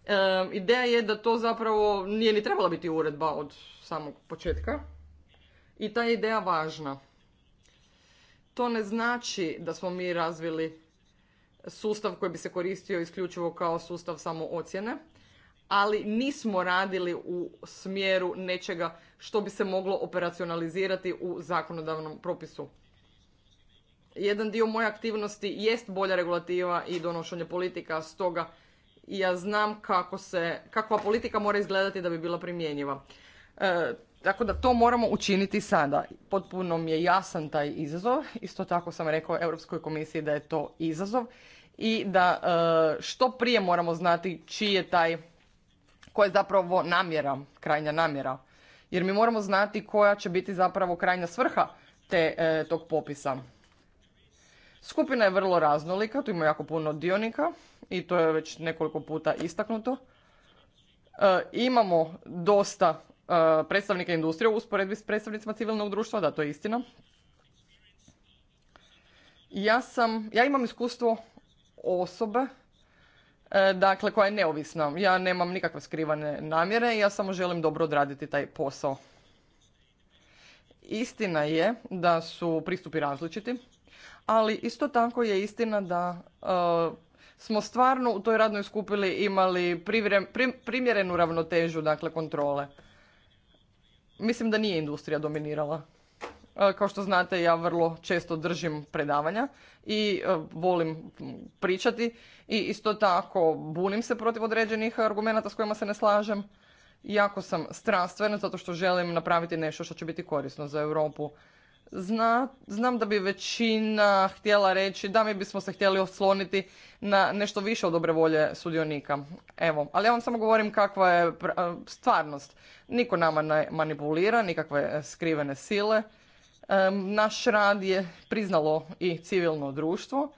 E, ideja je da to zapravo nije ni trebala biti uredba od samog početka i ta je ideja važna. To ne znači da smo mi razvili sustav koji bi se koristio isključivo kao sustav samo ocjene, ali nismo radili u smjeru nečega što bi se moglo operacionalizirati u zakonodavnom propisu. Jedan dio moje aktivnosti jest bolja regulativa i donošenje politika, stoga ja znam kako se, kakva politika mora izgledati da bi bila primjenjiva. E, tako da to moramo učiniti sada. Potpuno mi je jasan taj izazov. Isto tako sam rekao Europskoj komisiji da je to izazov i da e, što prije moramo znati čiji je taj, koja je zapravo namjera, krajnja namjera. Jer mi moramo znati koja će biti zapravo krajnja svrha te, e, tog popisa. Skupina je vrlo raznolika, tu ima jako puno dionika i to je već nekoliko puta istaknuto. E, imamo dosta E, predstavnike industrije u usporedbi s predstavnicima civilnog društva, da to je istina. Ja, sam, ja imam iskustvo osobe e, dakle, koja je neovisna. Ja nemam nikakve skrivane namjere, ja samo želim dobro odraditi taj posao. Istina je da su pristupi različiti, ali isto tako je istina da e, smo stvarno u toj radnoj skupili imali primjerenu ravnotežu dakle kontrole. Mislim da nije industrija dominirala. E, kao što znate, ja vrlo često držim predavanja i e, volim pričati i isto tako bunim se protiv određenih argumenata s kojima se ne slažem. Jako sam strastvena zato što želim napraviti nešto što će biti korisno za Europu znam da bi većina htjela reći da mi bismo se htjeli osloniti na nešto više od dobre volje sudionika. Evo, ali ja vam samo govorim kakva je stvarnost. Niko nama ne manipulira, nikakve skrivene sile. Naš rad je priznalo i civilno društvo.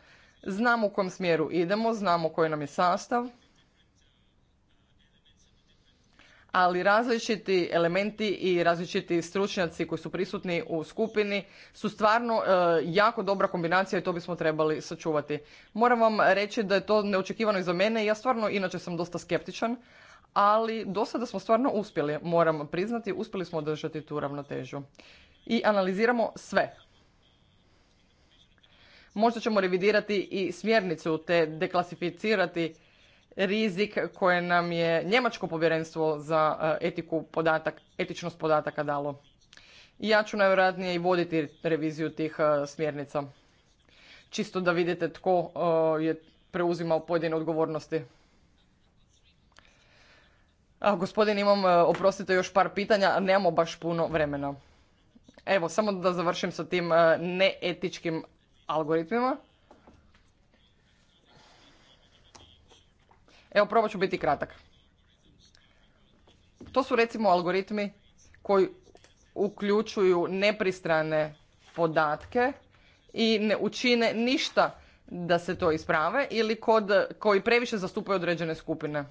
Znamo u kojem smjeru idemo, znamo koji nam je sastav ali različiti elementi i različiti stručnjaci koji su prisutni u skupini su stvarno e, jako dobra kombinacija i to bismo trebali sačuvati. Moram vam reći da je to neočekivano i za mene, ja stvarno inače sam dosta skeptičan, ali do sada smo stvarno uspjeli, moram priznati, uspjeli smo održati tu ravnotežu. I analiziramo sve. Možda ćemo revidirati i smjernicu te deklasificirati rizik koje nam je Njemačko povjerenstvo za e, etiku podatak, etičnost podataka dalo. I ja ću najvjerojatnije i voditi reviziju tih e, smjernica. Čisto da vidite tko e, je preuzimao pojedine odgovornosti. A, gospodin, imam, oprostite, još par pitanja, a nemamo baš puno vremena. Evo, samo da završim sa tim neetičkim algoritmima. Evo, probat ću biti kratak. To su recimo algoritmi koji uključuju nepristrane podatke i ne učine ništa da se to isprave ili kod, koji previše zastupaju određene skupine.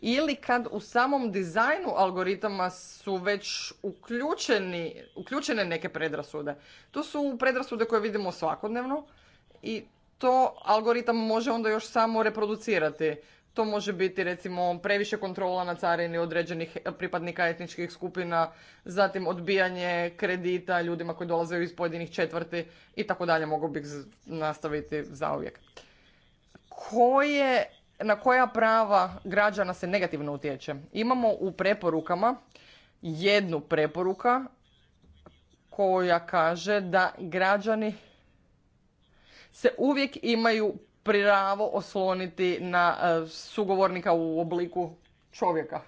Ili kad u samom dizajnu algoritama su već uključeni, uključene neke predrasude. To su predrasude koje vidimo svakodnevno i to algoritam može onda još samo reproducirati. To može biti recimo previše kontrola na carini određenih pripadnika etničkih skupina, zatim odbijanje kredita ljudima koji dolaze iz pojedinih četvrti i tako dalje. Mogu bih nastaviti zauvijek. Koje, na koja prava građana se negativno utječe? Imamo u preporukama jednu preporuka koja kaže da građani se uvijek imaju pravo osloniti na e, sugovornika u obliku čovjeka.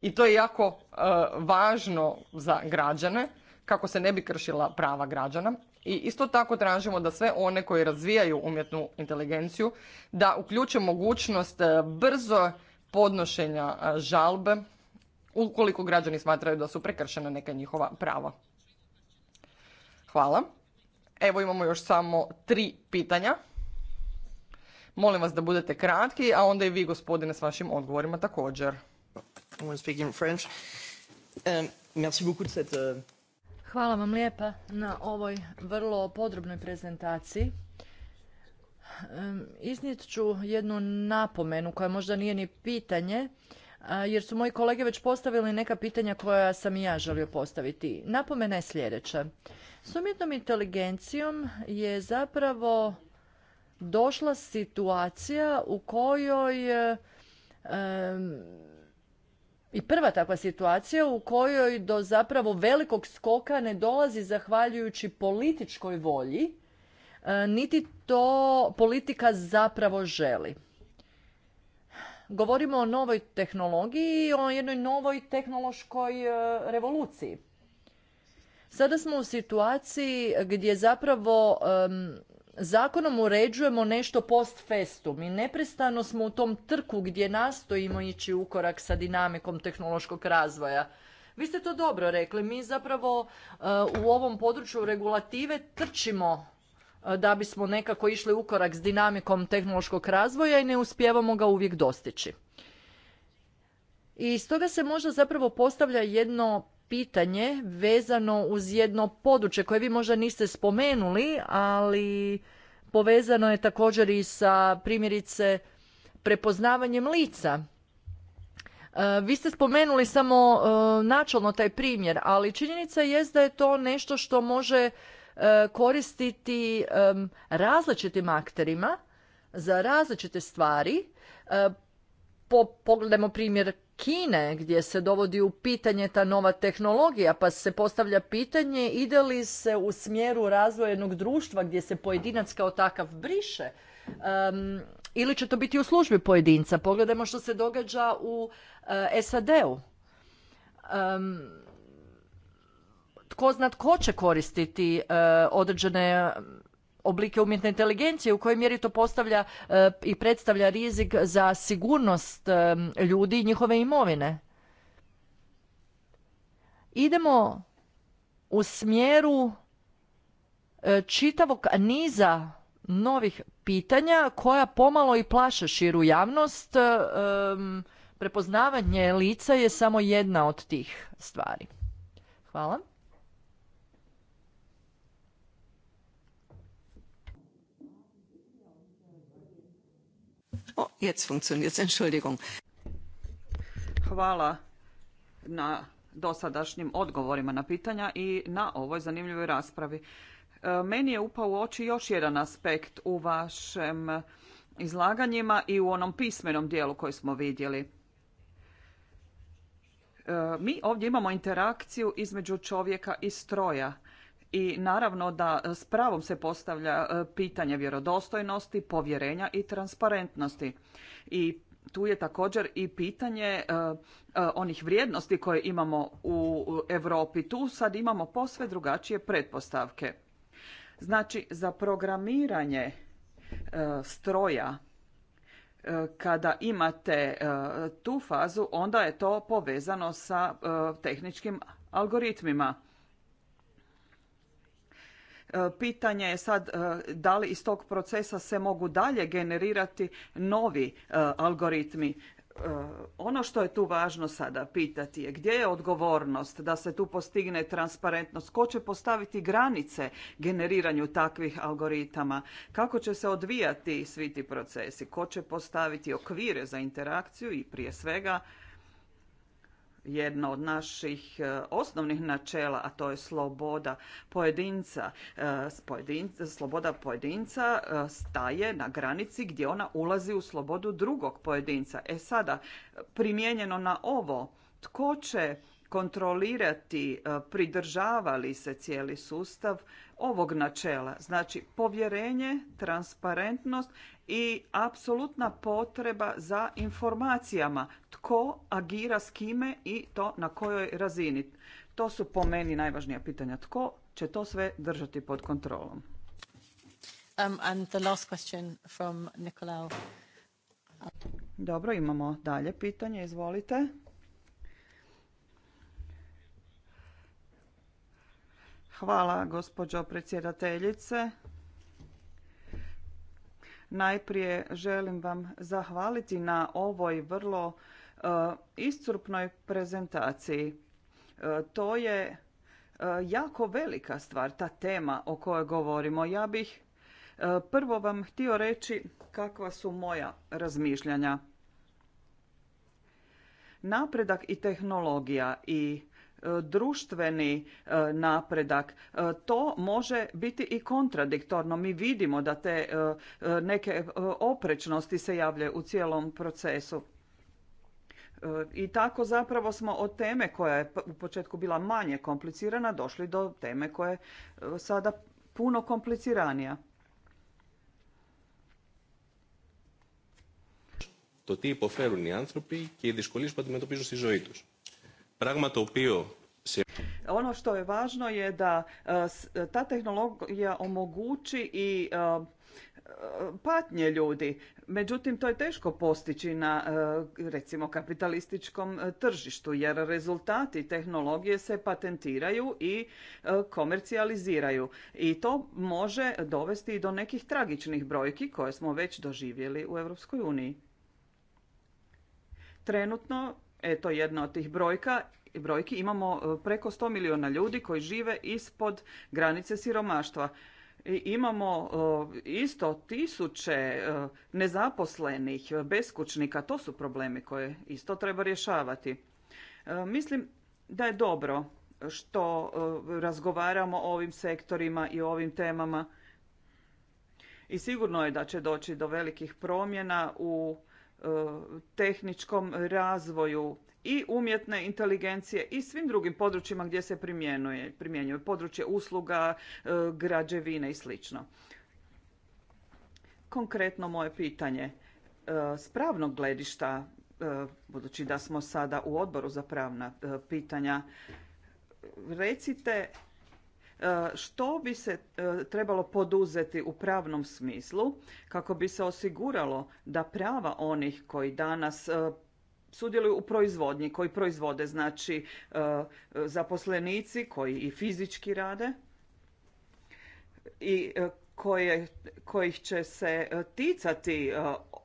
I to je jako e, važno za građane kako se ne bi kršila prava građana. I isto tako tražimo da sve one koji razvijaju umjetnu inteligenciju da uključe mogućnost e, brzo podnošenja žalbe ukoliko građani smatraju da su prekršena neka njihova prava. Hvala. Evo imamo još samo tri pitanja. Molim vas da budete kratki, a onda i vi gospodine s vašim odgovorima također. Um, uh, Hvala vam lijepa na ovoj vrlo podrobnoj prezentaciji. Um, iznijet ću jednu napomenu koja možda nije ni pitanje, jer su moji kolege već postavili neka pitanja koja sam i ja želio postaviti. Napomena je sljedeća. S umjetnom inteligencijom je zapravo došla situacija u kojoj i prva takva situacija u kojoj do zapravo velikog skoka ne dolazi zahvaljujući političkoj volji, e, niti to politika zapravo želi. Govorimo o novoj tehnologiji i o jednoj novoj tehnološkoj e, revoluciji. Sada smo u situaciji gdje zapravo zakonom uređujemo nešto post festum i neprestano smo u tom trku gdje nastojimo ići u korak sa dinamikom tehnološkog razvoja. Vi ste to dobro rekli, mi zapravo e, u ovom području regulative trčimo E, da bismo nekako išli u korak s dinamikom tehnološkog razvoja i ne uspijevamo ga uvijek dostići. I stoga se možda zapravo postavlja jedno pitanje vezano uz jedno područje koje vi možda niste spomenuli, ali povezano je također i sa primjerice prepoznavanjem lica. E, vi ste spomenuli samo e, načelno taj primjer, ali činjenica je da je to nešto što može E, koristiti različitim akterima za različite stvari. E, pogledajmo primjer Kine gdje se dovodi u pitanje ta nova tehnologija pa se postavlja pitanje ide li se u smjeru razvoja jednog društva gdje se pojedinac kao takav briše ili će to biti u službi pojedinca. Pogledajmo što se događa u e, SAD-u tko zna tko će koristiti e, određene oblike umjetne inteligencije u kojoj mjeri to postavlja e, i predstavlja rizik za sigurnost e, ljudi i njihove imovine. Idemo u smjeru čitavog niza novih pitanja koja pomalo i plaše širu javnost. Prepoznavanje lica je samo jedna od tih stvari. Hvala. Oh, Hvala na dosadašnjim odgovorima na pitanja i na ovoj zanimljivoj raspravi. E, meni je upao u oči još jedan aspekt u vašem izlaganjima i u onom pismenom dijelu koji smo vidjeli. E, mi ovdje imamo interakciju između čovjeka i stroja i naravno da s pravom se postavlja e, pitanje vjerodostojnosti, povjerenja i transparentnosti. I tu je također i pitanje e, e, onih vrijednosti koje imamo u Europi. Tu sad imamo posve drugačije pretpostavke. Znači, za programiranje stroja kada imate tu fazu, onda je to povezano sa tehničkim algoritmima. E, pitanje je sad e, da li iz tog procesa se mogu dalje generirati novi e, algoritmi. Ono što je tu važno sada pitati je gdje je odgovornost da se tu postigne transparentnost, ko će postaviti granice generiranju takvih algoritama, kako će se odvijati svi ti procesi, ko će postaviti okvire za interakciju i prije svega jedno od naših e, osnovnih načela, a to je sloboda pojedinca. E, pojedinca sloboda pojedinca e, staje na granici gdje ona ulazi u slobodu drugog pojedinca. E sada, primijenjeno na ovo, tko će kontrolirati pridržava li se cijeli sustav ovog načela. Znači povjerenje, transparentnost i apsolutna potreba za informacijama tko agira s kime i to na kojoj razini. To su po meni najvažnija pitanja. Tko će to sve držati pod kontrolom? Um, Dobro, imamo dalje pitanje, izvolite. Hvala gospođo predsjedateljice. Najprije želim vam zahvaliti na ovoj vrlo e, iscrpnoj prezentaciji. E, to je e, jako velika stvar, ta tema o kojoj govorimo. Ja bih prvo vam htio reći kakva su moja razmišljanja. Napredak i tehnologija i društveni e, napredak, e, to može biti i kontradiktorno. Mi vidimo da te e, neke oprečnosti se javljaju u cijelom procesu. I tako zapravo smo od teme koja je u početku bila manje komplicirana došli do teme koja je sada puno kompliciranija. To ti υποφέρουν οι άνθρωποι και οι δυσκολίε που αντιμετωπίζουν Πράγμα ono što je važno je da e, e, ta tehnologija omogući i e, patnje ljudi. Međutim, to je teško postići na recimo kapitalističkom tržištu jer rezultati tehnologije se patentiraju i komercijaliziraju. I to može dovesti i do nekih tragičnih brojki koje smo već doživjeli u Europskoj uniji. Trenutno eto jedna od tih brojka brojki imamo e, preko 100 milijuna ljudi koji žive ispod granice siromaštva. I imamo e, isto tisuće e, nezaposlenih, beskućnika, to su problemi koje isto treba rješavati. Mislim da je dobro što razgovaramo o ovim sektorima i o ovim temama. I sigurno je da će doći do velikih promjena u E, tehničkom razvoju i umjetne inteligencije i svim drugim područjima gdje se primjenjuje, primjenjuje područje usluga, e, građevine i sl. Konkretno moje pitanje, e, s pravnog gledišta, budući da smo sada u odboru za pravna pitanja, recite što bi se e, trebalo poduzeti u pravnom smislu kako bi se osiguralo da prava onih koji danas e, sudjeluju u proizvodnji, koji proizvode, znači e, zaposlenici koji i fizički rade i koje, kojih će se ticati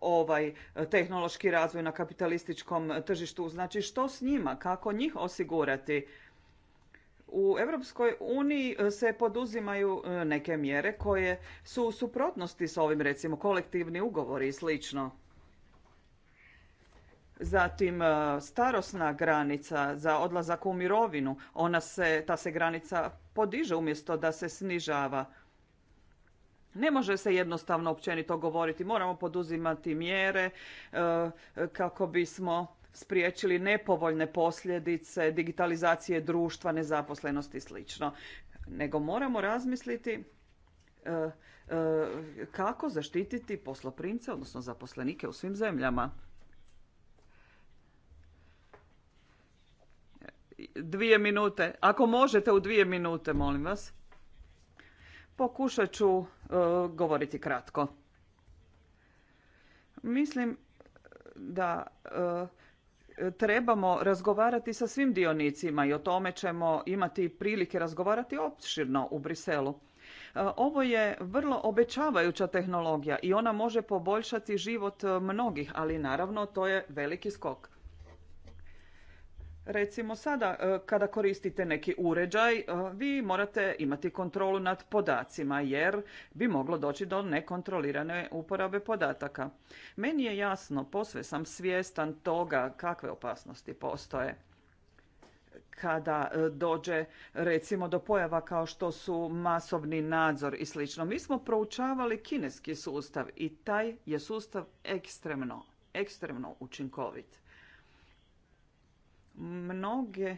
ovaj tehnološki razvoj na kapitalističkom tržištu. Znači što s njima, kako njih osigurati u Europskoj uniji e, se poduzimaju e, neke mjere koje su u suprotnosti s ovim, recimo kolektivni ugovori i slično. Zatim e, starosna granica za odlazak u mirovinu, ona se, ta se granica podiže umjesto da se snižava. Ne može se jednostavno općenito govoriti, moramo poduzimati mjere kako bismo spriječili nepovoljne posljedice digitalizacije društva, nezaposlenosti i sl. Nego moramo razmisliti e, e, kako zaštititi posloprince odnosno zaposlenike u svim zemljama. Dvije minute. Ako možete u dvije minute, molim vas. Pokušat ću e, govoriti kratko. Mislim da trebamo razgovarati sa svim dionicima i o tome ćemo imati prilike razgovarati opširno u Briselu. E, ovo je vrlo obećavajuća tehnologija i ona može poboljšati život mnogih, ali naravno to je veliki skok. Recimo sada e, kada koristite neki uređaj, e, vi morate imati kontrolu nad podacima jer bi moglo doći do nekontrolirane uporabe podataka. Meni je jasno, posve sam svjestan toga kakve opasnosti postoje kada e, dođe recimo do pojava kao što su masovni nadzor i slično. Mi smo proučavali kineski sustav i taj je sustav ekstremno, ekstremno učinkovit mnoge e,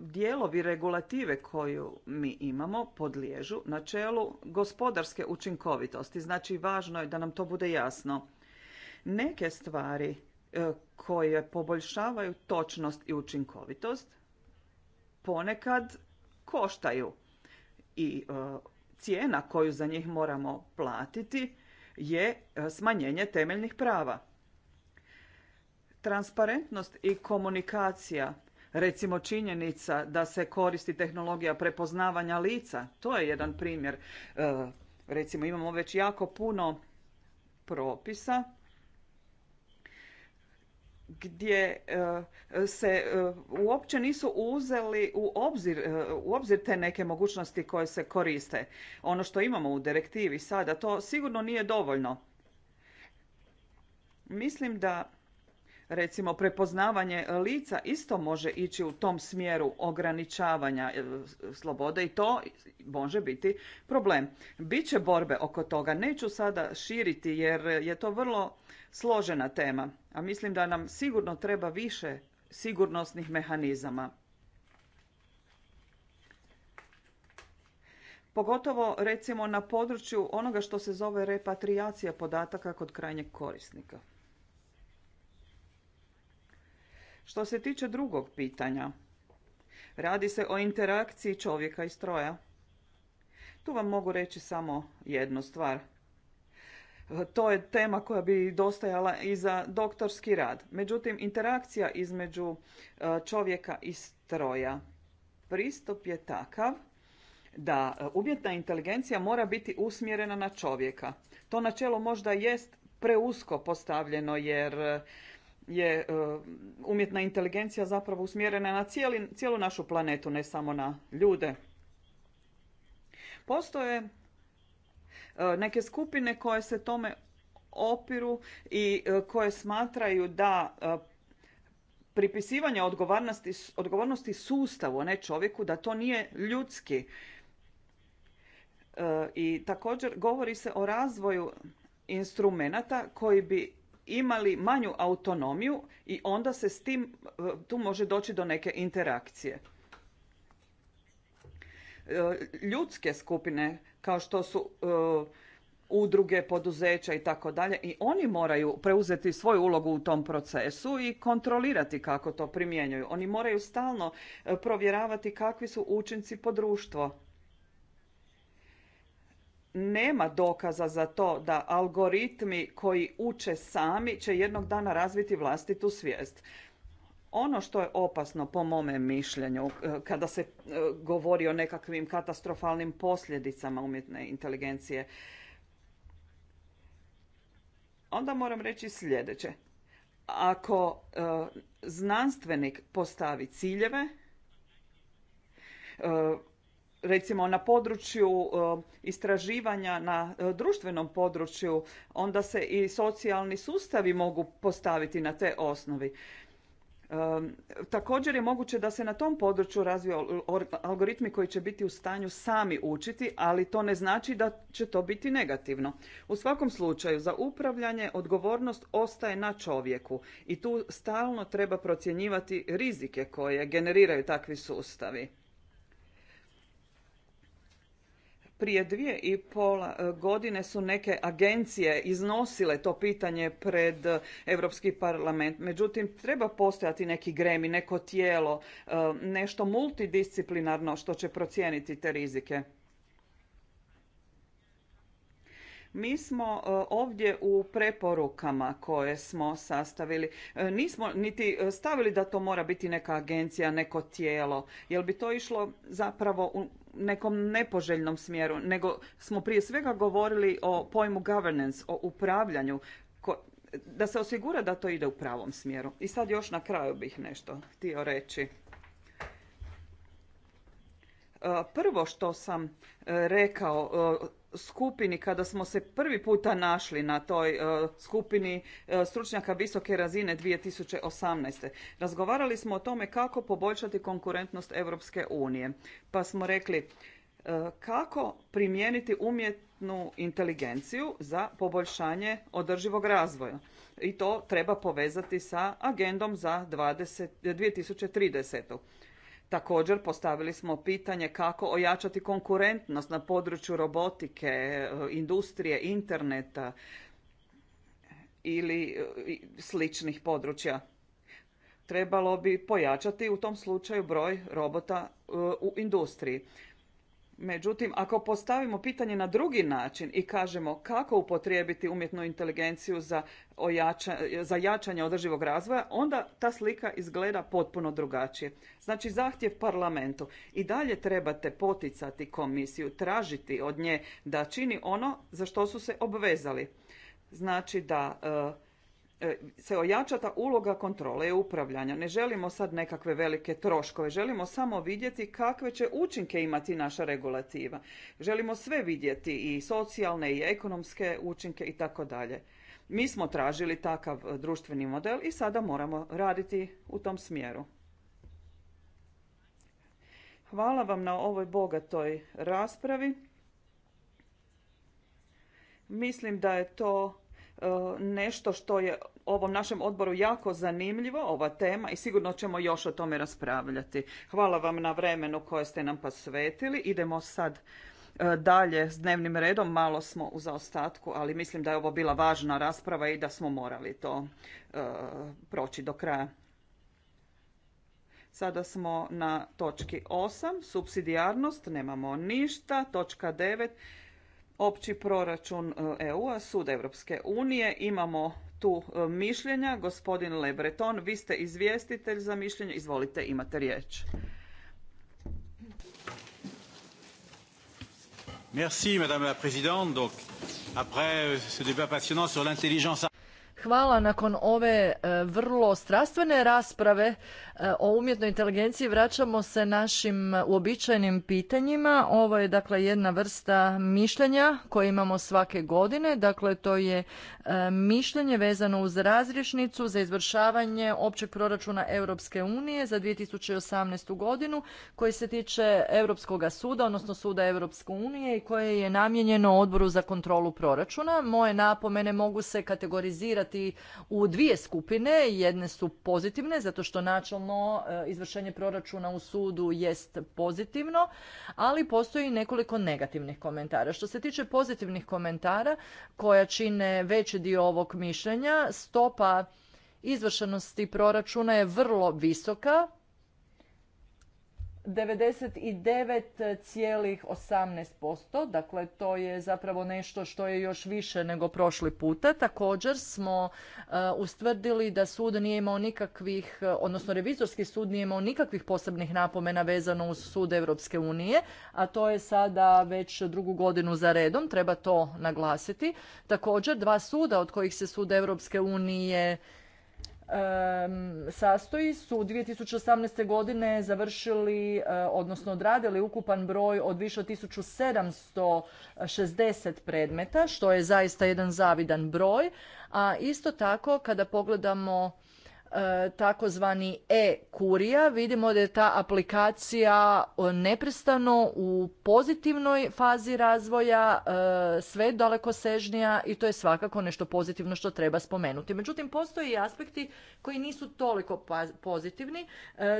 dijelovi regulative koju mi imamo podliježu načelu gospodarske učinkovitosti. Znači, važno je da nam to bude jasno. Neke stvari e, koje poboljšavaju točnost i učinkovitost ponekad koštaju i e, cijena koju za njih moramo platiti je smanjenje temeljnih prava. Transparentnost i komunikacija, recimo činjenica da se koristi tehnologija prepoznavanja lica, to je jedan primjer. E, recimo imamo već jako puno propisa gdje e, se e, uopće nisu uzeli u obzir, u obzir te neke mogućnosti koje se koriste. Ono što imamo u direktivi sada, to sigurno nije dovoljno. Mislim da Recimo, prepoznavanje lica isto može ići u tom smjeru ograničavanja e, slobode i to može biti problem. Biće borbe oko toga. Neću sada širiti jer je to vrlo složena tema, a mislim da nam sigurno treba više sigurnosnih mehanizama. Pogotovo recimo na području onoga što se zove repatriacija podataka kod krajnjeg korisnika. Što se tiče drugog pitanja, radi se o interakciji čovjeka i stroja. Tu vam mogu reći samo jednu stvar. To je tema koja bi dostajala i za doktorski rad. Međutim, interakcija između e, čovjeka i stroja. Pristup je takav da e, umjetna inteligencija mora biti usmjerena na čovjeka. To načelo možda jest preusko postavljeno jer e, je e, umjetna inteligencija zapravo usmjerena na cijeli, cijelu našu planetu, ne samo na ljude. Postoje e, neke skupine koje se tome opiru i e, koje smatraju da pripisivanje odgovornosti, odgovornosti sustavu, a ne čovjeku, da to nije ljudski. I također govori se o razvoju instrumenata koji bi imali manju autonomiju i onda se s tim e, tu može doći do neke interakcije. E, ljudske skupine kao što su e, udruge, poduzeća i tako dalje i oni moraju preuzeti svoju ulogu u tom procesu i kontrolirati kako to primjenjuju. Oni moraju stalno provjeravati kakvi su učinci po društvo nema dokaza za to da algoritmi koji uče sami će jednog dana razviti vlastitu svijest. Ono što je opasno po mome mišljenju e, kada se e, govori o nekakvim katastrofalnim posljedicama umjetne inteligencije, onda moram reći sljedeće. Ako e, znanstvenik postavi ciljeve, recimo na području eh, istraživanja na eh, društvenom području, onda se i socijalni sustavi mogu postaviti na te osnovi. Također je moguće da se na tom području razviju algoritmi koji će biti u stanju sami učiti, ali to ne znači da će to biti negativno. U svakom slučaju, za upravljanje odgovornost ostaje na čovjeku i tu stalno treba procjenjivati rizike koje generiraju takvi sustavi. Prije dvije i pol e, godine su neke agencije iznosile to pitanje pred e, Europski parlament. Međutim, treba postojati neki gremi, neko tijelo, e, nešto multidisciplinarno što će procijeniti te rizike. Mi smo ovdje u preporukama koje smo sastavili. Nismo niti stavili da to mora biti neka agencija, neko tijelo. Jel bi to išlo zapravo u nekom nepoželjnom smjeru, nego smo prije svega govorili o pojmu governance, o upravljanju, da se osigura da to ide u pravom smjeru. I sad još na kraju bih nešto htio reći. E, prvo što sam e, rekao e, skupini kada smo se prvi puta našli na toj e, skupini e, stručnjaka visoke razine 2018. Razgovarali smo o tome kako poboljšati konkurentnost Europske unije. Pa smo rekli e, kako primijeniti umjetnu inteligenciju za poboljšanje održivog razvoja. I to treba povezati sa agendom za 20, 2030. Također postavili smo pitanje kako ojačati konkurentnost na području robotike, e, industrije, interneta ili e, sličnih područja. Trebalo bi pojačati u tom slučaju broj robota e, u industriji. Međutim, ako postavimo pitanje na drugi način i kažemo kako upotrijebiti umjetnu inteligenciju za, ojača, za jačanje održivog razvoja, onda ta slika izgleda potpuno drugačije. Znači, zahtjev parlamentu. I dalje trebate poticati komisiju, tražiti od nje da čini ono za što su se obvezali. Znači da e, E, se ojača ta uloga kontrole i upravljanja. Ne želimo sad nekakve velike troškove, želimo samo vidjeti kakve će učinke imati naša regulativa. Želimo sve vidjeti i socijalne i ekonomske učinke i tako dalje. Mi smo tražili takav e, društveni model i sada moramo raditi u tom smjeru. Hvala vam na ovoj bogatoj raspravi. Mislim da je to E, nešto što je ovom našem odboru jako zanimljivo, ova tema i sigurno ćemo još o tome raspravljati. Hvala vam na vremenu koje ste nam posvetili. Idemo sad e, dalje s dnevnim redom, malo smo u zaostatku, ali mislim da je ovo bila važna rasprava i da smo morali to e, proći do kraja. Sada smo na točki 8, subsidijarnost, nemamo ništa, točka 9, opći proračun e, EU-a, sud Europske unije. Imamo tu e, mišljenja. Gospodin Lebreton, vi ste izvjestitelj za mišljenje. Izvolite, imate riječ. Merci, madame la présidente. Donc, après euh, ce débat passionnant sur l'intelligence Hvala nakon ove e, vrlo strastvene rasprave e, o umjetnoj inteligenciji. Vraćamo se našim uobičajenim pitanjima. Ovo je dakle jedna vrsta mišljenja koje imamo svake godine. Dakle, to je e, mišljenje vezano uz razrješnicu za izvršavanje općeg proračuna Europske unije za 2018. godinu koji se tiče Europskog suda, odnosno suda Europske unije i koje je namijenjeno odboru za kontrolu proračuna. Moje napomene mogu se kategorizirati grupirati u dvije skupine. Jedne su pozitivne, zato što načelno e, izvršenje proračuna u sudu jest pozitivno, ali postoji nekoliko negativnih komentara. Što se tiče pozitivnih komentara, koja čine veći dio ovog mišljenja, stopa izvršenosti proračuna je vrlo visoka, 99,18%, dakle to je zapravo nešto što je još više nego prošli puta. Također smo e, ustvrdili da sud nije imao nikakvih, e, odnosno revizorski sud nije imao nikakvih posebnih napomena vezano uz sud Europske unije, a to je sada već drugu godinu za redom, treba to naglasiti. Također dva suda od kojih se sud Europske unije sastoji su 2018. godine završili, e, odnosno odradili ukupan broj od više od 1760 predmeta, što je zaista jedan zavidan broj. A isto tako kada pogledamo E, takozvani e-kurija. Vidimo da je ta aplikacija e, neprestano u pozitivnoj fazi razvoja, e, sve daleko sežnija i to je svakako nešto pozitivno što treba spomenuti. Međutim, postoje i aspekti koji nisu toliko pa, pozitivni.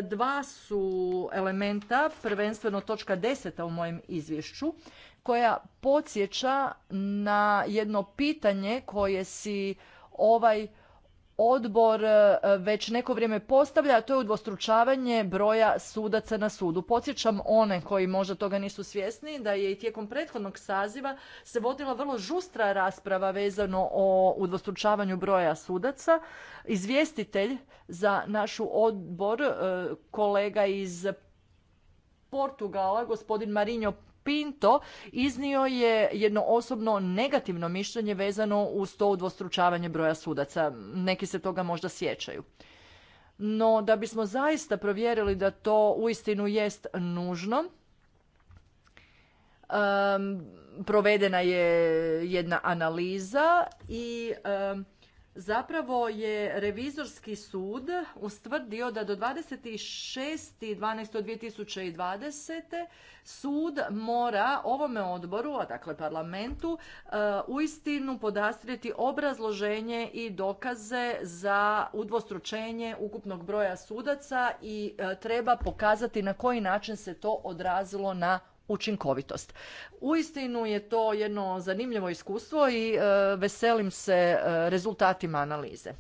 Dva su elementa, prvenstveno točka deseta u mojem izvješću, koja podsjeća na jedno pitanje koje si ovaj odbor e, već neko vrijeme postavlja, a to je udvostručavanje broja sudaca na sudu. Podsjećam one koji možda toga nisu svjesni da je i tijekom prethodnog saziva se vodila vrlo žustra rasprava vezano o udvostručavanju broja sudaca. Izvjestitelj za našu odbor, e, kolega iz Portugala, gospodin Marinho Pinto iznio je jedno osobno negativno mišljenje vezano uz to udvostručavanje broja sudaca. Neki se toga možda sjećaju. No, da bismo zaista provjerili da to uistinu jest nužno, provedena je jedna analiza i Zapravo je revizorski sud ustvrdio da do 26.12.2020. sud mora ovome odboru, a dakle parlamentu, e, uistinu podastrijeti obrazloženje i dokaze za udvostručenje ukupnog broja sudaca i e, treba pokazati na koji način se to odrazilo na učinkovitost. Uistinu je to jedno zanimljivo iskustvo i e, veselim se e, rezultatima analize.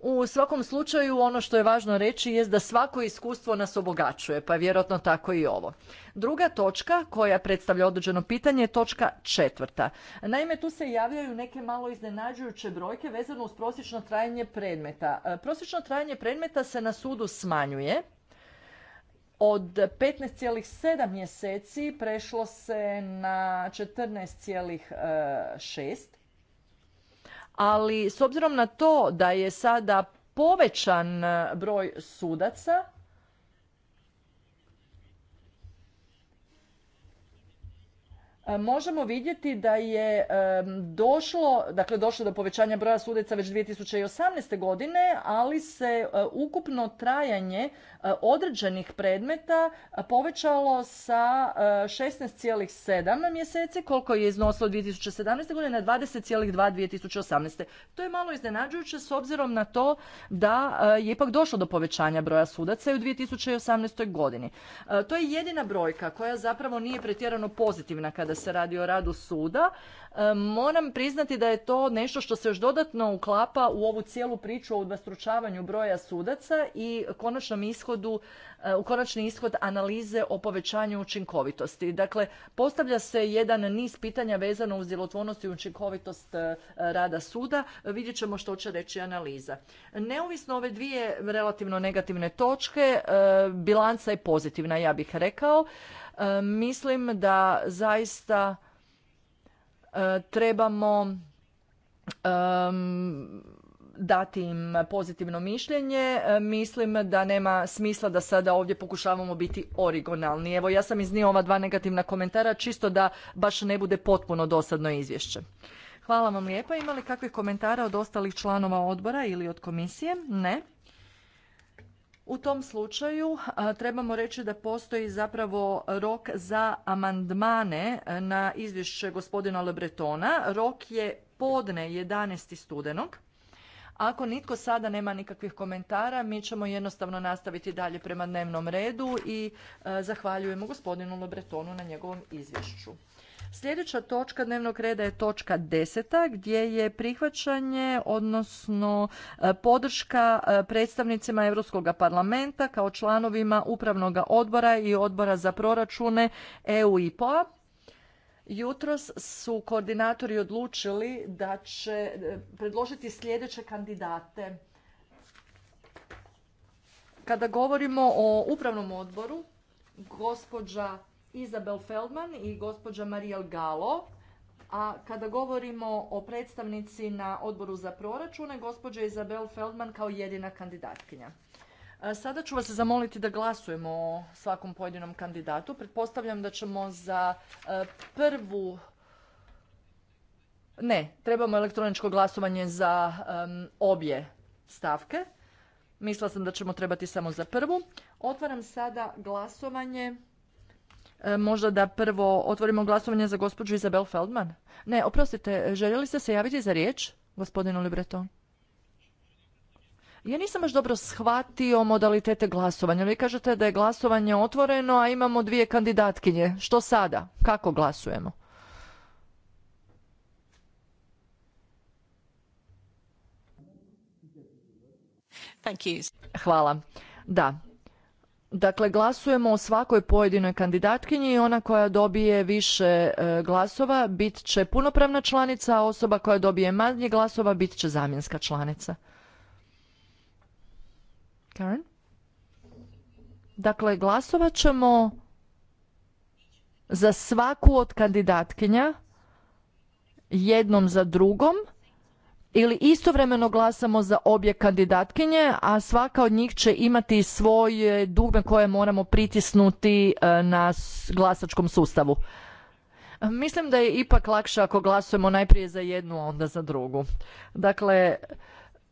U svakom slučaju ono što je važno reći jest da svako iskustvo nas obogaćuje, pa je vjerojatno tako i ovo. Druga točka koja predstavlja određeno pitanje je točka četvrta. Naime, tu se javljaju neke malo iznenađujuće brojke vezano uz prosječno trajanje predmeta. E, prosječno trajanje predmeta se na sudu smanjuje, od 15,7 mjeseci prešlo se na 14,6. Ali s obzirom na to da je sada povećan broj sudaca, E, možemo vidjeti da je došlo, dakle došlo do povećanja broja sudaca već 2018. godine, ali se e, ukupno trajanje e, određenih predmeta povećalo sa 16,7 mjeseci, koliko je iznosilo 2017. godine, na 20,2 2018. To je malo iznenađujuće s obzirom na to da je ipak došlo do povećanja broja sudaca u 2018. godini. To je jedina brojka koja zapravo nije pretjerano pozitivna kada se radi o radu suda, e, moram priznati da je to nešto što se još dodatno uklapa u ovu cijelu priču o udvastručavanju broja sudaca i konačnom ishodu, e, u konačni ishod analize o povećanju učinkovitosti. Dakle, postavlja se jedan niz pitanja vezano uz djelotvornost i učinkovitost e, rada suda. Vidjet ćemo što će reći analiza. Neovisno ove dvije relativno negativne točke, bilanca je pozitivna, ja bih rekao. E, mislim da zaista e, trebamo dati im pozitivno mišljenje. E, mislim da nema smisla da sada ovdje pokušavamo biti originalni. Evo ja sam iznio ova dva negativna komentara čisto da baš ne bude potpuno dosadno izvješće. Hvala vam lijepa. Imali kakvih komentara od ostalih članova odbora ili od komisije? Ne. U tom slučaju trebamo reći da postoji zapravo rok za amandmane e, na izvješće gospodina Lebretona. Rok je podne 11. studenog. Ako nitko sada nema nikakvih komentara, mi ćemo jednostavno nastaviti dalje prema dnevnom redu i e, zahvaljujemo gospodinu Lebretonu na njegovom izvješću. Sljedeća točka dnevnog reda je točka deseta gdje je prihvaćanje, odnosno e, podrška e, predstavnicima Europskog parlamenta kao članovima Upravnog odbora i Odbora za proračune EU IPO-a. Jutros su koordinatori odlučili da će e, predložiti sljedeće kandidate. Kada govorimo o upravnom odboru, gospođa Izabel Feldman i gospođa Marijel Galo. A kada govorimo o predstavnici na odboru za proračune, gospođa Izabel Feldman kao jedina kandidatkinja. E, sada ću vas zamoliti da glasujemo o svakom pojedinom kandidatu. Pretpostavljam da ćemo za e, prvu... Ne, trebamo elektroničko glasovanje za obje stavke. Mislila sam da ćemo trebati samo za prvu. Otvaram sada glasovanje E, možda da prvo otvorimo glasovanje za gospođu Izabel Feldman? Ne, oprostite, željeli ste se javiti za riječ, gospodinu Libreton? Ja nisam baš dobro shvatio modalitete glasovanja. Vi kažete da je glasovanje otvoreno, a imamo dvije kandidatkinje. Što sada? Kako glasujemo? Hvala. Da, Dakle, glasujemo o svakoj pojedinoj kandidatkinji i ona koja dobije više e, glasova bit će punopravna članica, a osoba koja dobije manje glasova bit će zamjenska članica. Dakle, glasovat ćemo za svaku od kandidatkinja jednom za drugom ili istovremeno glasamo za obje kandidatkinje, a svaka od njih će imati svoje dugme koje moramo pritisnuti e, na glasačkom sustavu. Mislim da je ipak lakše ako glasujemo najprije za jednu, a onda za drugu. Dakle,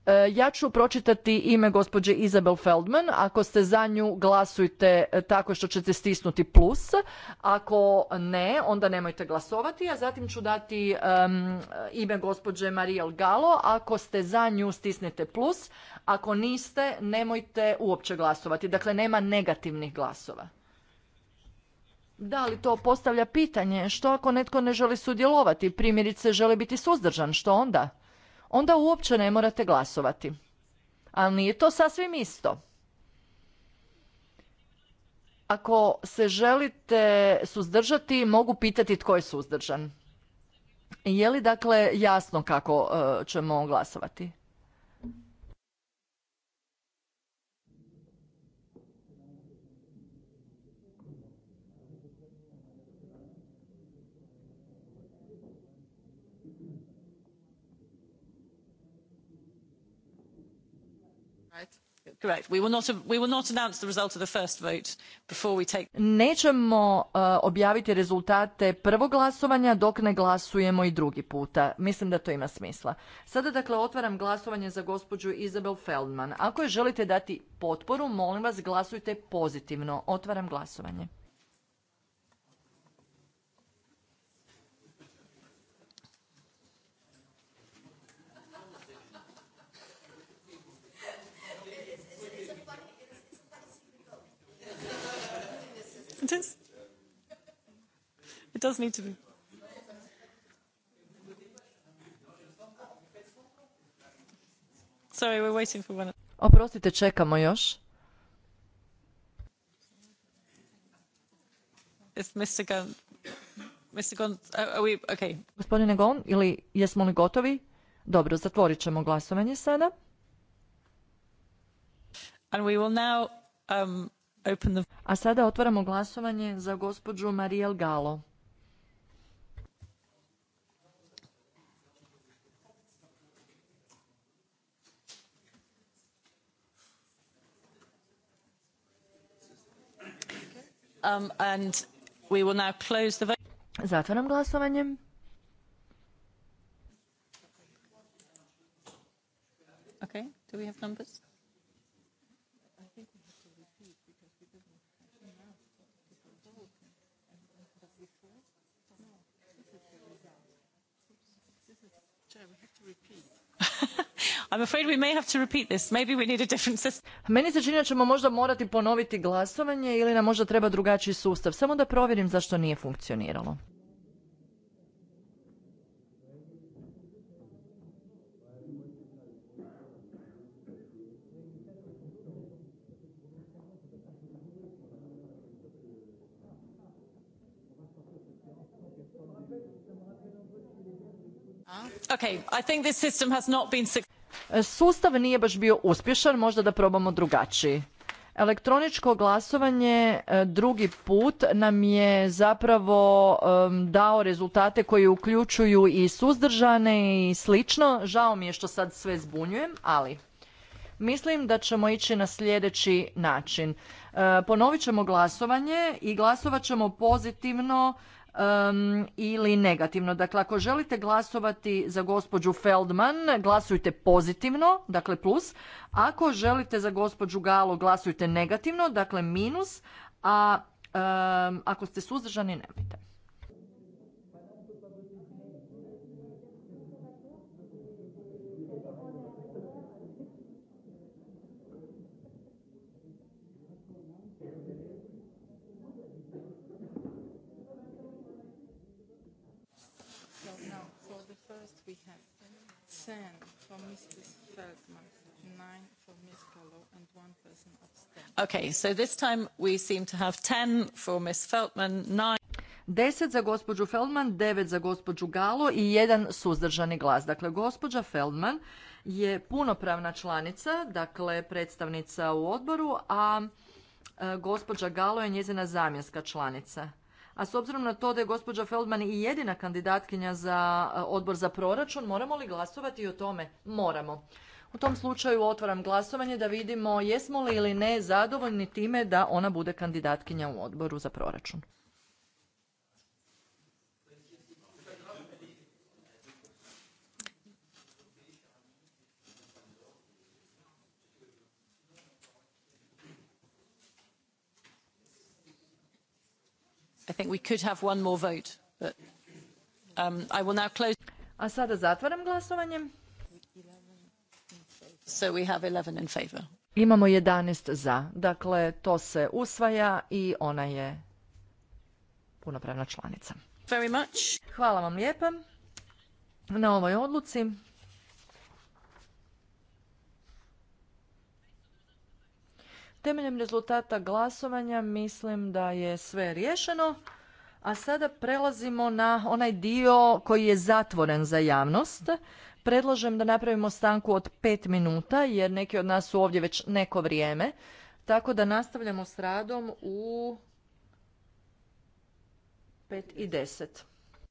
E, ja ću pročitati ime gospođe Izabel Feldman. Ako ste za nju, glasujte e, tako što ćete stisnuti plus. Ako ne, onda nemojte glasovati. A zatim ću dati ime gospođe Marijel Galo. Ako ste za nju, stisnite plus. Ako niste, nemojte uopće glasovati. Dakle, nema negativnih glasova. Da li to postavlja pitanje? Što ako netko ne želi sudjelovati? Primjerice, želi biti suzdržan? Što onda? onda uopće ne morate glasovati. Ali nije to sasvim isto. Ako se želite suzdržati, mogu pitati tko je suzdržan. Je li dakle jasno kako e, ćemo glasovati? Nećemo objaviti rezultate prvog glasovanja dok ne glasujemo i drugi puta. Mislim da to ima smisla. Sada dakle otvaram glasovanje za gospođu Izabel Feldman. Ako je želite dati potporu, molim vas glasujte pozitivno. Otvaram glasovanje. It does need to be. Sorry, we're waiting for one. Oprostite, čekamo još. It's Mr. Gunn. Mr. Gunn, are we, okay. Gospodine Gon, ili jesmo li gotovi? Dobro, zatvorit ćemo glasovanje sada. And we will now, um, open the... A sada otvaramo glasovanje za gospođu Marijel Galo. Um, and we will now close the... Zatvaram glasovanje. Okay, do we have numbers? I'm Meni se čini da ćemo možda morati ponoviti glasovanje ili nam možda treba drugačiji sustav. Samo da provjerim zašto nije funkcioniralo. Okay, I think this system has not been E, sustav nije baš bio uspješan, možda da probamo drugačiji. Elektroničko glasovanje e, drugi put nam je zapravo dao rezultate koji uključuju i suzdržane i slično. Žao mi je što sad sve zbunjujem, ali mislim da ćemo ići na sljedeći način. E, ponovit ćemo glasovanje i glasovat ćemo pozitivno ili negativno. Dakle, ako želite glasovati za gospođu Feldman, glasujte pozitivno, dakle plus. Ako želite za gospođu Galo, glasujte negativno, dakle minus. A ako ste suzdržani, nemojte. 10 for Mr. Feldman, 9 for Ms. Gallo, and one person abstained. Okay, so this time we seem to have 10 for Ms. Feldman, 9... 10 za gospođu Feldman, 9 za gospođu Galo i jedan suzdržani glas. Dakle, gospođa Feldman je punopravna članica, dakle predstavnica u odboru, a e, gospođa Galo je njezina zamjenska članica. A s obzirom na to da je gospođa Feldman i jedina kandidatkinja za e, odbor za proračun, moramo li glasovati i o tome? Moramo. U tom slučaju otvaram glasovanje da vidimo jesmo li ili ne zadovoljni time da ona bude kandidatkinja u odboru za proračun. I think we could have one more vote, but um, I will now close. A sada zatvaram glasovanje. So we have 11 in favor. Imamo 11 za. Dakle, to se usvaja i ona je punopravna članica. Very much. Hvala vam lijepa na ovoj odluci. Temeljem rezultata glasovanja mislim da je sve riješeno. A sada prelazimo na onaj dio koji je zatvoren za javnost. Predlažem da napravimo stanku od pet minuta jer neki od nas su ovdje već neko vrijeme. Tako da nastavljamo s radom u pet i 10.